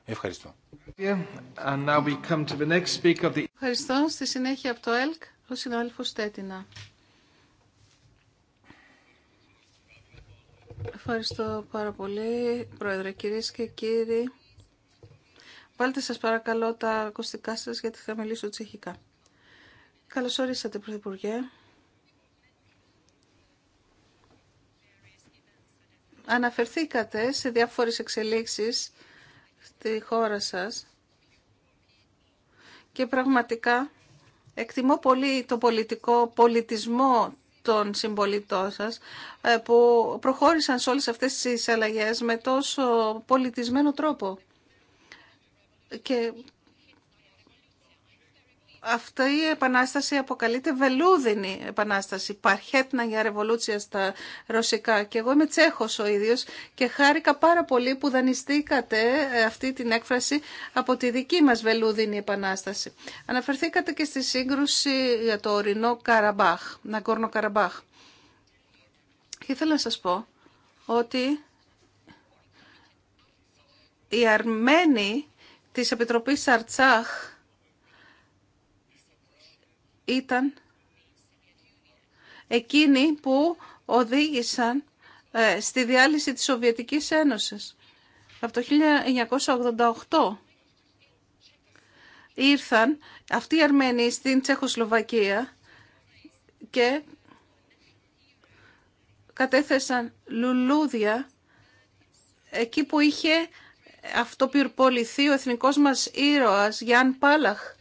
Ευχαριστώ. Ευχαριστώ. Στη συνέχεια από το ΕΛΚ ο συνάδελφος Τέτινα. Ευχαριστώ πάρα πολύ, Πρόεδρε, κυρίες και κύριοι. Βάλτε σας παρακαλώ τα ακουστικά σας γιατί θα μιλήσω τσεχικά. Καλώς ορίσατε, Πρωθυπουργέ. Αναφερθήκατε σε διάφορες εξελίξεις στη χώρα σας και πραγματικά Εκτιμώ πολύ το πολιτικό πολιτισμό των συμπολιτών σας ε, που προχώρησαν σε όλες αυτές τις αλλαγές με τόσο πολιτισμένο τρόπο. Και αυτή η επανάσταση αποκαλείται βελούδινη επανάσταση, παρχέτνα για ρεβολούτσια στα ρωσικά. Και εγώ είμαι Τσέχος ο ίδιος και χάρηκα πάρα πολύ που δανειστήκατε ε, αυτή την έκφραση από τη δική μας βελούδινη επανάσταση. Αναφερθήκατε και στη σύγκρουση για το ορεινό Καραμπάχ, Ναγκόρνο Καραμπάχ. ήθελα να σας πω ότι οι Αρμένοι της Επιτροπής Αρτσάχ ήταν εκείνοι που οδήγησαν ε, στη διάλυση της Σοβιετικής Ένωσης. Από το 1988 ήρθαν αυτοί οι Αρμένοι στην Τσεχοσλοβακία και κατέθεσαν λουλούδια εκεί που είχε αυτοπυρποληθεί ο εθνικός μας ήρωας Γιάν Πάλαχ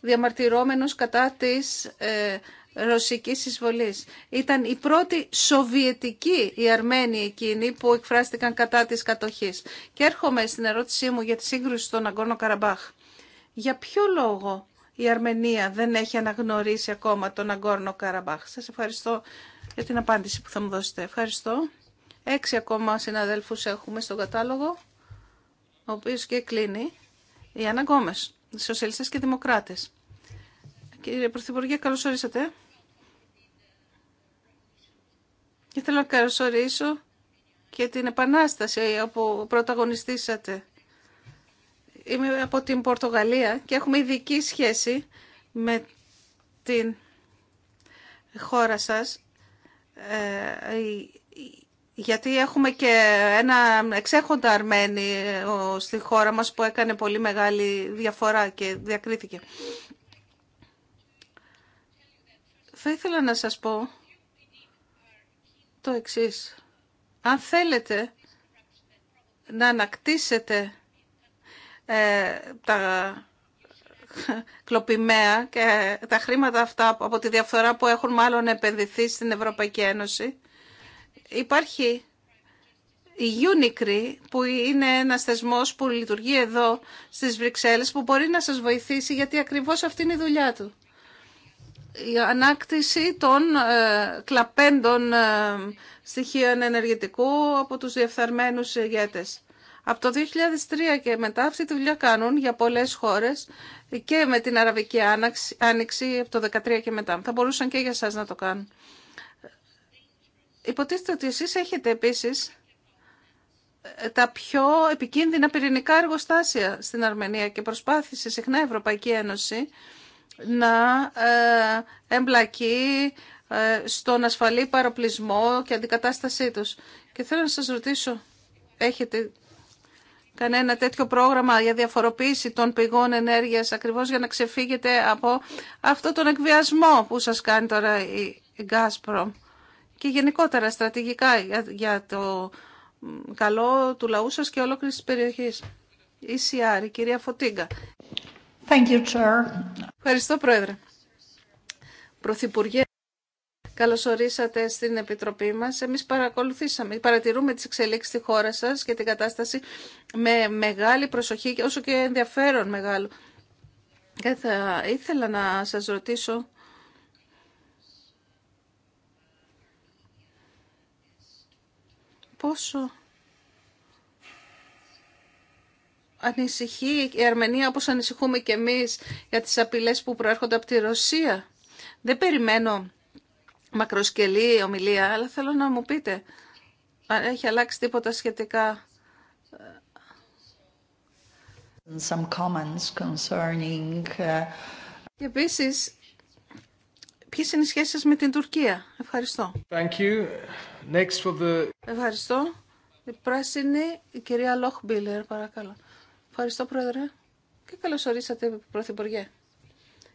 διαμαρτυρόμενος κατά της ε, ρωσικής εισβολής. Ήταν η πρώτη σοβιετική η Αρμένοι εκείνη που εκφράστηκαν κατά της κατοχής. Και έρχομαι στην ερώτησή μου για τη σύγκρουση στον Αγκόνο Καραμπάχ. Για ποιο λόγο η Αρμενία δεν έχει αναγνωρίσει ακόμα τον Αγκόρνο Καραμπάχ. Σας ευχαριστώ για την απάντηση που θα μου δώσετε. Ευχαριστώ. Έξι ακόμα συναδέλφους έχουμε στον κατάλογο, ο οποίος και κλείνει. Η Αναγκόμες σοσιαλιστές και δημοκράτες. Κύριε Πρωθυπουργέ, καλώς ορίσατε. Και θέλω να καλωσορίσω και την επανάσταση όπου πρωταγωνιστήσατε. Είμαι από την Πορτογαλία και έχουμε ειδική σχέση με την χώρα σας. Ε, γιατί έχουμε και ένα εξέχοντα Αρμένη στη χώρα μας που έκανε πολύ μεγάλη διαφορά και διακρίθηκε. Θα ήθελα να σας πω το εξής. Αν θέλετε να ανακτήσετε ε, τα κλοπημαία και τα χρήματα αυτά από τη διαφθορά που έχουν μάλλον επενδυθεί στην Ευρωπαϊκή Ένωση, Υπάρχει η Unicry που είναι ένας θεσμός που λειτουργεί εδώ στις Βρυξέλλες που μπορεί να σας βοηθήσει γιατί ακριβώς αυτή είναι η δουλειά του. Η ανάκτηση των ε, κλαπέντων ε, στοιχείων ενεργητικού από τους διεφθαρμένους ηγέτες. Από το 2003 και μετά αυτή τη δουλειά κάνουν για πολλές χώρες και με την Αραβική Άνοιξη από το 2013 και μετά. Θα μπορούσαν και για σας να το κάνουν. Υποτίθεται ότι εσείς έχετε επίσης ε, τα πιο επικίνδυνα πυρηνικά εργοστάσια στην Αρμενία και προσπάθησε συχνά η Ευρωπαϊκή Ένωση να ε, εμπλακεί ε, στον ασφαλή παροπλισμό και αντικατάστασή τους. Και θέλω να σας ρωτήσω, έχετε κανένα τέτοιο πρόγραμμα για διαφοροποίηση των πηγών ενέργειας ακριβώς για να ξεφύγετε από αυτό τον εκβιασμό που σας κάνει τώρα η Gazprom και γενικότερα στρατηγικά για, το καλό του λαού σας και ολόκληρης της περιοχής. ECR, κυρία Φωτίγκα. Thank you, Ευχαριστώ, Πρόεδρε. Πρωθυπουργέ, καλωσορίσατε στην Επιτροπή μας. Εμείς παρακολουθήσαμε, παρατηρούμε τις εξελίξεις στη χώρα σας και την κατάσταση με μεγάλη προσοχή και όσο και ενδιαφέρον μεγάλο. Και θα ήθελα να σας ρωτήσω πόσο ανησυχεί η Αρμενία όπως ανησυχούμε και εμείς για τις απειλές που προέρχονται από τη Ρωσία. Δεν περιμένω μακροσκελή ομιλία, αλλά θέλω να μου πείτε αν έχει αλλάξει τίποτα σχετικά. Some comments concerning... Uh, και ποιες είναι οι σχέσεις με την Τουρκία. Ευχαριστώ. Thank Ευχαριστώ. Η πράσινη, η κυρία Λόχμπίλερ, παρακαλώ. Ευχαριστώ, Πρόεδρε. Και καλώς ορίσατε, Πρωθυπουργέ.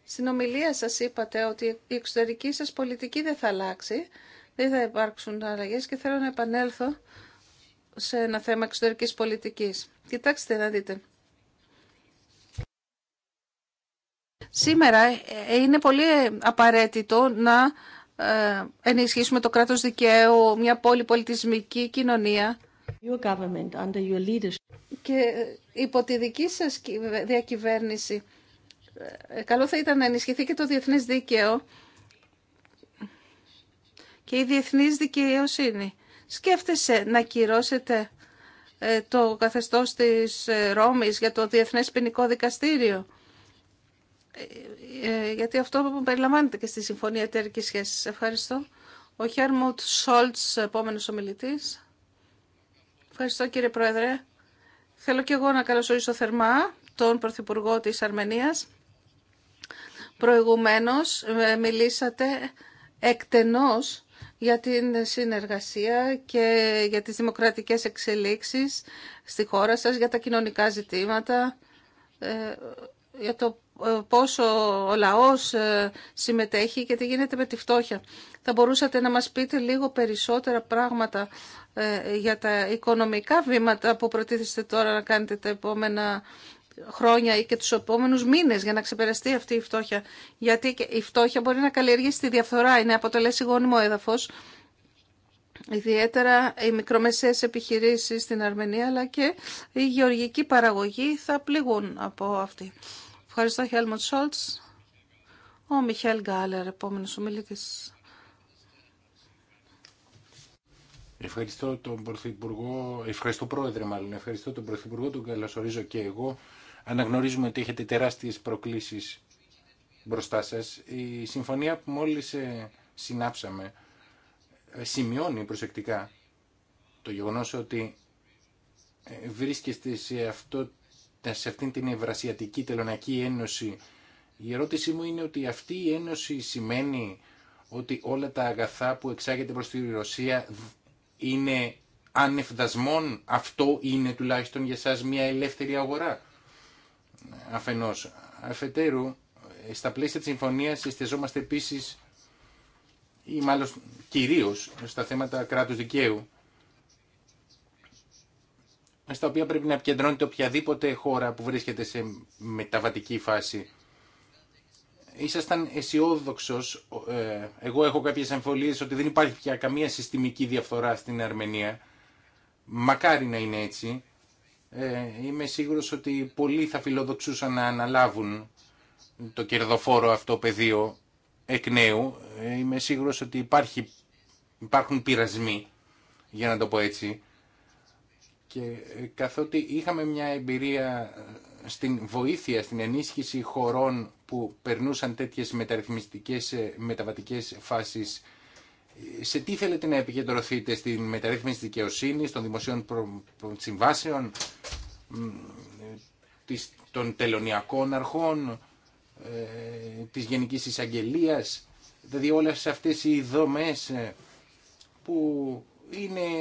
Στην ομιλία σας είπατε ότι η εξωτερική σας πολιτική δεν θα αλλάξει, δεν θα υπάρξουν αλλαγές και θέλω να επανέλθω σε ένα θέμα εξωτερικής πολιτικής. Κοιτάξτε να δείτε. Σήμερα ε, ε, είναι πολύ ε, απαραίτητο να ε, ενισχύσουμε το κράτος δικαίου, μια πολυπολιτισμική κοινωνία. Και ε, υπό τη δική σας διακυβέρνηση, ε, καλό θα ήταν να ενισχυθεί και το διεθνές δίκαιο και η διεθνής δικαιοσύνη. Σκέφτεσαι να κυρώσετε το καθεστώς της Ρώμης για το Διεθνές Ποινικό Δικαστήριο ε, ε, γιατί αυτό που περιλαμβάνεται και στη Συμφωνία Εταιρική Σχέση. Ευχαριστώ. Ο Χέρμουτ Σόλτ, επόμενο ομιλητή. Ευχαριστώ κύριε Πρόεδρε. Θέλω και εγώ να καλωσορίσω θερμά τον Πρωθυπουργό της Αρμενίας. προηγουμένω, ε, μιλήσατε εκτενώς για την συνεργασία και για τις δημοκρατικές εξελίξεις στη χώρα σας, για τα κοινωνικά ζητήματα, για το ε, πόσο ο λαός ε, συμμετέχει και τι γίνεται με τη φτώχεια. Θα μπορούσατε να μας πείτε λίγο περισσότερα πράγματα ε, για τα οικονομικά βήματα που προτίθεστε τώρα να κάνετε τα επόμενα χρόνια ή και τους επόμενους μήνες για να ξεπεραστεί αυτή η φτώχεια. Γιατί η φτώχεια μπορεί να καλλιεργήσει τη διαφθορά, είναι αποτελέσει γόνιμο έδαφος. Ιδιαίτερα οι μικρομεσαίες επιχειρήσεις στην Αρμενία αλλά και η γεωργική παραγωγή θα πληγούν από αυτή. Ευχαριστώ, Χέλμοντ Σόλτ. Ο Μιχέλ Γκάλερ, επόμενο ομιλητή. Ευχαριστώ τον Πρωθυπουργό, ευχαριστώ Πρόεδρε μάλλον, ευχαριστώ τον Πρωθυπουργό, τον καλωσορίζω και εγώ. Αναγνωρίζουμε ότι έχετε τεράστιες προκλήσεις μπροστά σας. Η συμφωνία που μόλις ε, συνάψαμε ε, σημειώνει προσεκτικά το γεγονός ότι ε, βρίσκεστε σε αυτό σε αυτήν την Ευρασιατική Τελωνακή Ένωση. Η ερώτησή μου είναι ότι αυτή η ένωση σημαίνει ότι όλα τα αγαθά που εξάγεται προς τη Ρωσία είναι ανεφδασμών. Αυτό είναι τουλάχιστον για σας μια ελεύθερη αγορά. Αφενός. Αφετέρου, στα πλαίσια της συμφωνίας εστιαζόμαστε επίσης ή μάλλον κυρίως στα θέματα κράτους δικαίου στα οποία πρέπει να επικεντρώνεται οποιαδήποτε χώρα που βρίσκεται σε μεταβατική φάση. Ήσασταν αισιόδοξο. Ε, εγώ έχω κάποιες αμφιβολίες ότι δεν υπάρχει πια καμία συστημική διαφθορά στην Αρμενία. Μακάρι να είναι έτσι. Ε, είμαι σίγουρος ότι πολλοί θα φιλοδοξούσαν να αναλάβουν το κερδοφόρο αυτό πεδίο εκ νέου. Ε, είμαι σίγουρο ότι υπάρχει, υπάρχουν πειρασμοί, για να το πω έτσι και ε, καθότι είχαμε μια εμπειρία ε, στην βοήθεια, στην ενίσχυση χωρών που περνούσαν τέτοιες μεταρρυθμιστικές ε, μεταβατικές φάσεις σε τι θέλετε να επικεντρωθείτε στην μεταρρύθμιση δικαιοσύνη, των δημοσίων προ... συμβάσεων, των τελωνιακών αρχών, της Γενικής εισαγγελία, δηλαδή όλες αυτές οι δομές που είναι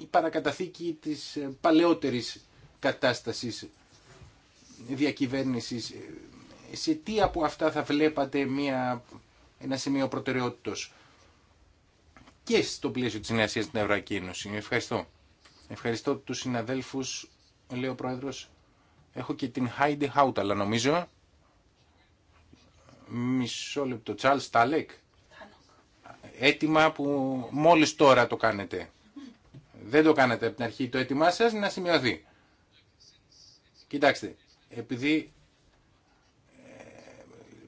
η παρακαταθήκη της ε, παλαιότερης κατάστασης διακυβέρνησης. Ε, σε τι από αυτά θα βλέπατε μια, ένα σημείο προτεραιότητος και στο πλαίσιο της Νέας στην Ευρωπαϊκή Ένωση. Ευχαριστώ. Ευχαριστώ τους συναδέλφους, λέει ο Πρόεδρος. Έχω και την Heidi Hout, αλλά νομίζω. Μισό λεπτό. Charles Τάλεκ. Έτοιμα που μόλις τώρα το κάνετε δεν το κάνατε από την αρχή το έτοιμά σας να σημειωθεί. Κοιτάξτε, επειδή ε,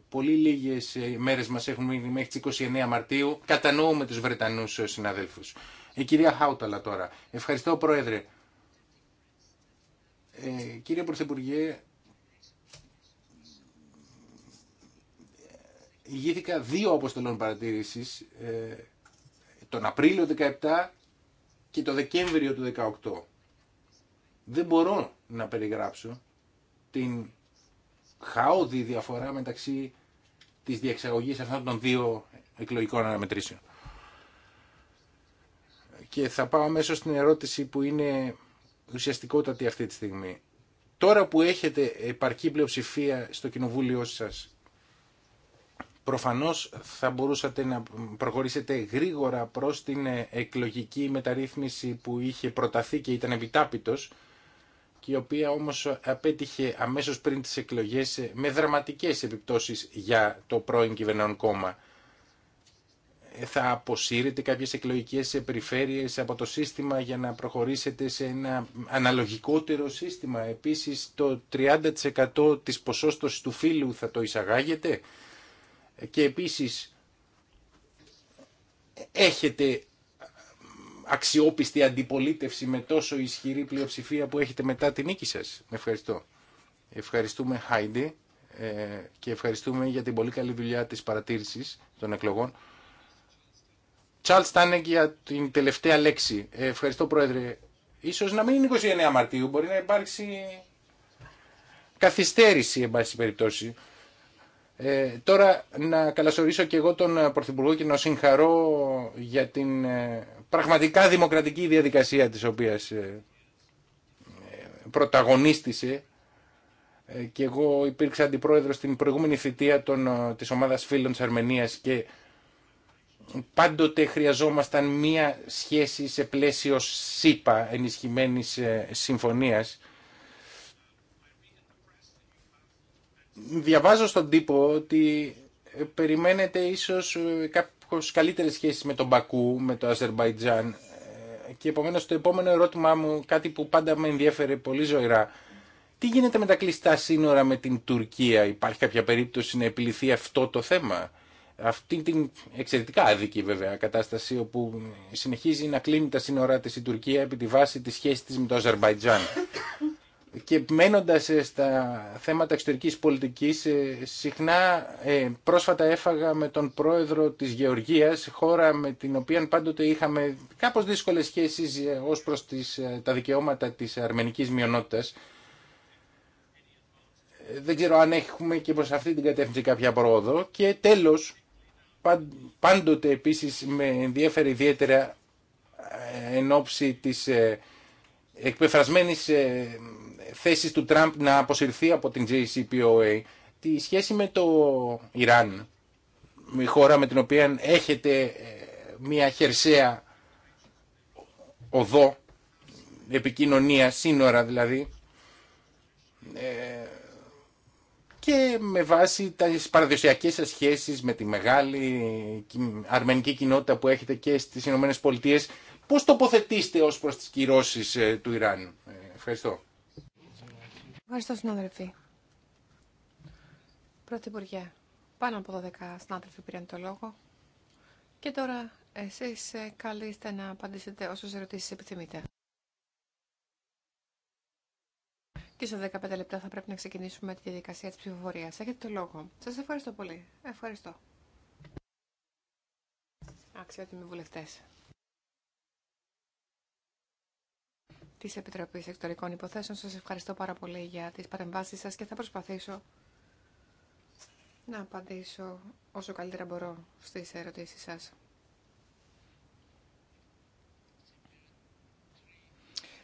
πολύ λίγες ε, μέρες μας έχουν μείνει μέχρι τις 29 Μαρτίου, κατανοούμε τους Βρετανούς ε, συναδέλφους. Η κυρία Χάουταλα τώρα. Ευχαριστώ Πρόεδρε. Ε, κύριε Πρωθυπουργέ, ηγήθηκα δύο αποστολών παρατήρησης, ε, τον Απρίλιο 17 και το Δεκέμβριο του 2018. Δεν μπορώ να περιγράψω την χαόδη διαφορά μεταξύ της διεξαγωγής αυτών των δύο εκλογικών αναμετρήσεων. Και θα πάω μέσα στην ερώτηση που είναι ουσιαστικότατη αυτή τη στιγμή. Τώρα που έχετε επαρκή πλειοψηφία στο κοινοβούλιο σας Προφανώς θα μπορούσατε να προχωρήσετε γρήγορα προς την ε, εκλογική μεταρρύθμιση που είχε προταθεί και ήταν επιτάπητος και η οποία όμως απέτυχε αμέσως πριν τις εκλογές ε, με δραματικές επιπτώσεις για το πρώην κυβερνών κόμμα. Ε, θα αποσύρετε κάποιες εκλογικές περιφέρειες από το σύστημα για να προχωρήσετε σε ένα αναλογικότερο σύστημα. Επίσης το 30% της ποσόστοσης του φύλου θα το εισαγάγετε και επίσης έχετε αξιόπιστη αντιπολίτευση με τόσο ισχυρή πλειοψηφία που έχετε μετά την νίκη σας. Ευχαριστώ. Ευχαριστούμε Χάιντε, και ευχαριστούμε για την πολύ καλή δουλειά της παρατήρησης των εκλογών. Τσάλτ Τάνεγκ για την τελευταία λέξη. Ε, ευχαριστώ Πρόεδρε. Ίσως να μην είναι 29 Μαρτίου, μπορεί να υπάρξει καθυστέρηση, εν πάση περιπτώσει. Ε, τώρα να καλασορίσω και εγώ τον Πρωθυπουργό και να συγχαρώ για την ε, πραγματικά δημοκρατική διαδικασία της οποίας ε, ε πρωταγωνίστησε και εγώ υπήρξα αντιπρόεδρος στην προηγούμενη θητεία των, της ομάδας φίλων της Αρμενίας και πάντοτε χρειαζόμασταν μία σχέση σε πλαίσιο ΣΥΠΑ ενισχυμένης συμφωνίας διαβάζω στον τύπο ότι περιμένετε ίσως ε, κάποιες καλύτερες σχέσεις με τον Μπακού, με το Αζερμπαϊτζάν ε, και επομένως το επόμενο ερώτημά μου, κάτι που πάντα με ενδιέφερε πολύ ζωηρά, τι γίνεται με τα κλειστά σύνορα με την Τουρκία, υπάρχει κάποια περίπτωση να επιληθεί αυτό το θέμα. Αυτή την εξαιρετικά άδικη βέβαια κατάσταση όπου συνεχίζει να κλείνει τα σύνορά της η Τουρκία επί τη βάση της σχέσης της με το Αζερμπαϊτζάν και μένοντας ε, στα θέματα εξωτερικής πολιτικής, ε, συχνά ε, πρόσφατα έφαγα με τον πρόεδρο της Γεωργίας, χώρα με την οποία πάντοτε είχαμε κάπως δύσκολες σχέσεις ως προς τις, τα δικαιώματα της αρμενικής μειονότητας. Δεν ξέρω αν έχουμε και προς αυτή την κατεύθυνση κάποια πρόοδο. Και τέλος, πάντοτε επίσης με ενδιαφέρει ιδιαίτερα εν ώψη της εκπεφρασμένης θέσεις του Τραμπ να αποσυρθεί από την JCPOA, τη σχέση με το Ιράν, η χώρα με την οποία έχετε ε, μια χερσαία οδό, επικοινωνία, σύνορα δηλαδή, ε, και με βάση τις παραδοσιακές σας σχέσεις με τη μεγάλη αρμενική κοινότητα που έχετε και στις Ηνωμένες Πολιτείες, πώς τοποθετήσετε ως προς τις κυρώσεις ε, του Ιράν. Ευχαριστώ. Ευχαριστώ, συνάδελφοι. Πρωθυπουργέ, πάνω από 12 συνάδελφοι πήραν το λόγο. Και τώρα εσείς ε, καλείστε να απαντήσετε όσες ερωτήσεις επιθυμείτε. Και σε 15 λεπτά θα πρέπει να ξεκινήσουμε τη διαδικασία της ψηφοφορίας. Έχετε το λόγο. Σας ευχαριστώ πολύ. Ευχαριστώ. Αξιότιμοι βουλευτές. της Επιτροπής Εκτορικών Υποθέσεων. Σας ευχαριστώ πάρα πολύ για τις παρεμβάσεις σας και θα προσπαθήσω να απαντήσω όσο καλύτερα μπορώ στις ερωτήσεις σας.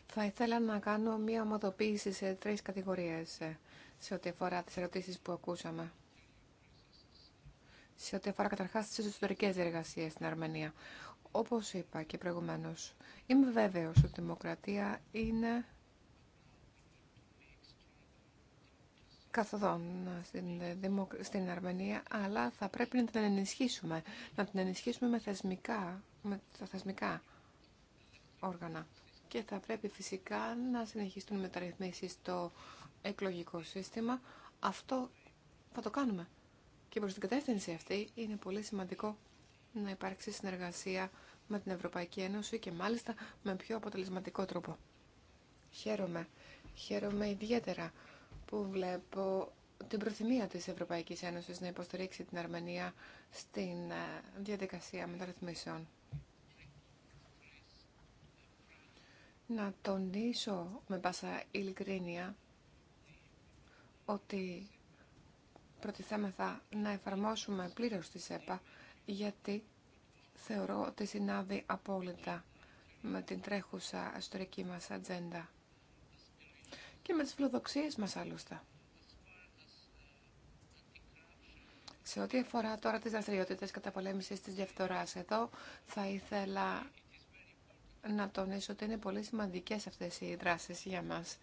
Θα ήθελα να κάνω μία ομοδοποίηση σε τρεις κατηγορίες ε, σε ό,τι αφορά τις ερωτήσεις που ακούσαμε. Σε ό,τι αφορά καταρχάς τις εσωτερικές διεργασίες στην Αρμενία. Όπως είπα και προηγουμένως, είμαι βέβαιος ότι η δημοκρατία είναι καθοδόν στην, στην Αρμενία, αλλά θα πρέπει να την ενισχύσουμε, να την ενισχύσουμε με, θεσμικά, με τα θεσμικά όργανα. Και θα πρέπει φυσικά να συνεχιστούν μεταρρυθμίσεις στο εκλογικό σύστημα. Αυτό θα το κάνουμε. Και προς την κατεύθυνση αυτή είναι πολύ σημαντικό να υπάρξει συνεργασία με την Ευρωπαϊκή Ένωση και μάλιστα με πιο αποτελεσματικό τρόπο. Χαίρομαι. Χαίρομαι ιδιαίτερα που βλέπω την προθυμία της Ευρωπαϊκής Ένωσης να υποστηρίξει την Αρμενία στην ε, διαδικασία μεταρρυθμίσεων. Να τονίσω με πάσα ειλικρίνεια ότι προτιθέμεθα να εφαρμόσουμε πλήρως τη ΣΕΠΑ γιατί θεωρώ ότι συνάδει απόλυτα με την τρέχουσα ιστορική μας ατζέντα και με τις φιλοδοξίες μας άλλωστε. Σε ό,τι αφορά τώρα τις δραστηριότητες καταπολέμησης της διαφθοράς, εδώ θα ήθελα να τονίσω ότι είναι πολύ σημαντικές αυτές οι δράσεις για μας.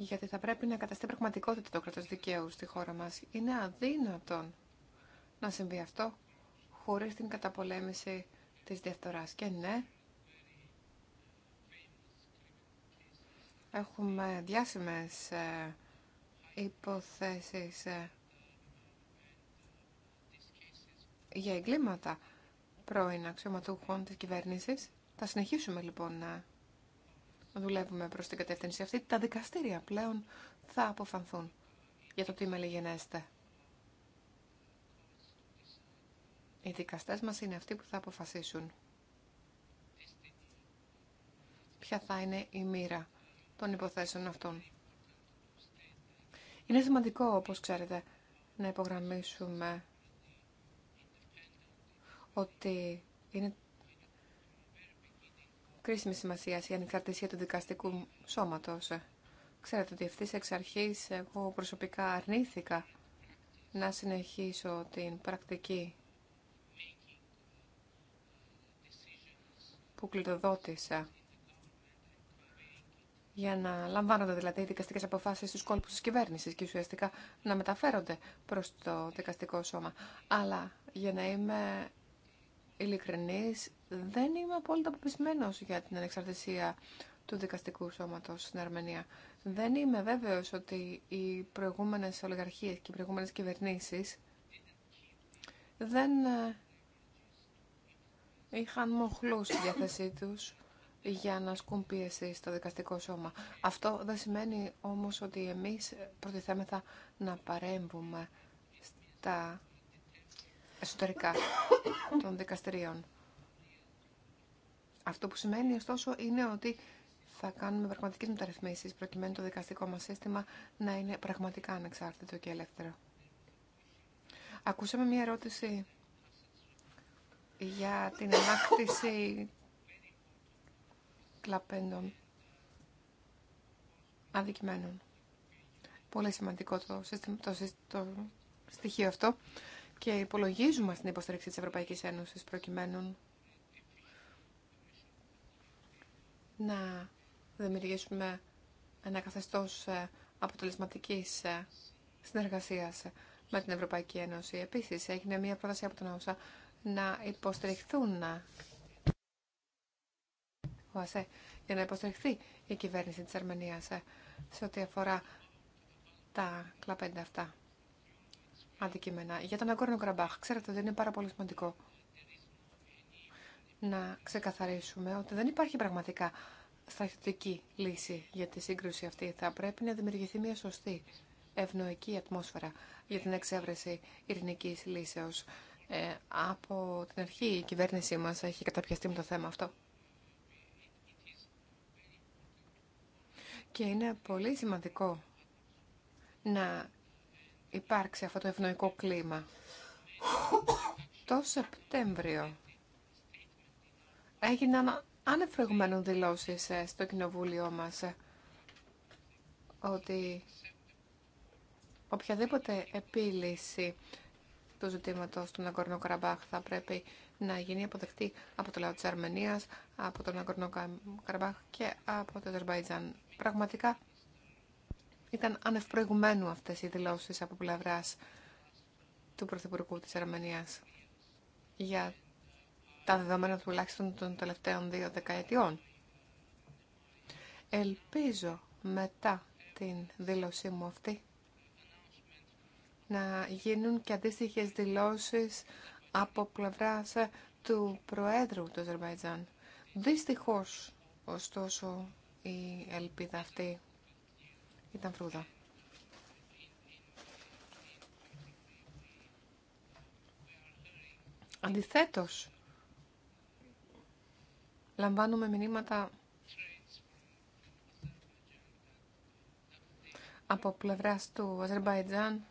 γιατί θα πρέπει να καταστεί πραγματικότητα το κράτος δικαίου στη χώρα μας. Είναι αδύνατον να συμβεί αυτό χωρίς την καταπολέμηση της διαφθοράς. Και ναι, έχουμε διάσημες ε, υποθέσεις ε, για εγκλήματα πρώην αξιωματούχων της κυβέρνησης. Θα συνεχίσουμε λοιπόν να δουλεύουμε προς την κατεύθυνση αυτή. Τα δικαστήρια πλέον θα αποφανθούν για το τι μελιγενέστε. Οι δικαστές μα είναι αυτοί που θα αποφασίσουν ποια θα είναι η μοίρα των υποθέσεων αυτών. Είναι σημαντικό, όπως ξέρετε, να υπογραμμίσουμε ότι είναι κρίσιμη σημασία η ανεξαρτησία του δικαστικού σώματος. Ξέρετε ότι ευθύ εξ αρχή εγώ προσωπικά αρνήθηκα να συνεχίσω την πρακτική που κλειδοδότησα για να λαμβάνονται δηλαδή οι δικαστικές αποφάσεις στους κόλπους της κυβέρνησης και ουσιαστικά να μεταφέρονται προς το δικαστικό σώμα. Αλλά για να είμαι ειλικρινής, δεν είμαι απόλυτα αποπισμένο για την ανεξαρτησία του δικαστικού σώματος στην Αρμενία. Δεν είμαι βέβαιος ότι οι προηγούμενες ολιγαρχίες και οι προηγούμενες κυβερνήσεις δεν ε, είχαν μοχλούς στη διάθεσή τους για να ασκούν πίεση στο δικαστικό σώμα. Αυτό δεν σημαίνει όμως ότι εμείς προτιθέμεθα να παρέμβουμε στα εσωτερικά των δικαστηρίων. Αυτό που σημαίνει ωστόσο είναι ότι θα κάνουμε πραγματικέ μεταρρυθμίσει προκειμένου το δικαστικό μα σύστημα να είναι πραγματικά ανεξάρτητο και ελεύθερο. Ακούσαμε μία ερώτηση για την ανάκτηση κλαπέντων αδικημένων. Πολύ σημαντικό το, σύστημα, το, το στοιχείο αυτό και υπολογίζουμε στην υποστήριξη της Ευρωπαϊκής Ένωσης προκειμένου να δημιουργήσουμε ένα καθεστώς ε, αποτελεσματικής ε, συνεργασίας με την Ευρωπαϊκή Ένωση. Επίσης, έγινε μια πρόταση από τον Άουσα να υποστηριχθούν ε, για να υποστηριχθεί η κυβέρνηση της Αρμενίας σε ό,τι αφορά τα κλαπέντα αυτά αντικείμενα. Για τον Αγκόρνο Καραμπάχ, ξέρετε ότι είναι πάρα πολύ σημαντικό να ξεκαθαρίσουμε ότι δεν υπάρχει πραγματικά στρατιωτική λύση για τη σύγκρουση αυτή. Θα πρέπει να δημιουργηθεί μια σωστή ευνοϊκή ατμόσφαιρα για την εξέβρεση ειρηνική λύσεω. Ε, από την αρχή η κυβέρνησή μα έχει καταπιαστεί με το θέμα αυτό. Και είναι πολύ σημαντικό να υπάρξει αυτό το ευνοϊκό κλίμα. Το Σεπτέμβριο έγιναν ανεφρεγμένων δηλώσεις ε, στο κοινοβούλιο μας ε, ότι οποιαδήποτε επίλυση του ζητήματος του Ναγκορνό Καραμπάχ θα πρέπει να γίνει αποδεκτή από το λαό της Αρμενίας, από τον Ναγκορνό Καραμπάχ και από το Αζερμπαϊτζάν. Πραγματικά ήταν ανευπροηγουμένου αυτές οι δηλώσεις από πλευρά του Πρωθυπουργού της Αρμενίας για τα δεδομένα τουλάχιστον των τελευταίων δύο δεκαετιών. Ελπίζω μετά την δήλωσή μου αυτή να γίνουν και αντίστοιχε δηλώσεις από πλευρά του Προέδρου του Αζερβαϊτζάν. Δυστυχώς, ωστόσο, η ελπίδα αυτή ήταν φρούδα. Αντιθέτως, λαμβάνουμε μηνύματα από πλευράς του Αζερμπαϊτζάν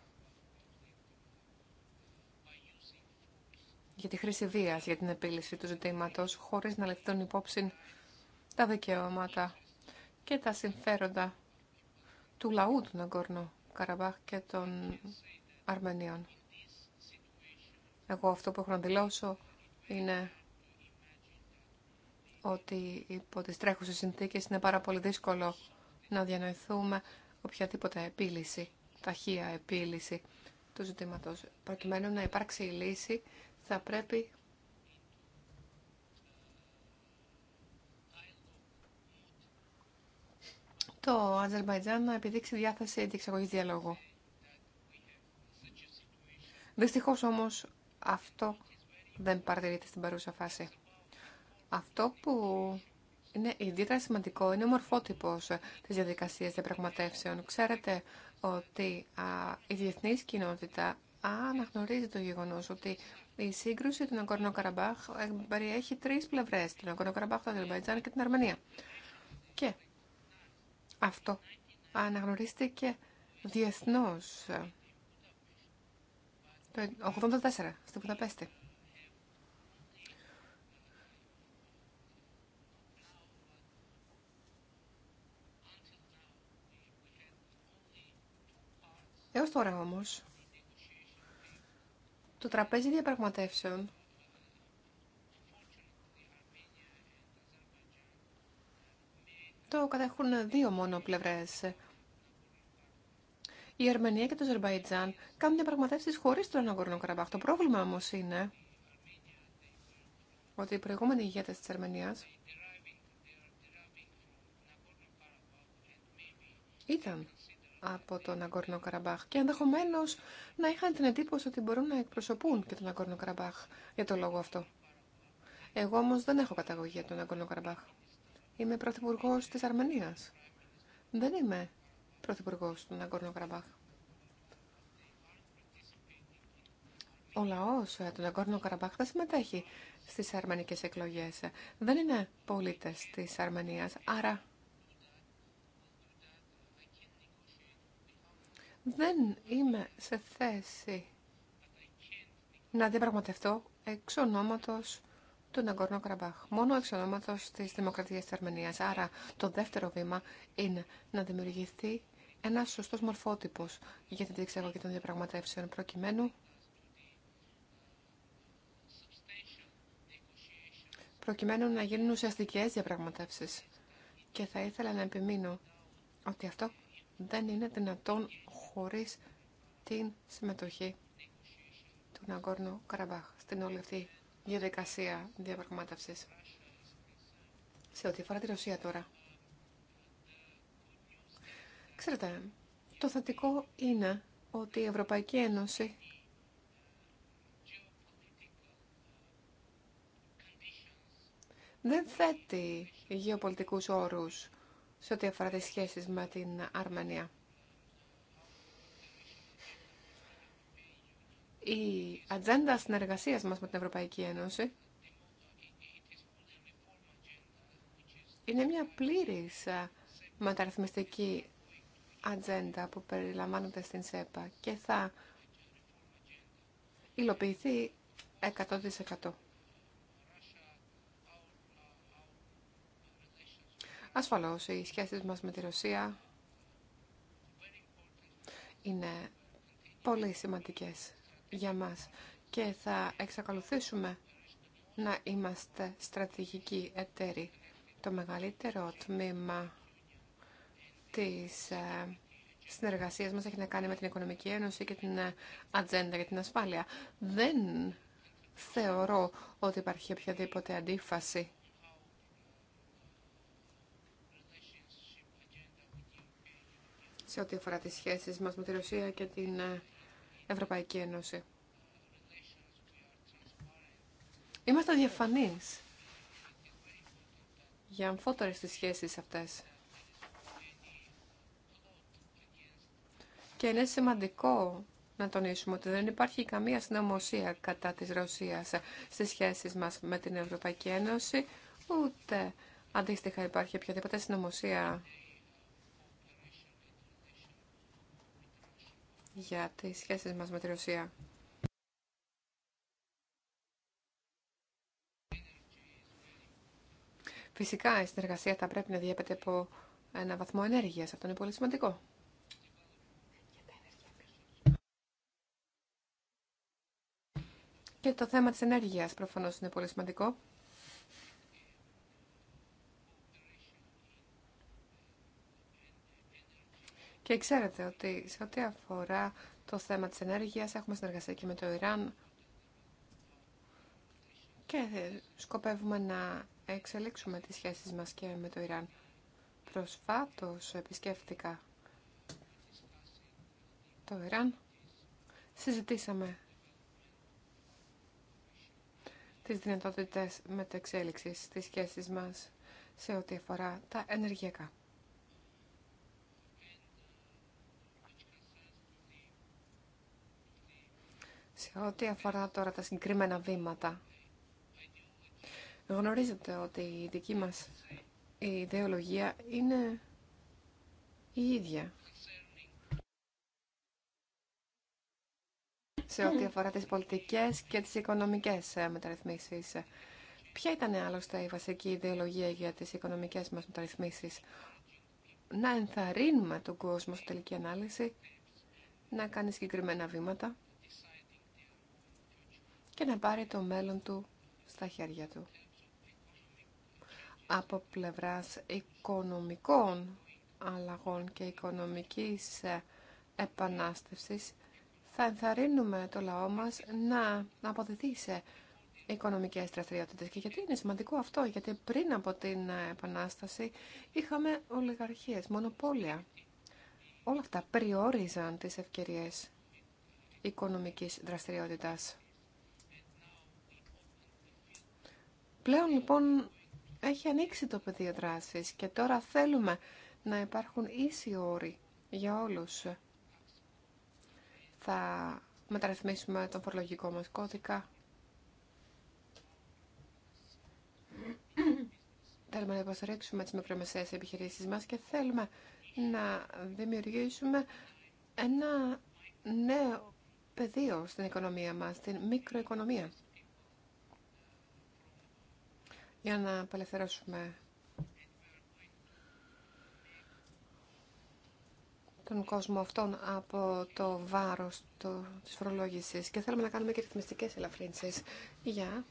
για τη χρήση βίας για την επίλυση του ζητήματος χωρίς να λεφτούν υπόψη τα δικαιώματα και τα συμφέροντα του λαού του Ναγκόρνο Καραμπάχ και των Αρμενίων. Εγώ αυτό που έχω να δηλώσω είναι ότι υπό τις τρέχουσες συνθήκες είναι πάρα πολύ δύσκολο να διανοηθούμε οποιαδήποτε επίλυση, ταχεία επίλυση του ζητήματος. Προκειμένου να υπάρξει η λύση θα πρέπει το Αζερμπαϊτζάν να επιδείξει διάθεση διεξαγωγή διαλόγου. Δυστυχώ όμω αυτό δεν παρατηρείται στην παρούσα φάση. Αυτό που είναι ιδιαίτερα σημαντικό είναι ο μορφότυπο τη διαδικασία διαπραγματεύσεων. Ξέρετε ότι η διεθνή κοινότητα αναγνωρίζει το γεγονό ότι η σύγκρουση του Ναγκόρνο Καραμπάχ ε, περιέχει τρει πλευρέ: τον Ναγκόρνο Καραμπάχ, το Αζερβαϊτζάν και την Αρμενία. Και αυτό αναγνωρίστηκε διεθνώς το 1984 στην Βουδαπέστη. Έως τώρα όμως, το τραπέζι διαπραγματεύσεων το κατέχουν δύο μόνο πλευρέ. Η Αρμενία και το Αζερβαϊτζάν κάνουν διαπραγματεύσει χωρί τον Αγκορνό Καραμπάχ. Το πρόβλημα όμω είναι ότι οι προηγούμενοι ηγέτε τη Αρμενία ήταν από τον Αγκόρνο Καραμπάχ και ενδεχομένω να είχαν την εντύπωση ότι μπορούν να εκπροσωπούν και τον Αγκόρνο Καραμπάχ για το λόγο αυτό. Εγώ όμω δεν έχω καταγωγή από τον Αγκόρνο Καραμπάχ. Είμαι πρωθυπουργό της Αρμενία. Δεν είμαι πρωθυπουργό του Ναγκόρνο Καραμπάχ. Ο λαό ε, του Ναγκόρνο Καραμπάχ δεν συμμετέχει στι αρμενικέ εκλογέ. Δεν είναι πολίτε της Αρμενία. άρα δεν είμαι σε θέση να διαπραγματευτώ εξ ονόματος του Ναγκορνό Καραμπάχ, μόνο εξ ονόματο τη Δημοκρατία τη Αρμενίας. Άρα το δεύτερο βήμα είναι να δημιουργηθεί ένα σωστός μορφότυπος για την διεξαγωγή των διαπραγματεύσεων προκειμένου προκειμένου να γίνουν ουσιαστικέ διαπραγματεύσεις. Και θα ήθελα να επιμείνω ότι αυτό δεν είναι δυνατόν χωρίς την συμμετοχή του Ναγκόρνου Καραμπάχ στην όλη αυτή διαδικασία διαπραγμάτευσης. Σε ό,τι αφορά τη Ρωσία τώρα. Ξέρετε, το θετικό είναι ότι η Ευρωπαϊκή Ένωση δεν θέτει γεωπολιτικούς όρους σε ό,τι αφορά τις σχέσεις με την Αρμενία. η ατζέντα συνεργασίας μας με την Ευρωπαϊκή Ένωση είναι μια πλήρης μεταρρυθμιστική ατζέντα που περιλαμβάνονται στην ΣΕΠΑ και θα υλοποιηθεί 100%. Ασφαλώς, οι σχέσεις μας με τη Ρωσία είναι πολύ σημαντικές για μας και θα εξακολουθήσουμε να είμαστε στρατηγικοί εταίροι. Το μεγαλύτερο τμήμα της ε, συνεργασίας μας έχει να κάνει με την Οικονομική Ένωση και την ε, ατζέντα για την ασφάλεια. Δεν θεωρώ ότι υπάρχει οποιαδήποτε αντίφαση σε ό,τι αφορά τις σχέσεις μας με τη Ρωσία και την ε, Ευρωπαϊκή Ένωση. Είμαστε διαφανείς για αμφότερες τις σχέσεις αυτές. Και είναι σημαντικό να τονίσουμε ότι δεν υπάρχει καμία συνωμοσία κατά της Ρωσίας στις σχέσεις μας με την Ευρωπαϊκή Ένωση, ούτε αντίστοιχα υπάρχει οποιαδήποτε συνωμοσία για τις σχέσεις μας με τη Ρωσία. Φυσικά η συνεργασία θα πρέπει να διέπεται από ένα βαθμό ενέργειας. Αυτό είναι πολύ σημαντικό. Και το θέμα της ενέργειας προφανώς είναι πολύ σημαντικό. Και ξέρετε ότι σε ό,τι αφορά το θέμα της ενέργειας έχουμε συνεργασία και με το Ιράν και σκοπεύουμε να εξελίξουμε τις σχέσεις μας και με το Ιράν. Προσφάτως επισκέφτηκα το Ιράν. Συζητήσαμε τις δυνατότητες μεταξέλιξης της σχέσης μας σε ό,τι αφορά τα ενεργειακά. Ό,τι αφορά τώρα τα συγκεκριμένα βήματα. Γνωρίζετε ότι η δική μας η ιδεολογία είναι η ίδια. Σε ό,τι αφορά τις πολιτικές και τις οικονομικές ε, μεταρρυθμίσεις. Ποια ήταν άλλωστε η βασική ιδεολογία για τις οικονομικές μας μεταρρυθμίσεις. Να ενθαρρύνουμε τον κόσμο στη τελική ανάλυση, να κάνει συγκεκριμένα βήματα και να πάρει το μέλλον του στα χέρια του. Από πλευράς οικονομικών αλλαγών και οικονομικής ε, επανάστευσης θα ενθαρρύνουμε το λαό μας να αποδεθεί σε οικονομικές δραστηριότητες. Και γιατί είναι σημαντικό αυτό, γιατί πριν από την ε, Επανάσταση είχαμε ολιγαρχίες, μονοπόλια. Όλα αυτά περιόριζαν τις ευκαιρίες οικονομικής δραστηριότητας. Πλέον λοιπόν έχει ανοίξει το πεδίο δράσης και τώρα θέλουμε να υπάρχουν ίσοι όροι για όλους. Θα μεταρρυθμίσουμε τον φορολογικό μας κώδικα. θέλουμε να υποστηρίξουμε τις μικρομεσαίες επιχειρήσεις μας και θέλουμε να δημιουργήσουμε ένα νέο πεδίο στην οικονομία μας, την μικροοικονομία για να απελευθερώσουμε τον κόσμο αυτόν από το βάρος το, της φορολόγησης και θέλουμε να κάνουμε και ρυθμιστικές ελαφρύνσεις για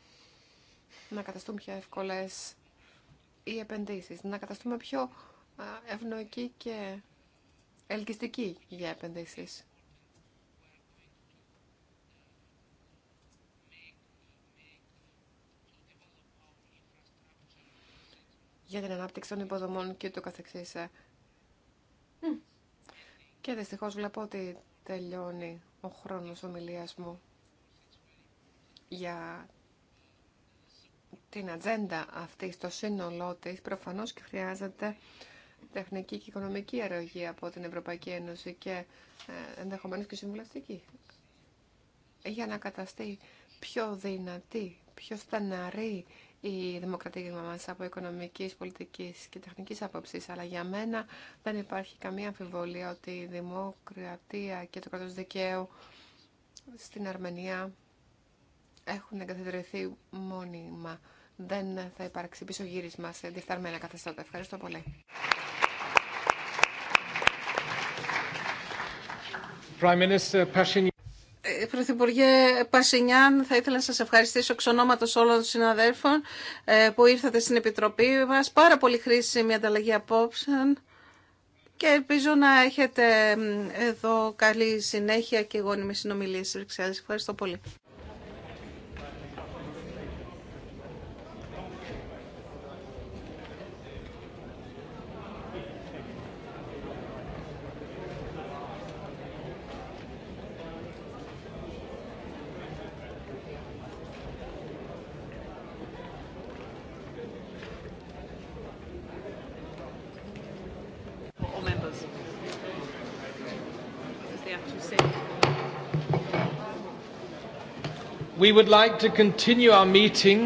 να καταστούν πιο εύκολες οι επενδύσεις, να καταστούμε πιο ευνοϊκοί και ελκυστικοί για επενδύσεις. για την ανάπτυξη των υποδομών και το καθεξής. Mm. Και δυστυχώς βλέπω ότι τελειώνει ο χρόνος ομιλίας μου για την ατζέντα αυτή στο σύνολό τη. Προφανώς και χρειάζεται τεχνική και οικονομική αρρωγή από την Ευρωπαϊκή Ένωση και ε, ενδεχομένως και συμβουλαστική ε, για να καταστεί πιο δυνατή, πιο στεναρή η δημοκρατία μας από οικονομικής, πολιτικής και τεχνικής άποψης, αλλά για μένα δεν υπάρχει καμία αμφιβολία ότι η δημοκρατία και το κράτος δικαίου στην Αρμενία έχουν εγκαθιδρυθεί μόνιμα. Δεν θα υπάρξει πίσω γύρισμα σε διεφθαρμένα καθεστώτα. Ευχαριστώ πολύ. Prime Minister Pashinyan. Πρωθυπουργέ Πασινιάν, θα ήθελα να σας ευχαριστήσω εξ ονόματος όλων των συναδέλφων ε, που ήρθατε στην Επιτροπή μας. Πάρα πολύ χρήσιμη ανταλλαγή απόψεων και ελπίζω να έχετε εδώ καλή συνέχεια και γόνιμη συνομιλία στις Ευχαριστώ πολύ. We would like to continue our meeting.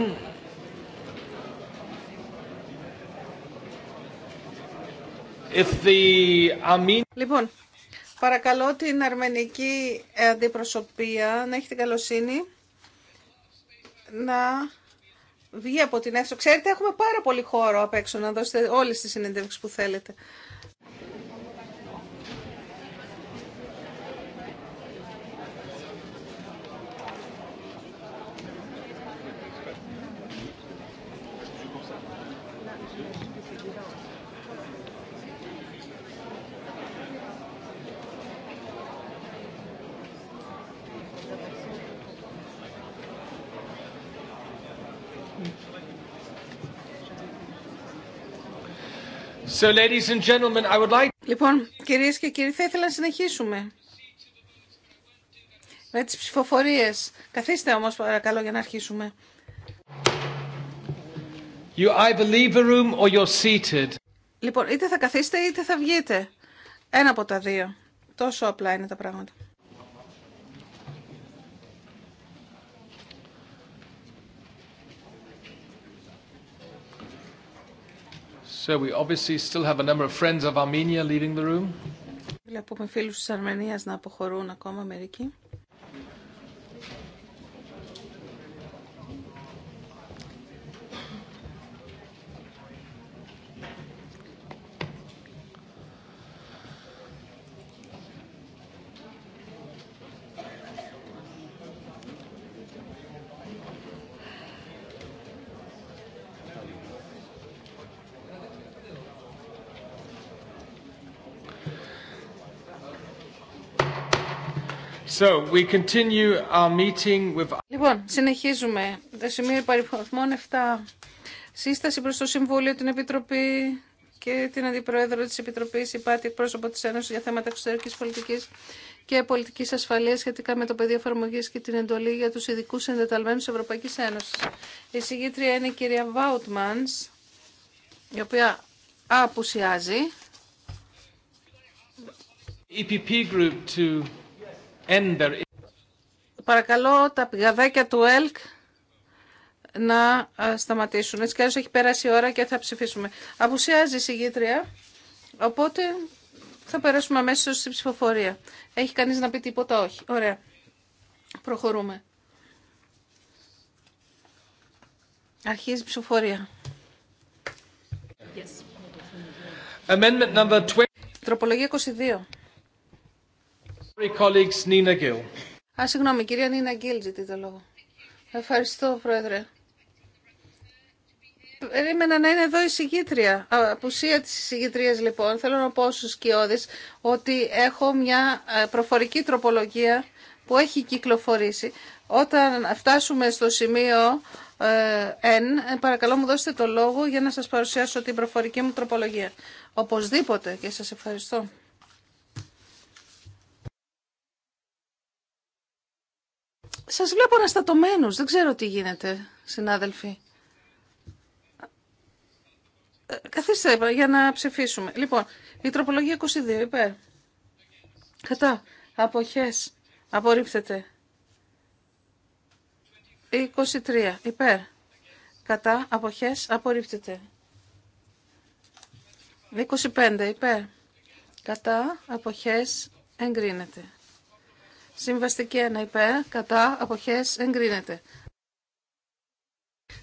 If the Armenian... Λοιπόν, παρακαλώ την αρμενική αντιπροσωπεία να έχει την καλοσύνη να βγει από την αίθουσα. Ξέρετε, έχουμε πάρα πολύ χώρο απ' έξω να δώσετε όλες τις συνεντεύξεις που θέλετε. So, ladies and gentlemen, I would like... Λοιπόν, κυρίες και κύριοι, θα ήθελα να συνεχίσουμε με τις ψηφοφορίες. Καθίστε όμως παρακαλώ για να αρχίσουμε. You either leave room or you're seated. Λοιπόν, είτε θα καθίσετε είτε θα βγείτε. Ένα από τα δύο. Τόσο απλά είναι τα πράγματα. we obviously still have a number of friends of Armenia leaving Βλέπουμε της Αρμενίας να αποχωρούν ακόμα μερικοί. So, we continue our meeting with... Λοιπόν, συνεχίζουμε. Το σημείο υπαριθμών 7. Σύσταση προς το Συμβούλιο, την Επιτροπή και την Αντιπρόεδρο της Επιτροπής, υπάτη πρόσωπο της Ένωσης για θέματα εξωτερικής πολιτικής και πολιτικής ασφαλείας σχετικά με το πεδίο εφαρμογή και την εντολή για τους ειδικούς της Ευρωπαϊκής Ένωσης. Η συγγήτρια είναι η κυρία Βάουτμανς, η οποία απουσιάζει. EPP group Παρακαλώ τα πηγαδάκια του ΕΛΚ να σταματήσουν. Έτσι κι έχει πέρασει η ώρα και θα ψηφίσουμε. Αποουσιάζει η συγγήτρια, οπότε θα περάσουμε αμέσως στην ψηφοφορία. Έχει κανείς να πει τίποτα, όχι. Ωραία. Προχωρούμε. Αρχίζει η ψηφοφορία. Τροπολογία 22. Α, συγγνώμη, κυρία Νίνα Γκίλ, το λόγο. Ευχαριστώ, Πρόεδρε. Περίμενα να είναι εδώ η συγκήτρια. Απουσία της συγκήτριας λοιπόν. Θέλω να πω στους κοιόδες ότι έχω μια ε, προφορική τροπολογία που έχει κυκλοφορήσει. Όταν φτάσουμε στο σημείο N, ε, ε, παρακαλώ μου δώστε το λόγο για να σας παρουσιάσω την προφορική μου τροπολογία. Οπωσδήποτε και σας ευχαριστώ. Σας βλέπω αναστατωμένους. Δεν ξέρω τι γίνεται, συνάδελφοι. Ε, καθίστε για να ψηφίσουμε. Λοιπόν, η τροπολογία 22 υπέρ. Κατά. Αποχές. Απορρίπτεται. 23 υπέρ. Κατά. Αποχές. Απορρίπτεται. 25 υπέρ. Κατά. Αποχές. Εγκρίνεται. Συμβαστική 1 υπέρ, κατά, αποχές, εγκρίνεται.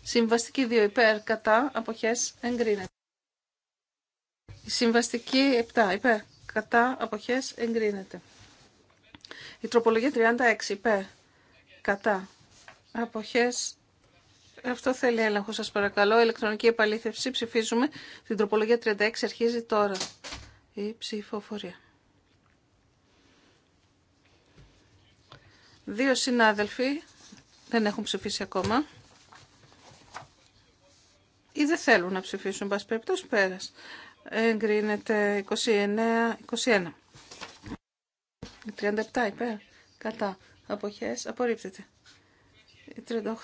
Συμβαστική 2 υπέρ, κατά, αποχές, εγκρίνεται. Συμβαστική 7 υπέρ, κατά, αποχές, εγκρίνεται. Η τροπολογία 36 υπέρ, κατά, αποχές, αυτό θέλει έλεγχο σας παρακαλώ. Ηλεκτρονική επαλήθευση ψηφίζουμε. Την τροπολογία 36 αρχίζει τώρα η ψηφοφορία. Δύο συνάδελφοι δεν έχουν ψηφίσει ακόμα ή δεν θέλουν να ψηφίσουν, πας περιπτώσει πέρας. Εγκρίνεται 29-21. 37 υπέρ, κατά, αποχές, απορρίπτεται.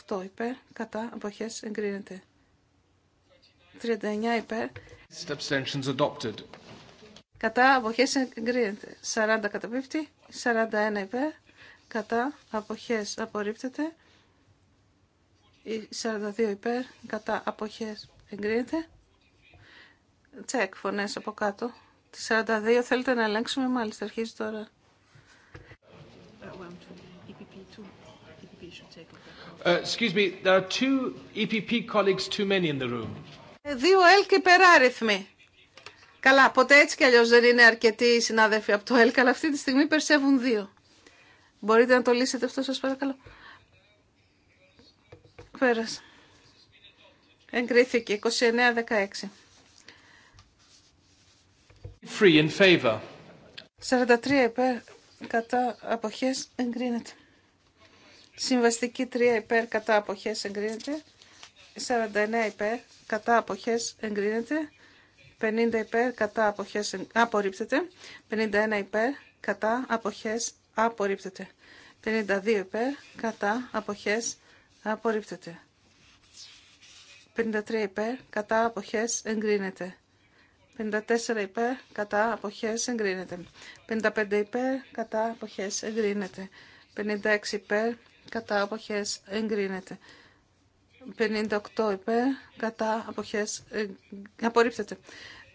38 υπέρ, κατά, αποχές, εγκρίνεται. 39 υπέρ. Κατά, αποχές, εγκρίνεται. 40 καταπίπτει, 41 υπέρ, κατά αποχές απορρίπτεται. 42 υπέρ κατά αποχές εγκρίνεται. Τσεκ φωνές από κάτω. Τη 42 θέλετε να ελέγξουμε μάλιστα αρχίζει τώρα. Ε, excuse me, Δύο ΕΛΚ υπεράριθμοι. Καλά, ποτέ έτσι κι αλλιώς δεν είναι αρκετοί οι συνάδελφοι από το ΕΛΚ, αλλά αυτή τη στιγμή περισσεύουν δύο. Μπορείτε να το λύσετε αυτό σας παρακαλώ. Πέρασε. Εγκρίθηκε 29-16. 43 υπέρ κατά αποχές εγκρίνεται. Συμβαστική 3 υπέρ κατά αποχές εγκρίνεται. 49 υπέρ κατά αποχές εγκρίνεται. 50 υπέρ κατά αποχές απορρίπτεται. 51 υπέρ κατά αποχές απορρίπτεται. 52 υπέρ, κατά, αποχές, απορρίπτεται. 53 υπέρ, κατά, αποχές, εγκρίνεται. 54 υπέρ, κατά, αποχές, εγκρίνεται. 55 υπέρ, κατά, αποχές, εγκρίνεται. 56 υπέρ, κατά, αποχές, εγκρίνεται. 58 υπέρ, κατά, αποχές, ε,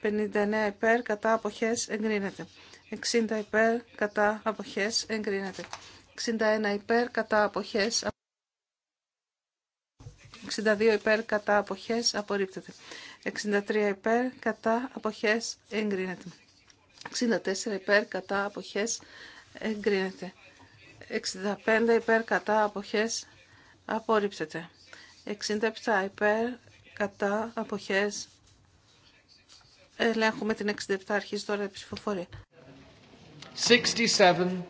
59 υπέρ, κατά, αποχές, εγκρίνεται. 60 υπέρ κατά αποχές εγκρίνεται. 61 υπέρ κατά αποχές 62 υπέρ κατά αποχές απορρίπτεται. 63 υπέρ κατά αποχές εγκρίνεται. 64 υπέρ κατά αποχές εγκρίνεται. 65 υπέρ κατά αποχές απορρίπτεται. 67 υπέρ κατά αποχές ελέγχουμε την 67 αρχής τώρα η ψηφοφορία. 67.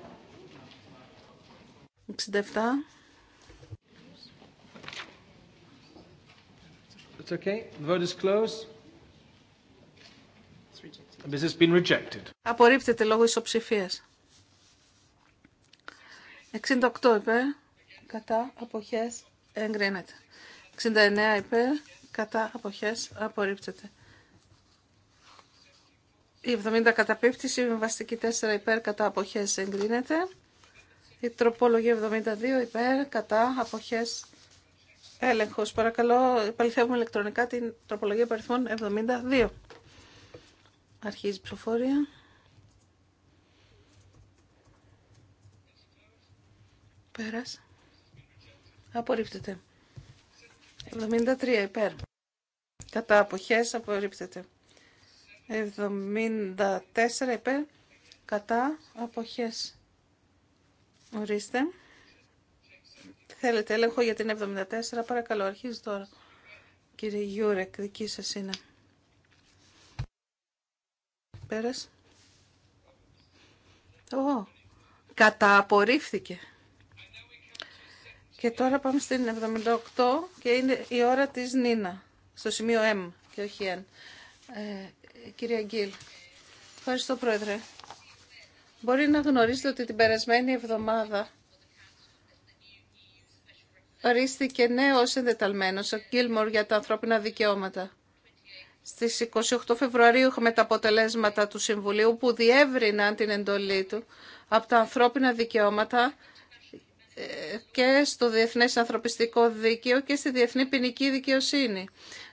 It's okay. The vote is closed. This has been rejected. Απορρίπτεται λόγω ισοψηφίας. 68 υπέρ, κατά, αποχές, εγκρίνεται. 69 υπέρ, κατά, αποχές, απορρίπτεται. Η 70 καταπίπτει, συμβαστική 4 υπέρ κατά αποχές εγκρίνεται. Η τροπολογία 72 υπέρ κατά αποχές έλεγχος. Παρακαλώ, επαληθεύουμε ηλεκτρονικά την τροπολογία παριθμών 72. Αρχίζει η ψηφοφορία. Πέρασε. Απορρίπτεται. 73 υπέρ. Κατά αποχές απορρίπτεται. 74 υπέρ κατά αποχές. Ορίστε. Θέλετε έλεγχο για την 74. Παρακαλώ, αρχίζει τώρα. Κύριε Γιούρεκ, δική σας είναι. Πέρας. Ω, καταπορρίφθηκε. Και τώρα πάμε στην 78 και είναι η ώρα της Νίνα, στο σημείο M και όχι N. Ε, Κυρία Γκίλ. Ευχαριστώ, Πρόεδρε. Μπορεί να γνωρίζετε ότι την περασμένη εβδομάδα ορίστηκε νέος ενδεταλμένος ο Γκίλμορ για τα ανθρώπινα δικαιώματα. Στις 28 Φεβρουαρίου είχαμε τα αποτελέσματα του Συμβουλίου που διεύρυναν την εντολή του από τα ανθρώπινα δικαιώματα ε, και στο Διεθνές Ανθρωπιστικό Δίκαιο και στη Διεθνή Ποινική Δικαιοσύνη.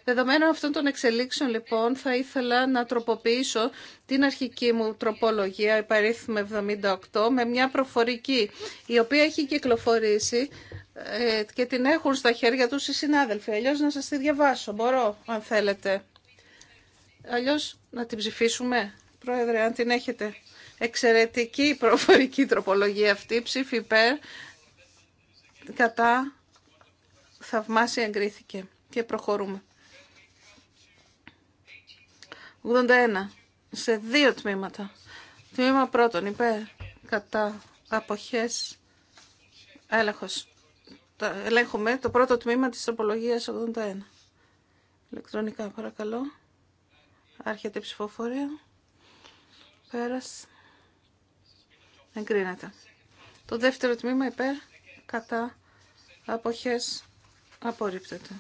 Δεδομένου αυτών των εξελίξεων, λοιπόν, θα ήθελα να τροποποιήσω την αρχική μου τροπολογία, υπαρίθμη 78, με μια προφορική, η οποία έχει κυκλοφορήσει ε, και την έχουν στα χέρια τους οι συνάδελφοι. Αλλιώς να σας τη διαβάσω. Μπορώ, αν θέλετε. Αλλιώς να την ψηφίσουμε, Πρόεδρε, αν την έχετε. Εξαιρετική προφορική τροπολογία αυτή, ψήφι υπέρ, κατά, θαυμάσια εγκρίθηκε και προχωρούμε. 81. Σε δύο τμήματα. Τμήμα πρώτον υπέρ κατά αποχές έλεγχος. ελέγχουμε το πρώτο τμήμα της τροπολογίας 81. Ελεκτρονικά παρακαλώ. Άρχεται η ψηφοφορία. Πέρας. Εγκρίνεται. Το δεύτερο τμήμα υπέρ κατά αποχές απορρίπτεται.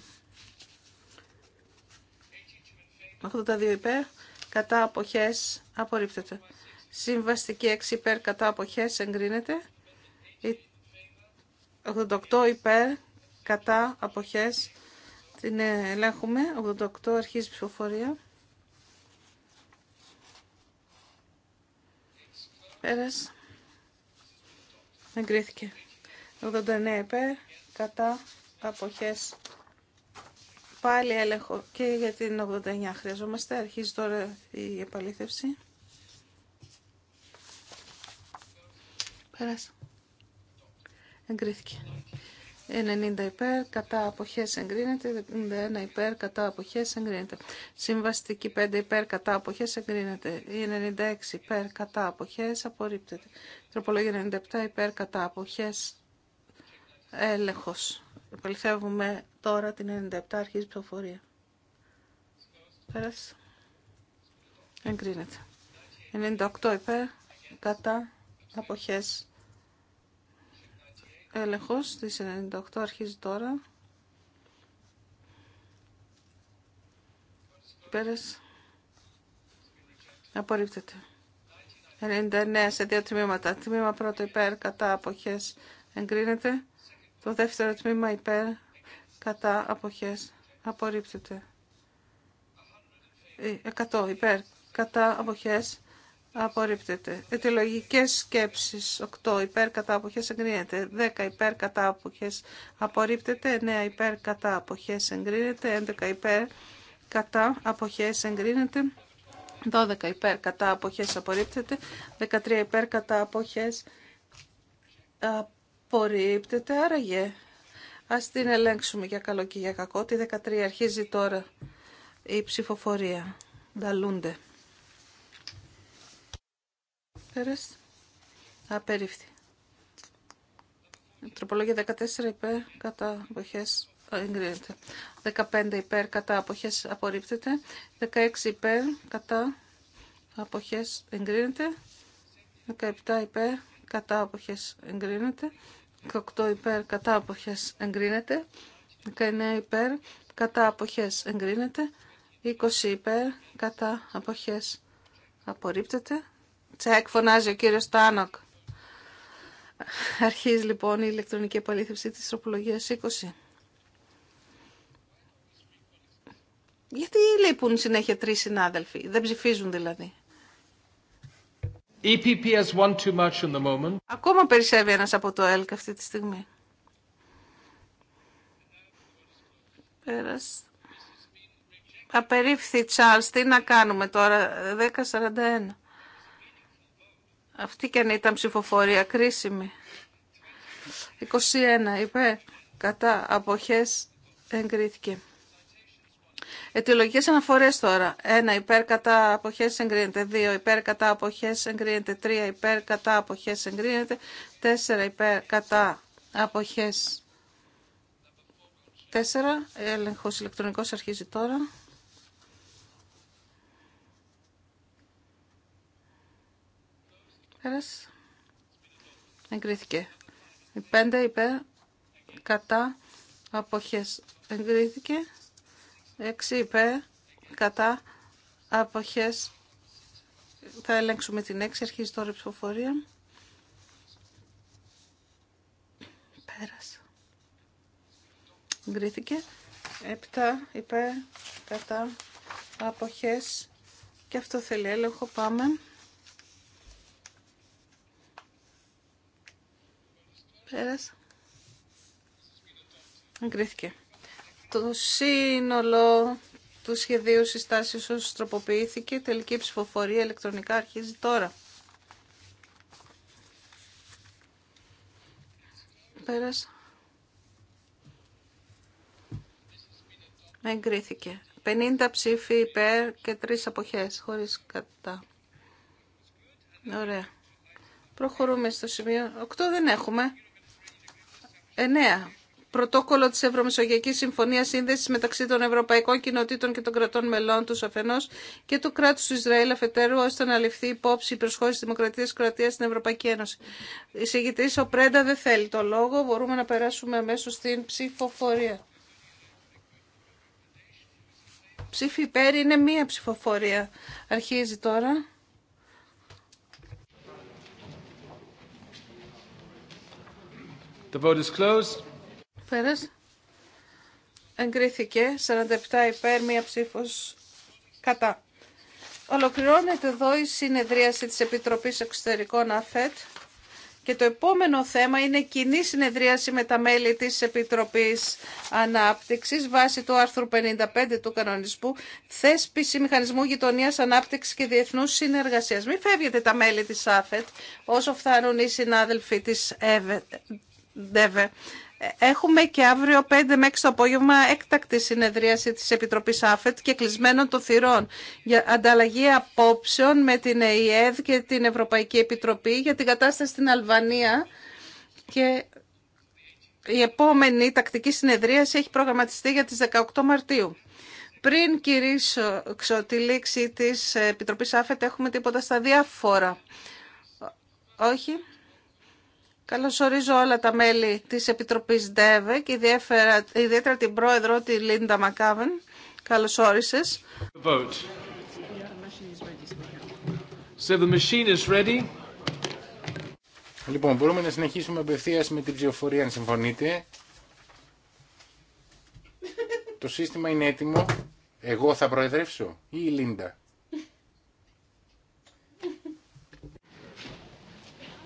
82 υπέρ, κατά αποχές απορρίπτεται. Συμβαστική 6 υπέρ, κατά αποχές εγκρίνεται. 88 υπέρ, κατά αποχές την ε, ελέγχουμε. 88 αρχίζει ψηφοφορία. Πέρας. Εγκρίθηκε. 89 υπέρ, κατά αποχές Πάλι έλεγχο και για την 89 χρειαζόμαστε. Αρχίζει τώρα η επαλήθευση. Πέρασε. Εγκρίθηκε. 90 υπέρ, κατά αποχές εγκρίνεται, 91 υπέρ, κατά αποχές εγκρίνεται. Συμβαστική 5 υπέρ, κατά αποχές εγκρίνεται. 96 υπέρ, κατά αποχές απορρίπτεται. Τροπολογία 97 υπέρ, κατά αποχές έλεγχος επελθεύουμε τώρα την 97 αρχής ψηφοφορία. Πέρασε. Εγκρίνεται. 98 υπέρ, κατά, αποχές. Έλεγχος της 98 αρχίζει τώρα. Πέρασε. Απορρίπτεται. 99 σε δύο τμήματα. Τμήμα πρώτο υπέρ, κατά, αποχές. Εγκρίνεται. Το δεύτερο τμήμα υπέρ κατά αποχές απορρίπτεται. 100 ε, υπέρ κατά αποχές απορρίπτεται. Ετιολογικές σκέψεις 8 υπέρ κατά αποχές εγκρίνεται. 10 υπέρ κατά αποχές απορρίπτεται. 9 υπέρ κατά αποχές εγκρίνεται. 11 υπέρ κατά αποχές εγκρίνεται. 12 υπέρ κατά αποχές απορρίπτεται. 13 υπέρ κατά αποχές Απορρίπτεται, άραγε. Ας την ελέγξουμε για καλό και για κακό. Τη 13 αρχίζει τώρα η ψηφοφορία. Νταλούνται. Πέρας. Απερίφθη. Τροπολόγια 14 ε, υπέρ κατά αποχές εγκρίνεται. 15 υπέρ κατά αποχές απορρίπτεται. 16 υπέρ κατά αποχές εγκρίνεται. 17 υπέρ κατά αποχές εγκρίνεται. 18 υπέρ κατά αποχές εγκρίνεται. 19 υπέρ κατά αποχές εγκρίνεται. 20 υπέρ κατά αποχές απορρίπτεται. Τσεκ φωνάζει ο κύριος Τάνοκ. Αρχίζει λοιπόν η ηλεκτρονική επαλήθευση της τροπολογίας 20. Γιατί λείπουν συνέχεια τρεις συνάδελφοι, δεν ψηφίζουν δηλαδή. E too much in the moment. Ακόμα περισσεύει ένας από το ΕΛΚ αυτή τη στιγμή. Πέρας. Απερίφθη Τσάρλς, τι να κάνουμε τώρα, 10.41. Αυτή και αν ήταν ψηφοφορία κρίσιμη. 21 είπε, κατά αποχές εγκρίθηκε. Αιτιολογικές αναφορές τώρα. 1. Υπέρ κατά αποχές εγκρίνεται. 2. Υπέρ κατά αποχές εγκρίνεται. 3. Υπέρ κατά αποχές εγκρίνεται. 4. Υπέρ κατά αποχές 4. Έλεγχος ηλεκτρονικός αρχίζει τώρα. Πέρασε. Εγκρίθηκε. 5. Υπέρ κατά αποχές εγκρίθηκε. 6 υπέρ κατά αποχές θα ελέγξουμε την 6 αρχίζει τώρα η ψηφοφορία πέρασε εγκρίθηκε 7 υπέρ κατά αποχές και αυτό θέλει έλεγχο πάμε πέρασε εγκρίθηκε το σύνολο του σχεδίου συστάσεως όσο τροποποιήθηκε, τελική ψηφοφορία ηλεκτρονικά αρχίζει τώρα. Πέρασα. Εγκρίθηκε. 50 ψήφοι υπέρ και 3 αποχές, χωρίς κατά. Ωραία. Προχωρούμε στο σημείο. 8 δεν έχουμε. 9 πρωτόκολλο τη Ευρωμεσογειακής Συμφωνία σύνδεση μεταξύ των Ευρωπαϊκών Κοινοτήτων και των κρατών μελών του Αφενό και του κράτου του Ισραήλ αφετέρου ώστε να ληφθεί υπόψη η προσχώρηση τη Δημοκρατίας Κροατία στην Ευρωπαϊκή Ένωση. Η συγκητής ο Πρέντα δεν θέλει το λόγο. Μπορούμε να περάσουμε αμέσω στην ψηφοφορία. Ψήφι υπέρ είναι μία ψηφοφορία. Αρχίζει τώρα. The vote is closed. Πέρας. Εγκρίθηκε 47 υπέρ, μία ψήφος κατά. Ολοκληρώνεται εδώ η συνεδρίαση της Επιτροπής Εξωτερικών ΑΦΕΤ και το επόμενο θέμα είναι κοινή συνεδρίαση με τα μέλη της Επιτροπής Ανάπτυξης βάσει του άρθρου 55 του κανονισμού θέσπιση μηχανισμού γειτονίας ανάπτυξης και διεθνούς συνεργασίας. Μην φεύγετε τα μέλη της ΑΦΕΤ όσο φτάνουν οι συνάδελφοι της Έχουμε και αύριο 5 μέχρι το απόγευμα έκτακτη συνεδρίαση της Επιτροπής ΑΦΕΤ και κλεισμένων των θυρών για ανταλλαγή απόψεων με την ΕΕΔ και την Ευρωπαϊκή Επιτροπή για την κατάσταση στην Αλβανία και η επόμενη τακτική συνεδρίαση έχει προγραμματιστεί για τις 18 Μαρτίου. Πριν κηρύσω τη λήξη της Επιτροπής ΑΦΕΤ έχουμε τίποτα στα διάφορα. Όχι. Καλωσορίζω όλα τα μέλη της Επιτροπής ΔΕΒΕ και ιδιαίτερα την πρόεδρο τη Λίντα Μακάβεν. Καλώς όρισες. Λοιπόν, μπορούμε να συνεχίσουμε απευθεία με την ψηφοφορία, αν συμφωνείτε. Το σύστημα είναι έτοιμο. Εγώ θα προεδρεύσω ή η Λίντα.